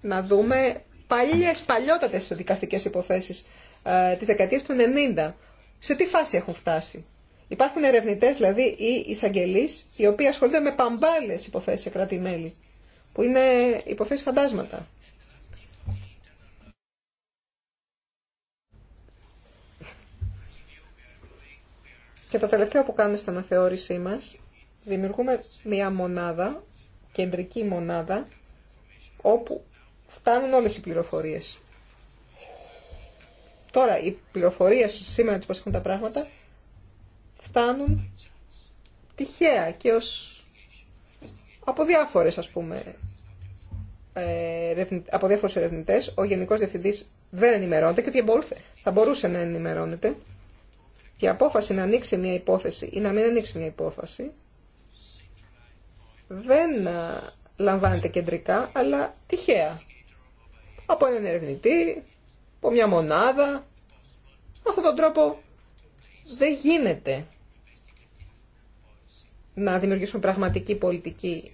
να δούμε παλιές, παλιότατες δικαστικές υποθέσεις ε, της δεκαετίας του 90 σε τι φάση έχουν φτάσει. Υπάρχουν ερευνητέ δηλαδή ή εισαγγελεί οι οποίοι ασχολούνται με παμπάλε υποθέσεις σε κράτη-μέλη που είναι υποθέσεις φαντάσματα. Και τα τελευταία που κάνουμε στην αναθεώρησή μας, δημιουργούμε μια μονάδα, κεντρική μονάδα, όπου φτάνουν όλες οι πληροφορίες τώρα οι πληροφορίε σήμερα τι πώς έχουν τα πράγματα φτάνουν τυχαία και ως από διάφορες ας πούμε ε, από διάφορους ερευνητές ο Γενικός Διευθυντής δεν ενημερώνεται και ότι θα μπορούσε να ενημερώνεται η απόφαση να ανοίξει μια υπόθεση ή να μην ανοίξει μια υπόφαση δεν ε, λαμβάνεται κεντρικά αλλά τυχαία από έναν ερευνητή από μια μονάδα. Με αυτόν τον τρόπο δεν γίνεται να δημιουργήσουμε πραγματική πολιτική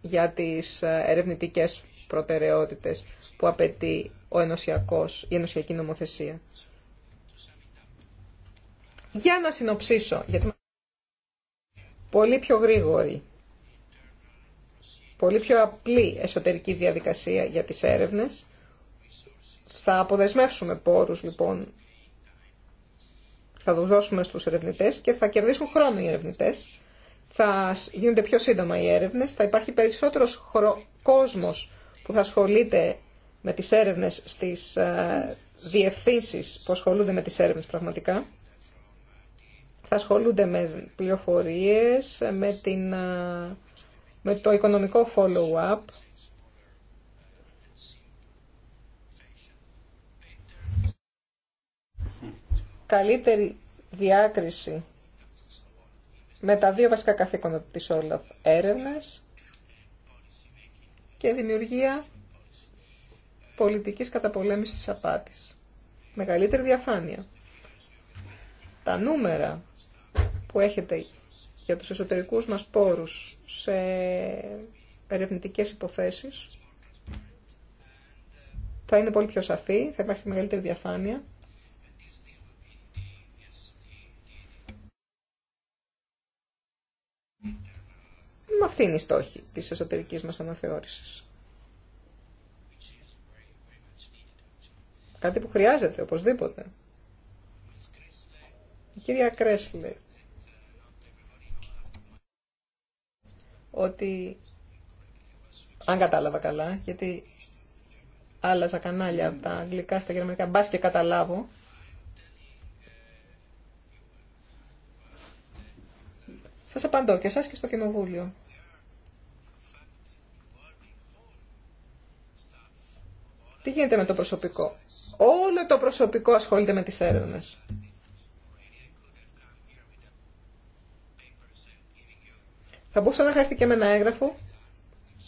για τις ε, ερευνητικές προτεραιότητες που απαιτεί ο ενωσιακός, η ενωσιακή νομοθεσία. Για να συνοψίσω, γιατί πολύ πιο γρήγορη πολύ πιο απλή εσωτερική διαδικασία για τις έρευνες. Θα αποδεσμεύσουμε πόρους λοιπόν, θα τους δώσουμε στους ερευνητές και θα κερδίσουν χρόνο οι ερευνητές. Θα γίνονται πιο σύντομα οι έρευνες, θα υπάρχει περισσότερος χρο... κόσμος που θα ασχολείται με τις έρευνες στις α, ε, διευθύνσεις που ασχολούνται με τις έρευνες πραγματικά. Θα ασχολούνται με πληροφορίες, με την ε, με το οικονομικό follow-up καλύτερη διάκριση με τα δύο βασικά καθήκοντα της Όλαφ έρευνας και δημιουργία πολιτικής καταπολέμησης απάτης. Μεγαλύτερη διαφάνεια. Τα νούμερα που έχετε για τους εσωτερικούς μας πόρους σε ερευνητικές υποθέσεις θα είναι πολύ πιο σαφή, θα υπάρχει μεγαλύτερη διαφάνεια. Με αυτή είναι η στόχη της εσωτερικής μας αναθεώρησης. Κάτι που χρειάζεται, οπωσδήποτε. Η κυρία Κρέσλε ότι, αν κατάλαβα καλά, γιατί άλλαζα κανάλια από τα αγγλικά στα γερμανικά, μπας και καταλάβω, Σας απαντώ και εσάς και στο Κοινοβούλιο. Τι γίνεται με το προσωπικό. Όλο το προσωπικό ασχολείται με τις έρευνες. Θα μπορούσα να είχα και με ένα έγγραφο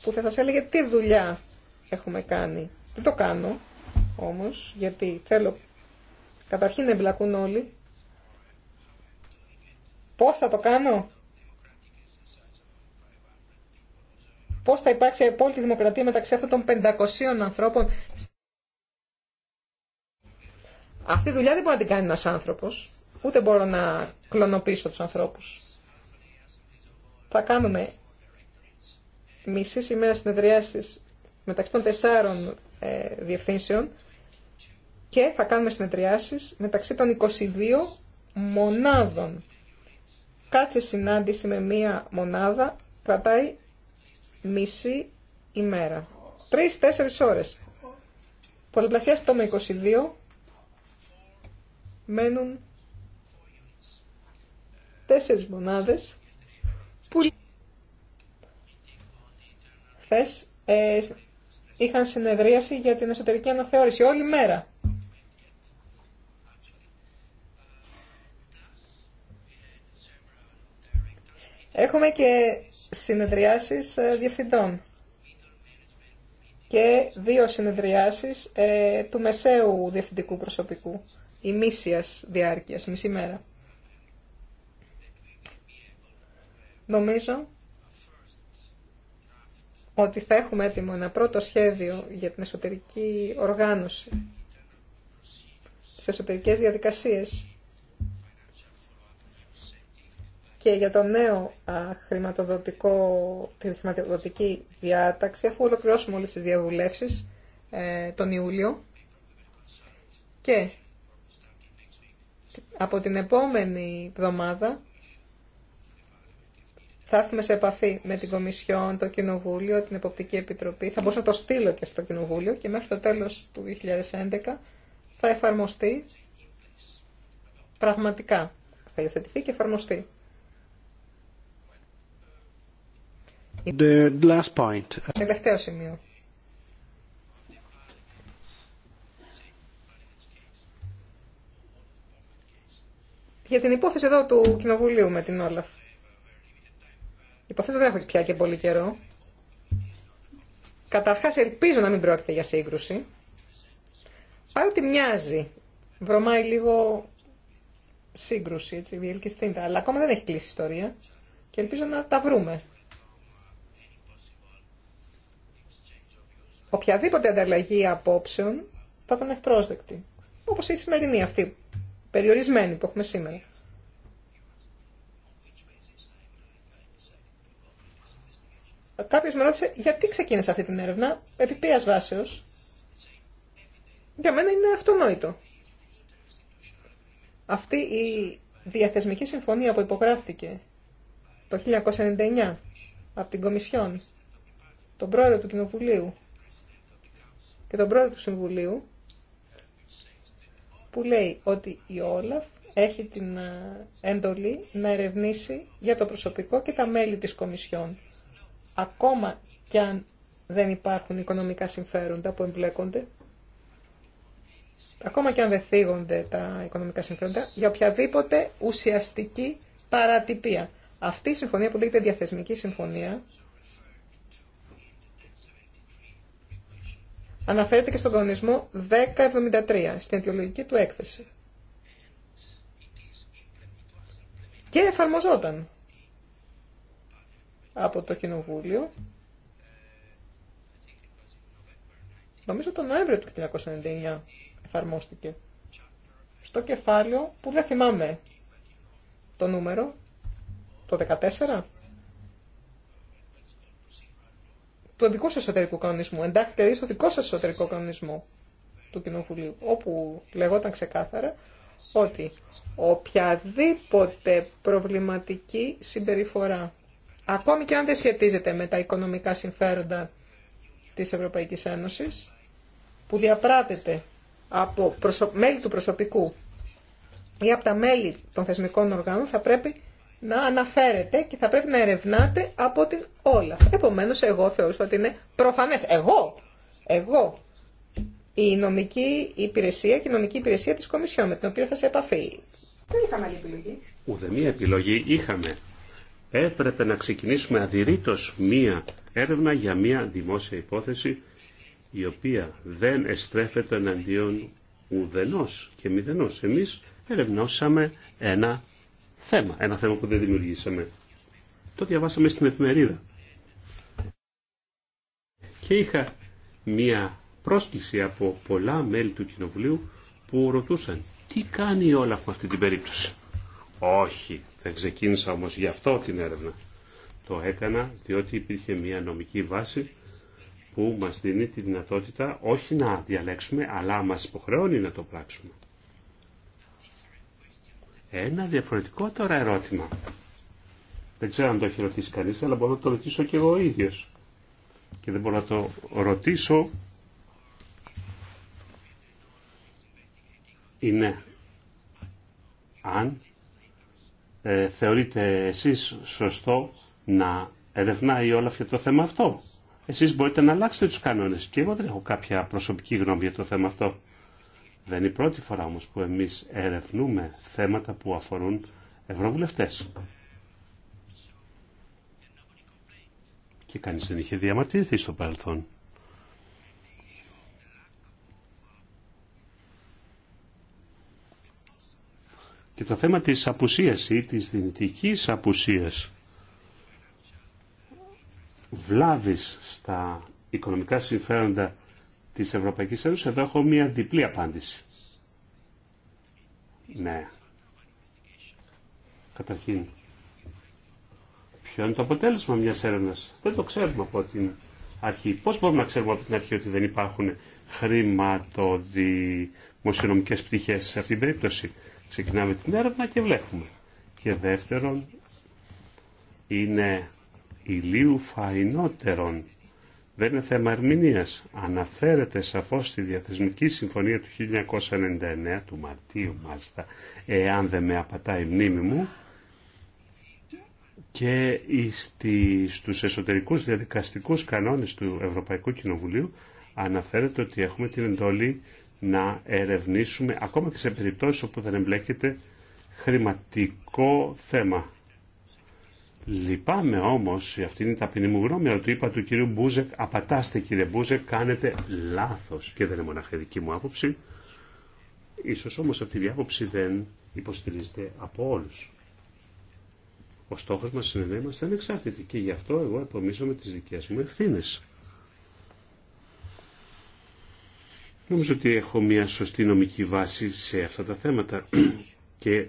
που θα σας έλεγε τι δουλειά έχουμε κάνει. Δεν το κάνω όμως, γιατί θέλω καταρχήν να εμπλακούν όλοι. Πώς θα το κάνω? Πώς θα υπάρξει απόλυτη δημοκρατία μεταξύ αυτών των 500 ανθρώπων. Αυτή η δουλειά δεν μπορεί να την κάνει ένας άνθρωπος. Ούτε μπορώ να κλωνοποιήσω τους ανθρώπους θα κάνουμε μισή ημέρα συνεδριάσεις μεταξύ των τεσσάρων ε, διευθύνσεων και θα κάνουμε συνεδριάσεις μεταξύ των 22 μονάδων. Κάτσε συνάντηση με μία μονάδα κρατάει μισή ημέρα. Τρεις-τέσσερις ώρες. Πολλαπλασιάστε το με 22 μένουν τέσσερις μονάδες που... Ε, είχαν συνεδρίαση για την εσωτερική αναθεώρηση όλη μέρα. Έχουμε και συνεδριάσεις ε, διευθυντών και δύο συνεδριάσεις ε, του μεσαίου διευθυντικού προσωπικού, ημίσιας διάρκειας, μισή μέρα. Νομίζω ότι θα έχουμε έτοιμο ένα πρώτο σχέδιο για την εσωτερική οργάνωση, τις εσωτερικές διαδικασίες και για το νέο χρηματοδοτικό, τη χρηματοδοτική διάταξη, αφού ολοκληρώσουμε όλες τις διαβουλεύσεις ε, τον Ιούλιο και από την επόμενη εβδομάδα θα έρθουμε σε επαφή με την Κομισιόν, το Κοινοβούλιο, την Εποπτική Επιτροπή. Θα μπορούσα να το στείλω και στο Κοινοβούλιο και μέχρι το τέλος του 2011 θα εφαρμοστεί πραγματικά. Θα υιοθετηθεί και εφαρμοστεί. The last point. Τελευταίο σημείο. Για την υπόθεση εδώ του Κοινοβουλίου με την Όλαφ. Υποθέτω δεν έχω πια και πολύ καιρό. Καταρχάς ελπίζω να μην πρόκειται για σύγκρουση. Παρότι μοιάζει, βρωμάει λίγο σύγκρουση, έτσι, διελκυστίντα, αλλά ακόμα δεν έχει κλείσει η ιστορία και ελπίζω να τα βρούμε. Οποιαδήποτε ανταλλαγή απόψεων θα ήταν ευπρόσδεκτη, όπως η σημερινή αυτή, περιορισμένη που έχουμε σήμερα. Κάποιο με ρώτησε γιατί ξεκίνησε αυτή την έρευνα, επί ποιας βάσεως. Για μένα είναι αυτονόητο. Αυτή η διαθεσμική συμφωνία που υπογράφτηκε το 1999 από την Κομισιόν, τον πρόεδρο του Κοινοβουλίου και τον πρόεδρο του Συμβουλίου, που λέει ότι η Όλαφ έχει την εντολή να ερευνήσει για το προσωπικό και τα μέλη της Κομισιόν ακόμα κι αν δεν υπάρχουν οικονομικά συμφέροντα που εμπλέκονται, ακόμα και αν δεν θίγονται τα οικονομικά συμφέροντα, για οποιαδήποτε ουσιαστική παρατυπία. Αυτή η συμφωνία που λέγεται διαθεσμική συμφωνία αναφέρεται και στον κανονισμό 1073, στην αιτιολογική του έκθεση. Και εφαρμοζόταν από το Κοινοβούλιο. Νομίζω το Νοέμβριο του 1999 εφαρμόστηκε. Στο κεφάλαιο που δεν θυμάμαι το νούμερο, το 14, του δικού σα εσωτερικού κανονισμού, εντάχθηκε δηλαδή, στο δικό σα εσωτερικό κανονισμό του Κοινοβουλίου, όπου λεγόταν ξεκάθαρα ότι οποιαδήποτε προβληματική συμπεριφορά ακόμη και αν δεν σχετίζεται με τα οικονομικά συμφέροντα της Ευρωπαϊκής Ένωσης, που διαπράτεται από μέλη του προσωπικού ή από τα μέλη των θεσμικών οργάνων, θα πρέπει να αναφέρεται και θα πρέπει να ερευνάται από την όλα. Επομένως, εγώ θεωρούσα ότι είναι προφανές. Εγώ, εγώ, η νομική υπηρεσία και η νομική υπηρεσία της Κομισιόν, με την οποία θα σε επαφή. Δεν είχαμε άλλη επιλογή. Ούτε μία επιλογή είχαμε έπρεπε να ξεκινήσουμε αδειρήτως μία έρευνα για μία δημόσια υπόθεση η οποία δεν εστρέφεται εναντίον ουδενός και μηδενός. Εμείς ερευνώσαμε ένα θέμα, ένα θέμα που δεν δημιουργήσαμε. Το διαβάσαμε στην εφημερίδα. Και είχα μία πρόσκληση από πολλά μέλη του Κοινοβουλίου που ρωτούσαν τι κάνει όλα αυτή την περίπτωση. Όχι, δεν ξεκίνησα όμως γι' αυτό την έρευνα. Το έκανα διότι υπήρχε μια νομική βάση που μας δίνει τη δυνατότητα όχι να διαλέξουμε, αλλά μας υποχρεώνει να το πράξουμε. Ένα διαφορετικό τώρα ερώτημα. Δεν ξέρω αν το έχει ρωτήσει κανείς, αλλά μπορώ να το ρωτήσω και εγώ ίδιος. Και δεν μπορώ να το ρωτήσω. Είναι αν ε, θεωρείτε εσείς σωστό να ερευνάει όλα αυτό το θέμα αυτό. Εσείς μπορείτε να αλλάξετε τους κανόνες και εγώ δεν έχω κάποια προσωπική γνώμη για το θέμα αυτό. Δεν είναι η πρώτη φορά όμως που εμείς ερευνούμε θέματα που αφορούν ευρωβουλευτές. Και κανείς δεν είχε διαμαρτυρηθεί στο παρελθόν. και το θέμα της απουσίας ή της δυνητικής απουσίας βλάβης στα οικονομικά συμφέροντα της Ευρωπαϊκής Ένωσης, εδώ έχω μία διπλή απάντηση. Ναι. Καταρχήν, ποιο είναι το αποτέλεσμα μιας έρευνας. Δεν το ξέρουμε από την αρχή. Πώς μπορούμε να ξέρουμε από την αρχή ότι δεν υπάρχουν χρηματοδημοσιονομικές πτυχές σε αυτήν την περίπτωση. Ξεκινάμε την έρευνα και βλέπουμε. Και δεύτερον, είναι ηλίου φαϊνότερον. Δεν είναι θέμα ερμηνείας. Αναφέρεται σαφώς στη Διαθεσμική Συμφωνία του 1999, του Μαρτίου μάλιστα, εάν δεν με απατάει η μνήμη μου, και στου στους εσωτερικούς διαδικαστικούς κανόνες του Ευρωπαϊκού Κοινοβουλίου αναφέρεται ότι έχουμε την εντολή να ερευνήσουμε ακόμα και σε περιπτώσεις όπου δεν εμπλέκεται χρηματικό θέμα. Λυπάμαι όμως, αυτή είναι η ταπεινή μου γνώμη, ότι είπα του κύριου Μπούζεκ, απατάστε κύριε Μπούζεκ, κάνετε λάθος και δεν είναι μοναχα δική μου άποψη. Ίσως όμως αυτή η άποψη δεν υποστηρίζεται από όλους. Ο στόχος μας είναι να είμαστε ανεξάρτητοι και γι' αυτό εγώ επομίζομαι τις δικές μου ευθύνες. Νομίζω ότι έχω μια σωστή νομική βάση σε αυτά τα θέματα και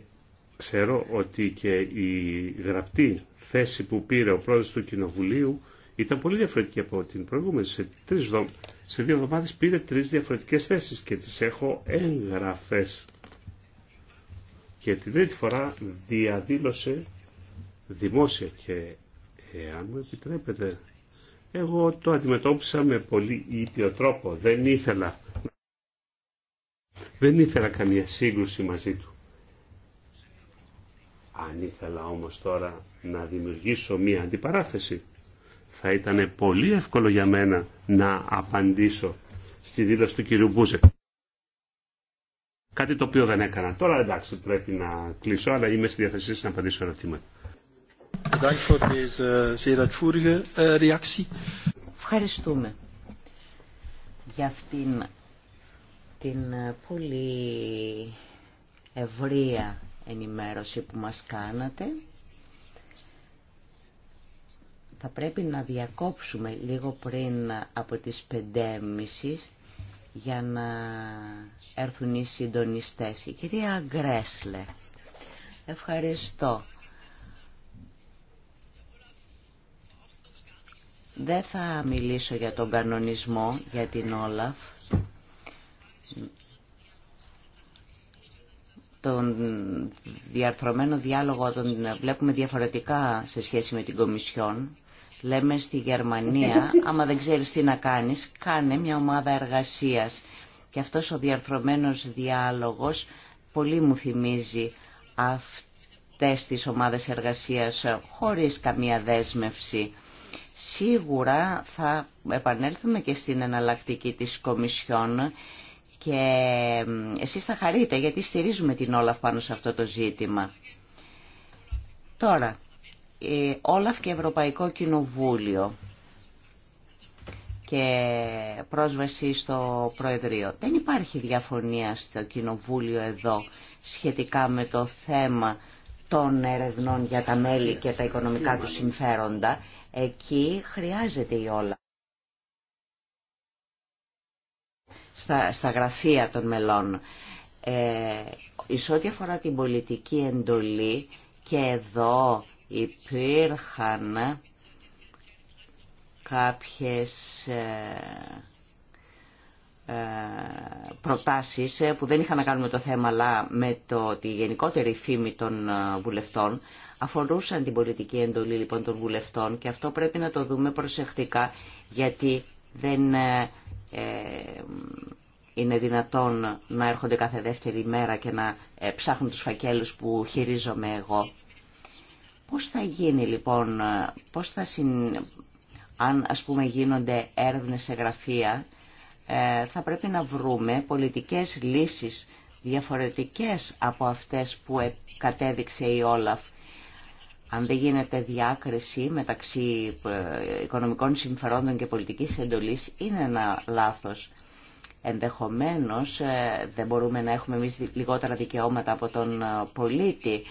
ξέρω ότι και η γραπτή θέση που πήρε ο πρόεδρος του Κοινοβουλίου ήταν πολύ διαφορετική από την προηγούμενη. Σε, τρεις, σε δύο εβδομάδες πήρε τρεις διαφορετικές θέσεις και τις έχω έγγραφες. Και την τρίτη φορά διαδήλωσε δημόσια και αν μου επιτρέπετε εγώ το αντιμετώπισα με πολύ ήπιο τρόπο. Δεν ήθελα δεν ήθελα καμία σύγκρουση μαζί του. Αν ήθελα όμως τώρα να δημιουργήσω μία αντιπαράθεση, θα ήταν πολύ εύκολο για μένα να απαντήσω στη δήλωση του κυρίου Μπούζε. Κάτι το οποίο δεν έκανα. Τώρα εντάξει πρέπει να κλείσω, αλλά είμαι στη διαθεσή να απαντήσω ερωτήματα. Eh, eh, Ευχαριστούμε για αυτήν την πολύ ευρεία ενημέρωση που μας κάνατε. Θα πρέπει να διακόψουμε λίγο πριν από τις 5.30 για να έρθουν οι συντονιστές. Η κυρία Γκρέσλε, ευχαριστώ. Δεν θα μιλήσω για τον κανονισμό, για την Όλαφ τον διαρθρωμένο διάλογο τον βλέπουμε διαφορετικά σε σχέση με την Κομισιόν. Λέμε στη Γερμανία, άμα δεν ξέρεις τι να κάνεις, κάνε μια ομάδα εργασίας. Και αυτός ο διαρθρωμένος διάλογος πολύ μου θυμίζει αυτές τις ομάδες εργασίας χωρίς καμία δέσμευση. Σίγουρα θα επανέλθουμε και στην εναλλακτική της Κομισιόν και εσείς θα χαρείτε γιατί στηρίζουμε την Όλαφ πάνω σε αυτό το ζήτημα. Τώρα, ε, Όλαφ και Ευρωπαϊκό Κοινοβούλιο και πρόσβαση στο Προεδρείο. Δεν υπάρχει διαφωνία στο Κοινοβούλιο εδώ σχετικά με το θέμα των ερευνών για τα μέλη και τα οικονομικά του συμφέροντα. Εκεί χρειάζεται η όλα. στα, στα γραφεία των μελών. Ε, ό,τι αφορά την πολιτική εντολή και εδώ υπήρχαν κάποιες ε, ε, προτάσεις ε, που δεν είχαν να κάνουν με το θέμα αλλά με το, τη γενικότερη φήμη των βουλευτών αφορούσαν την πολιτική εντολή λοιπόν των βουλευτών και αυτό πρέπει να το δούμε προσεκτικά γιατί δεν ε, είναι δυνατόν να έρχονται κάθε δεύτερη μέρα και να ε, ψάχνουν τους φακέλους που χειρίζομαι εγώ. Πώς θα γίνει λοιπόν, πώς θα συν... αν ας πούμε γίνονται έρευνες σε γραφεία, ε, θα πρέπει να βρούμε πολιτικές λύσεις διαφορετικές από αυτές που κατέδειξε η Όλαφ αν δεν γίνεται διάκριση μεταξύ ε, οικονομικών συμφερόντων και πολιτικής εντολής, είναι ένα λάθος. Ενδεχομένως ε, δεν μπορούμε να έχουμε εμείς λιγότερα δικαιώματα από τον ε, πολίτη.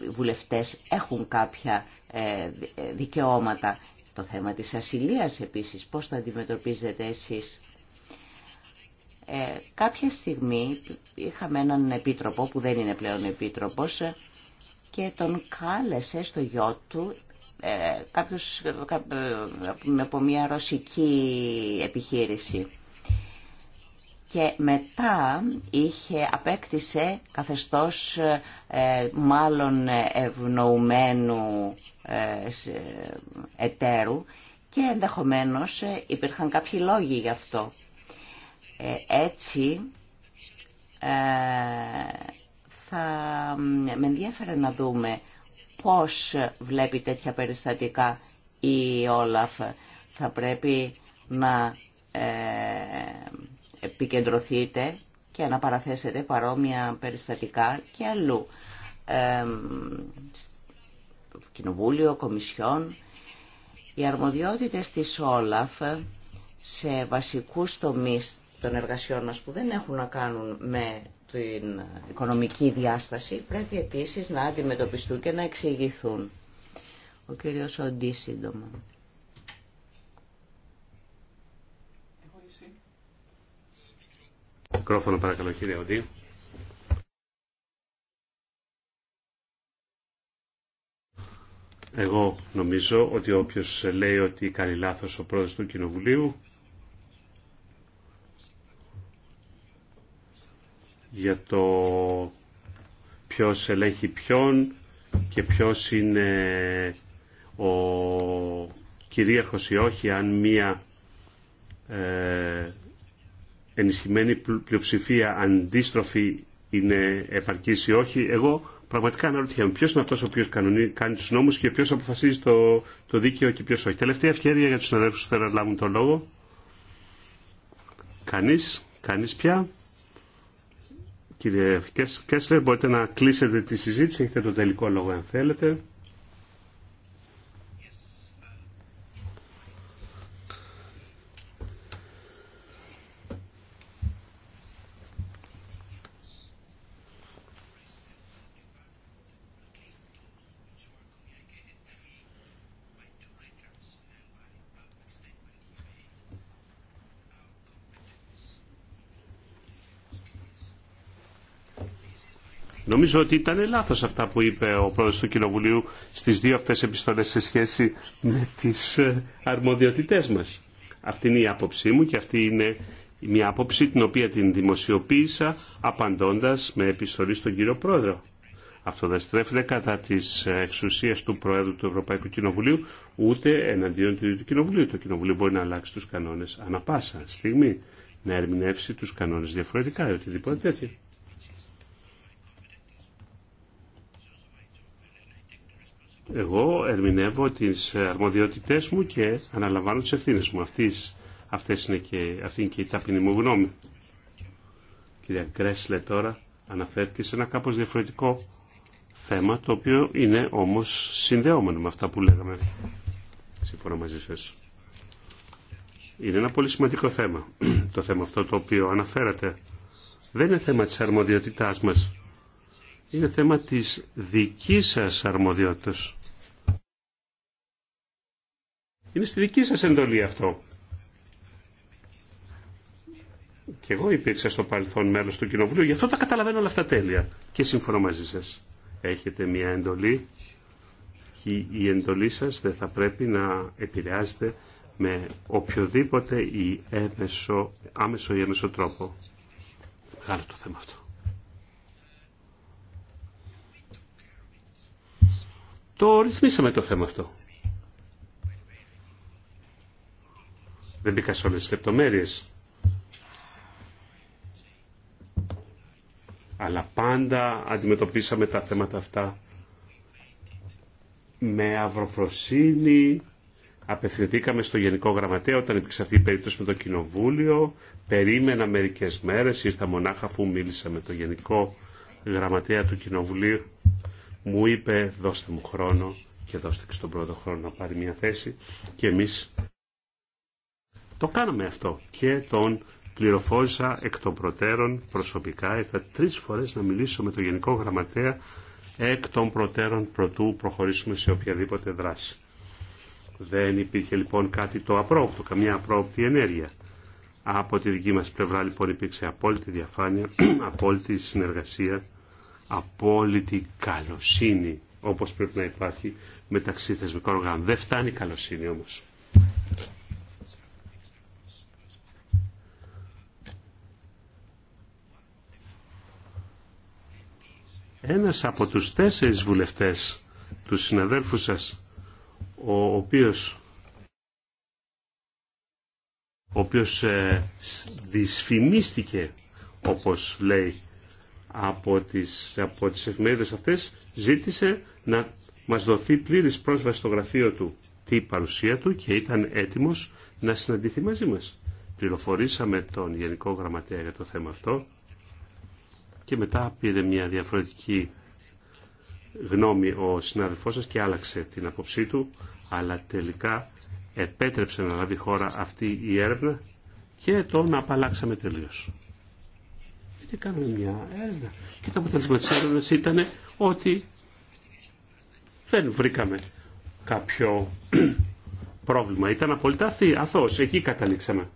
Οι βουλευτές έχουν κάποια δικαιώματα. Το θέμα της ασυλίας επίσης, πώς θα αντιμετωπίζετε εσείς. κάποια στιγμή είχαμε έναν επίτροπο που δεν είναι πλέον επίτροπος και τον κάλεσε στο γιο του ε, κάποιος, ε, από μια ρωσική επιχείρηση. Και μετά είχε, απέκτησε καθεστώς ε, μάλλον ευνοουμένου ε, ε, εταίρου και ενδεχομένως υπήρχαν κάποιοι λόγοι γι' αυτό. Έτσι θα με ενδιαφέρε να δούμε πώς βλέπει τέτοια περιστατικά η Όλαφ. Θα πρέπει να ε, επικεντρωθείτε και να παραθέσετε παρόμοια περιστατικά και αλλού. Ε, κοινοβούλιο, Κομισιόν. Οι αρμοδιότητες της Όλαφ σε βασικούς τομείς των εργασιών μας που δεν έχουν να κάνουν με την οικονομική διάσταση πρέπει επίσης να αντιμετωπιστούν και να εξηγηθούν. Ο κύριος Οντή σύντομα. Μικρόφωνο παρακαλώ κύριε Οντή. Εγώ νομίζω ότι όποιος λέει ότι κάνει λάθος ο πρόεδρος του Κοινοβουλίου για το ποιος ελέγχει ποιον και ποιος είναι ο κυρίαρχος ή όχι, αν μία ε, ενισχυμένη πλειοψηφία αντίστροφη είναι επαρκής ή όχι. Εγώ πραγματικά αναρωτιέμαι ποιος είναι αυτός ο οποίος κάνει τους νόμους και ποιος αποφασίζει το, το δίκαιο και ποιος όχι. Τελευταία ευκαιρία για τους συναδέλφους που θέλουν να λάβουν τον λόγο. Κανείς, κανείς πια. Κύριε Κέσλερ, μπορείτε να κλείσετε τη συζήτηση. Έχετε το τελικό λόγο, αν θέλετε. Νομίζω ότι ήταν λάθο αυτά που είπε ο πρόεδρος του Κοινοβουλίου στι δύο αυτέ επιστολές σε σχέση με τι ε, αρμοδιότητέ μα. Αυτή είναι η άποψή μου και αυτή είναι μια άποψη την οποία την δημοσιοποίησα απαντώντα με επιστολή στον κύριο πρόεδρο. Αυτό δεν στρέφεται κατά τη ε, εξουσία του Προέδρου του Ευρωπαϊκού Κοινοβουλίου, ούτε εναντίον του Κοινοβουλίου. Το Κοινοβουλίο μπορεί να αλλάξει του κανόνε ανα πάσα στιγμή, να ερμηνεύσει του κανόνε διαφορετικά ή οτιδήποτε τέτοιο. εγώ ερμηνεύω τις αρμοδιότητές μου και αναλαμβάνω τις ευθύνες μου. Αυτής, αυτές είναι και, αυτή είναι και η ταπεινή μου γνώμη. Κυρία Γκρέσλε τώρα αναφέρθηκε σε ένα κάπως διαφορετικό θέμα, το οποίο είναι όμως συνδεόμενο με αυτά που λέγαμε. Συμφωνώ μαζί σας. Είναι ένα πολύ σημαντικό θέμα, το θέμα αυτό το οποίο αναφέρατε. Δεν είναι θέμα της αρμοδιότητάς μας. Είναι θέμα της δικής σας αρμοδιότητας. Είναι στη δική σας εντολή αυτό. Και εγώ υπήρξα στο παρελθόν μέλος του Κοινοβουλίου, γι' αυτό τα καταλαβαίνω όλα αυτά τέλεια. Και συμφωνώ μαζί σας. Έχετε μια εντολή και η εντολή σας δεν θα πρέπει να επηρεάζεται με οποιοδήποτε ή έμεσο, άμεσο ή έμεσο τρόπο. Μεγάλο το θέμα αυτό. Το ρυθμίσαμε το θέμα αυτό. Δεν μπήκα σε όλες τις λεπτομέρειες. Αλλά πάντα αντιμετωπίσαμε τα θέματα αυτά με αυροφροσύνη. Απευθυνθήκαμε στο Γενικό Γραμματέα όταν υπήρξε αυτή η περίπτωση με το Κοινοβούλιο. Περίμενα μερικές μέρες, ήρθα μονάχα αφού μίλησα με το Γενικό Γραμματέα του Κοινοβουλίου. Μου είπε δώστε μου χρόνο και δώστε και στον πρώτο χρόνο να πάρει μια θέση και εμείς το κάναμε αυτό και τον πληροφόρησα εκ των προτέρων προσωπικά. Ήρθα τρεις φορές να μιλήσω με τον Γενικό Γραμματέα εκ των προτέρων προτού προχωρήσουμε σε οποιαδήποτε δράση. Δεν υπήρχε λοιπόν κάτι το απρόπτο, καμία απρόπτη ενέργεια. Από τη δική μας πλευρά λοιπόν υπήρξε απόλυτη διαφάνεια, απόλυτη συνεργασία, απόλυτη καλοσύνη όπως πρέπει να υπάρχει μεταξύ θεσμικών οργάνων. Δεν φτάνει καλοσύνη όμως. ένας από τους τέσσερις βουλευτές του συναδέλφου σας, ο οποίος, ο οποίος ε, δυσφημίστηκε, όπως λέει, από τις, από τις εφημερίδες αυτές, ζήτησε να μας δοθεί πλήρης πρόσβαση στο γραφείο του τη παρουσία του και ήταν έτοιμος να συναντηθεί μαζί μας. Πληροφορήσαμε τον Γενικό Γραμματέα για το θέμα αυτό και μετά πήρε μια διαφορετική γνώμη ο συνάδελφός σας και άλλαξε την απόψή του, αλλά τελικά επέτρεψε να λάβει χώρα αυτή η έρευνα και τον απαλλάξαμε τελείως. Γιατί κάνουμε μια έρευνα. Και το αποτέλεσμα της έρευνας ήταν ότι δεν βρήκαμε κάποιο πρόβλημα. Ήταν απόλυτα αθώος. Εκεί καταλήξαμε.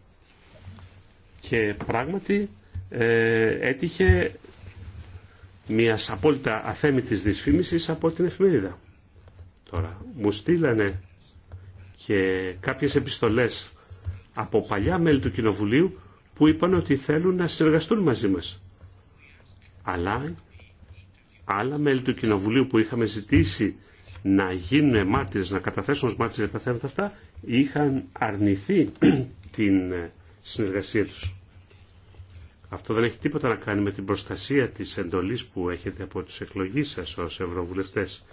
Και πράγματι ε, έτυχε μια απόλυτα αθέμητης δυσφήμισης από την εφημερίδα. Τώρα, μου στείλανε και κάποιες επιστολές από παλιά μέλη του Κοινοβουλίου που είπαν ότι θέλουν να συνεργαστούν μαζί μας. Αλλά άλλα μέλη του Κοινοβουλίου που είχαμε ζητήσει να γίνουν μάρτυρες, να καταθέσουν ως μάρτυρες για τα θέματα αυτά, είχαν αρνηθεί την συνεργασία τους. Αυτό δεν έχει τίποτα να κάνει με την προστασία της εντολής που έχετε από τους εκλογείς σας ως ευρωβουλευτές.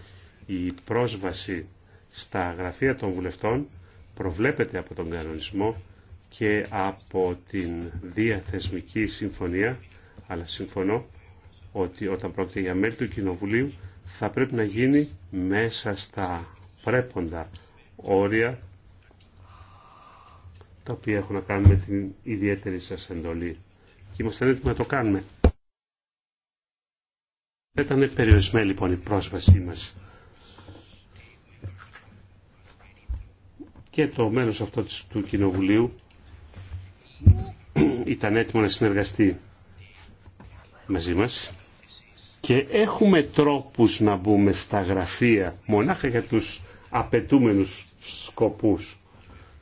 Η πρόσβαση στα γραφεία των βουλευτών προβλέπεται από τον κανονισμό και από την διαθεσμική συμφωνία, αλλά συμφωνώ ότι όταν πρόκειται για μέλη του Κοινοβουλίου θα πρέπει να γίνει μέσα στα πρέποντα όρια τα οποία έχουν να κάνουν με την ιδιαίτερη σας εντολή και είμαστε έτοιμοι να το κάνουμε. Ήταν περιορισμένη λοιπόν η πρόσβασή μας. Και το μέλος αυτό του Κοινοβουλίου ήταν έτοιμο να συνεργαστεί μαζί μας και έχουμε τρόπους να μπούμε στα γραφεία μονάχα για τους απαιτούμενους σκοπούς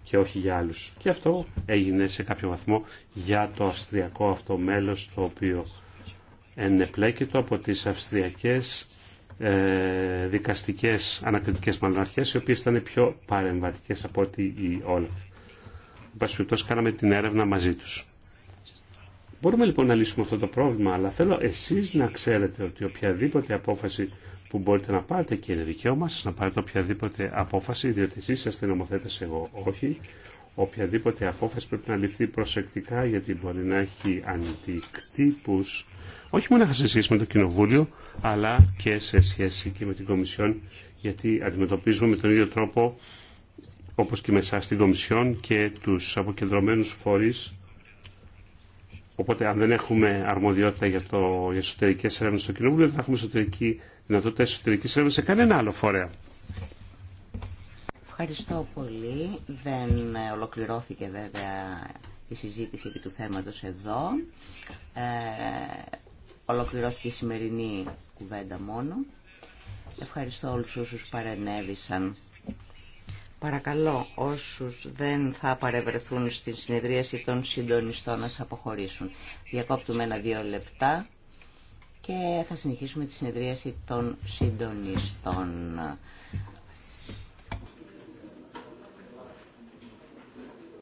και όχι για άλλους. Και αυτό έγινε σε κάποιο βαθμό για το αυστριακό αυτό μέλος το οποίο ενεπλέκεται από τις αυστριακές ε, δικαστικές ανακριτικές μαλλοναρχές οι οποίες ήταν πιο παρεμβατικές από ό,τι οι Όλαφ. Βασιλιωτός κάναμε την έρευνα μαζί τους. Μπορούμε λοιπόν να λύσουμε αυτό το πρόβλημα, αλλά θέλω εσείς να ξέρετε ότι οποιαδήποτε απόφαση που μπορείτε να πάρετε και είναι δικαίωμα σας να πάρετε οποιαδήποτε απόφαση, διότι εσείς είστε νομοθέτες εγώ όχι. Οποιαδήποτε απόφαση πρέπει να ληφθεί προσεκτικά γιατί μπορεί να έχει αντικτύπους όχι μόνο σε σχέση με το Κοινοβούλιο αλλά και σε σχέση και με την Κομισιόν γιατί αντιμετωπίζουμε με τον ίδιο τρόπο όπως και με εσάς την Κομισιόν και τους αποκεντρωμένους φορείς Οπότε αν δεν έχουμε αρμοδιότητα για, το, για εσωτερικές έρευνες στο Κοινοβούλιο, δεν θα έχουμε εσωτερική δυνατότητα εσωτερικής έρευνας σε κανένα άλλο φορέα. Ευχαριστώ πολύ. Δεν ολοκληρώθηκε βέβαια η συζήτηση επί του θέματος εδώ. Ε, ολοκληρώθηκε η σημερινή κουβέντα μόνο. Ευχαριστώ όλους όσους παρενέβησαν. Παρακαλώ όσους δεν θα παρευρεθούν στην συνεδρίαση των συντονιστών να αποχωρήσουν. Διακόπτουμε ένα-δύο λεπτά και θα συνεχίσουμε τη συνεδρίαση των συντονιστών.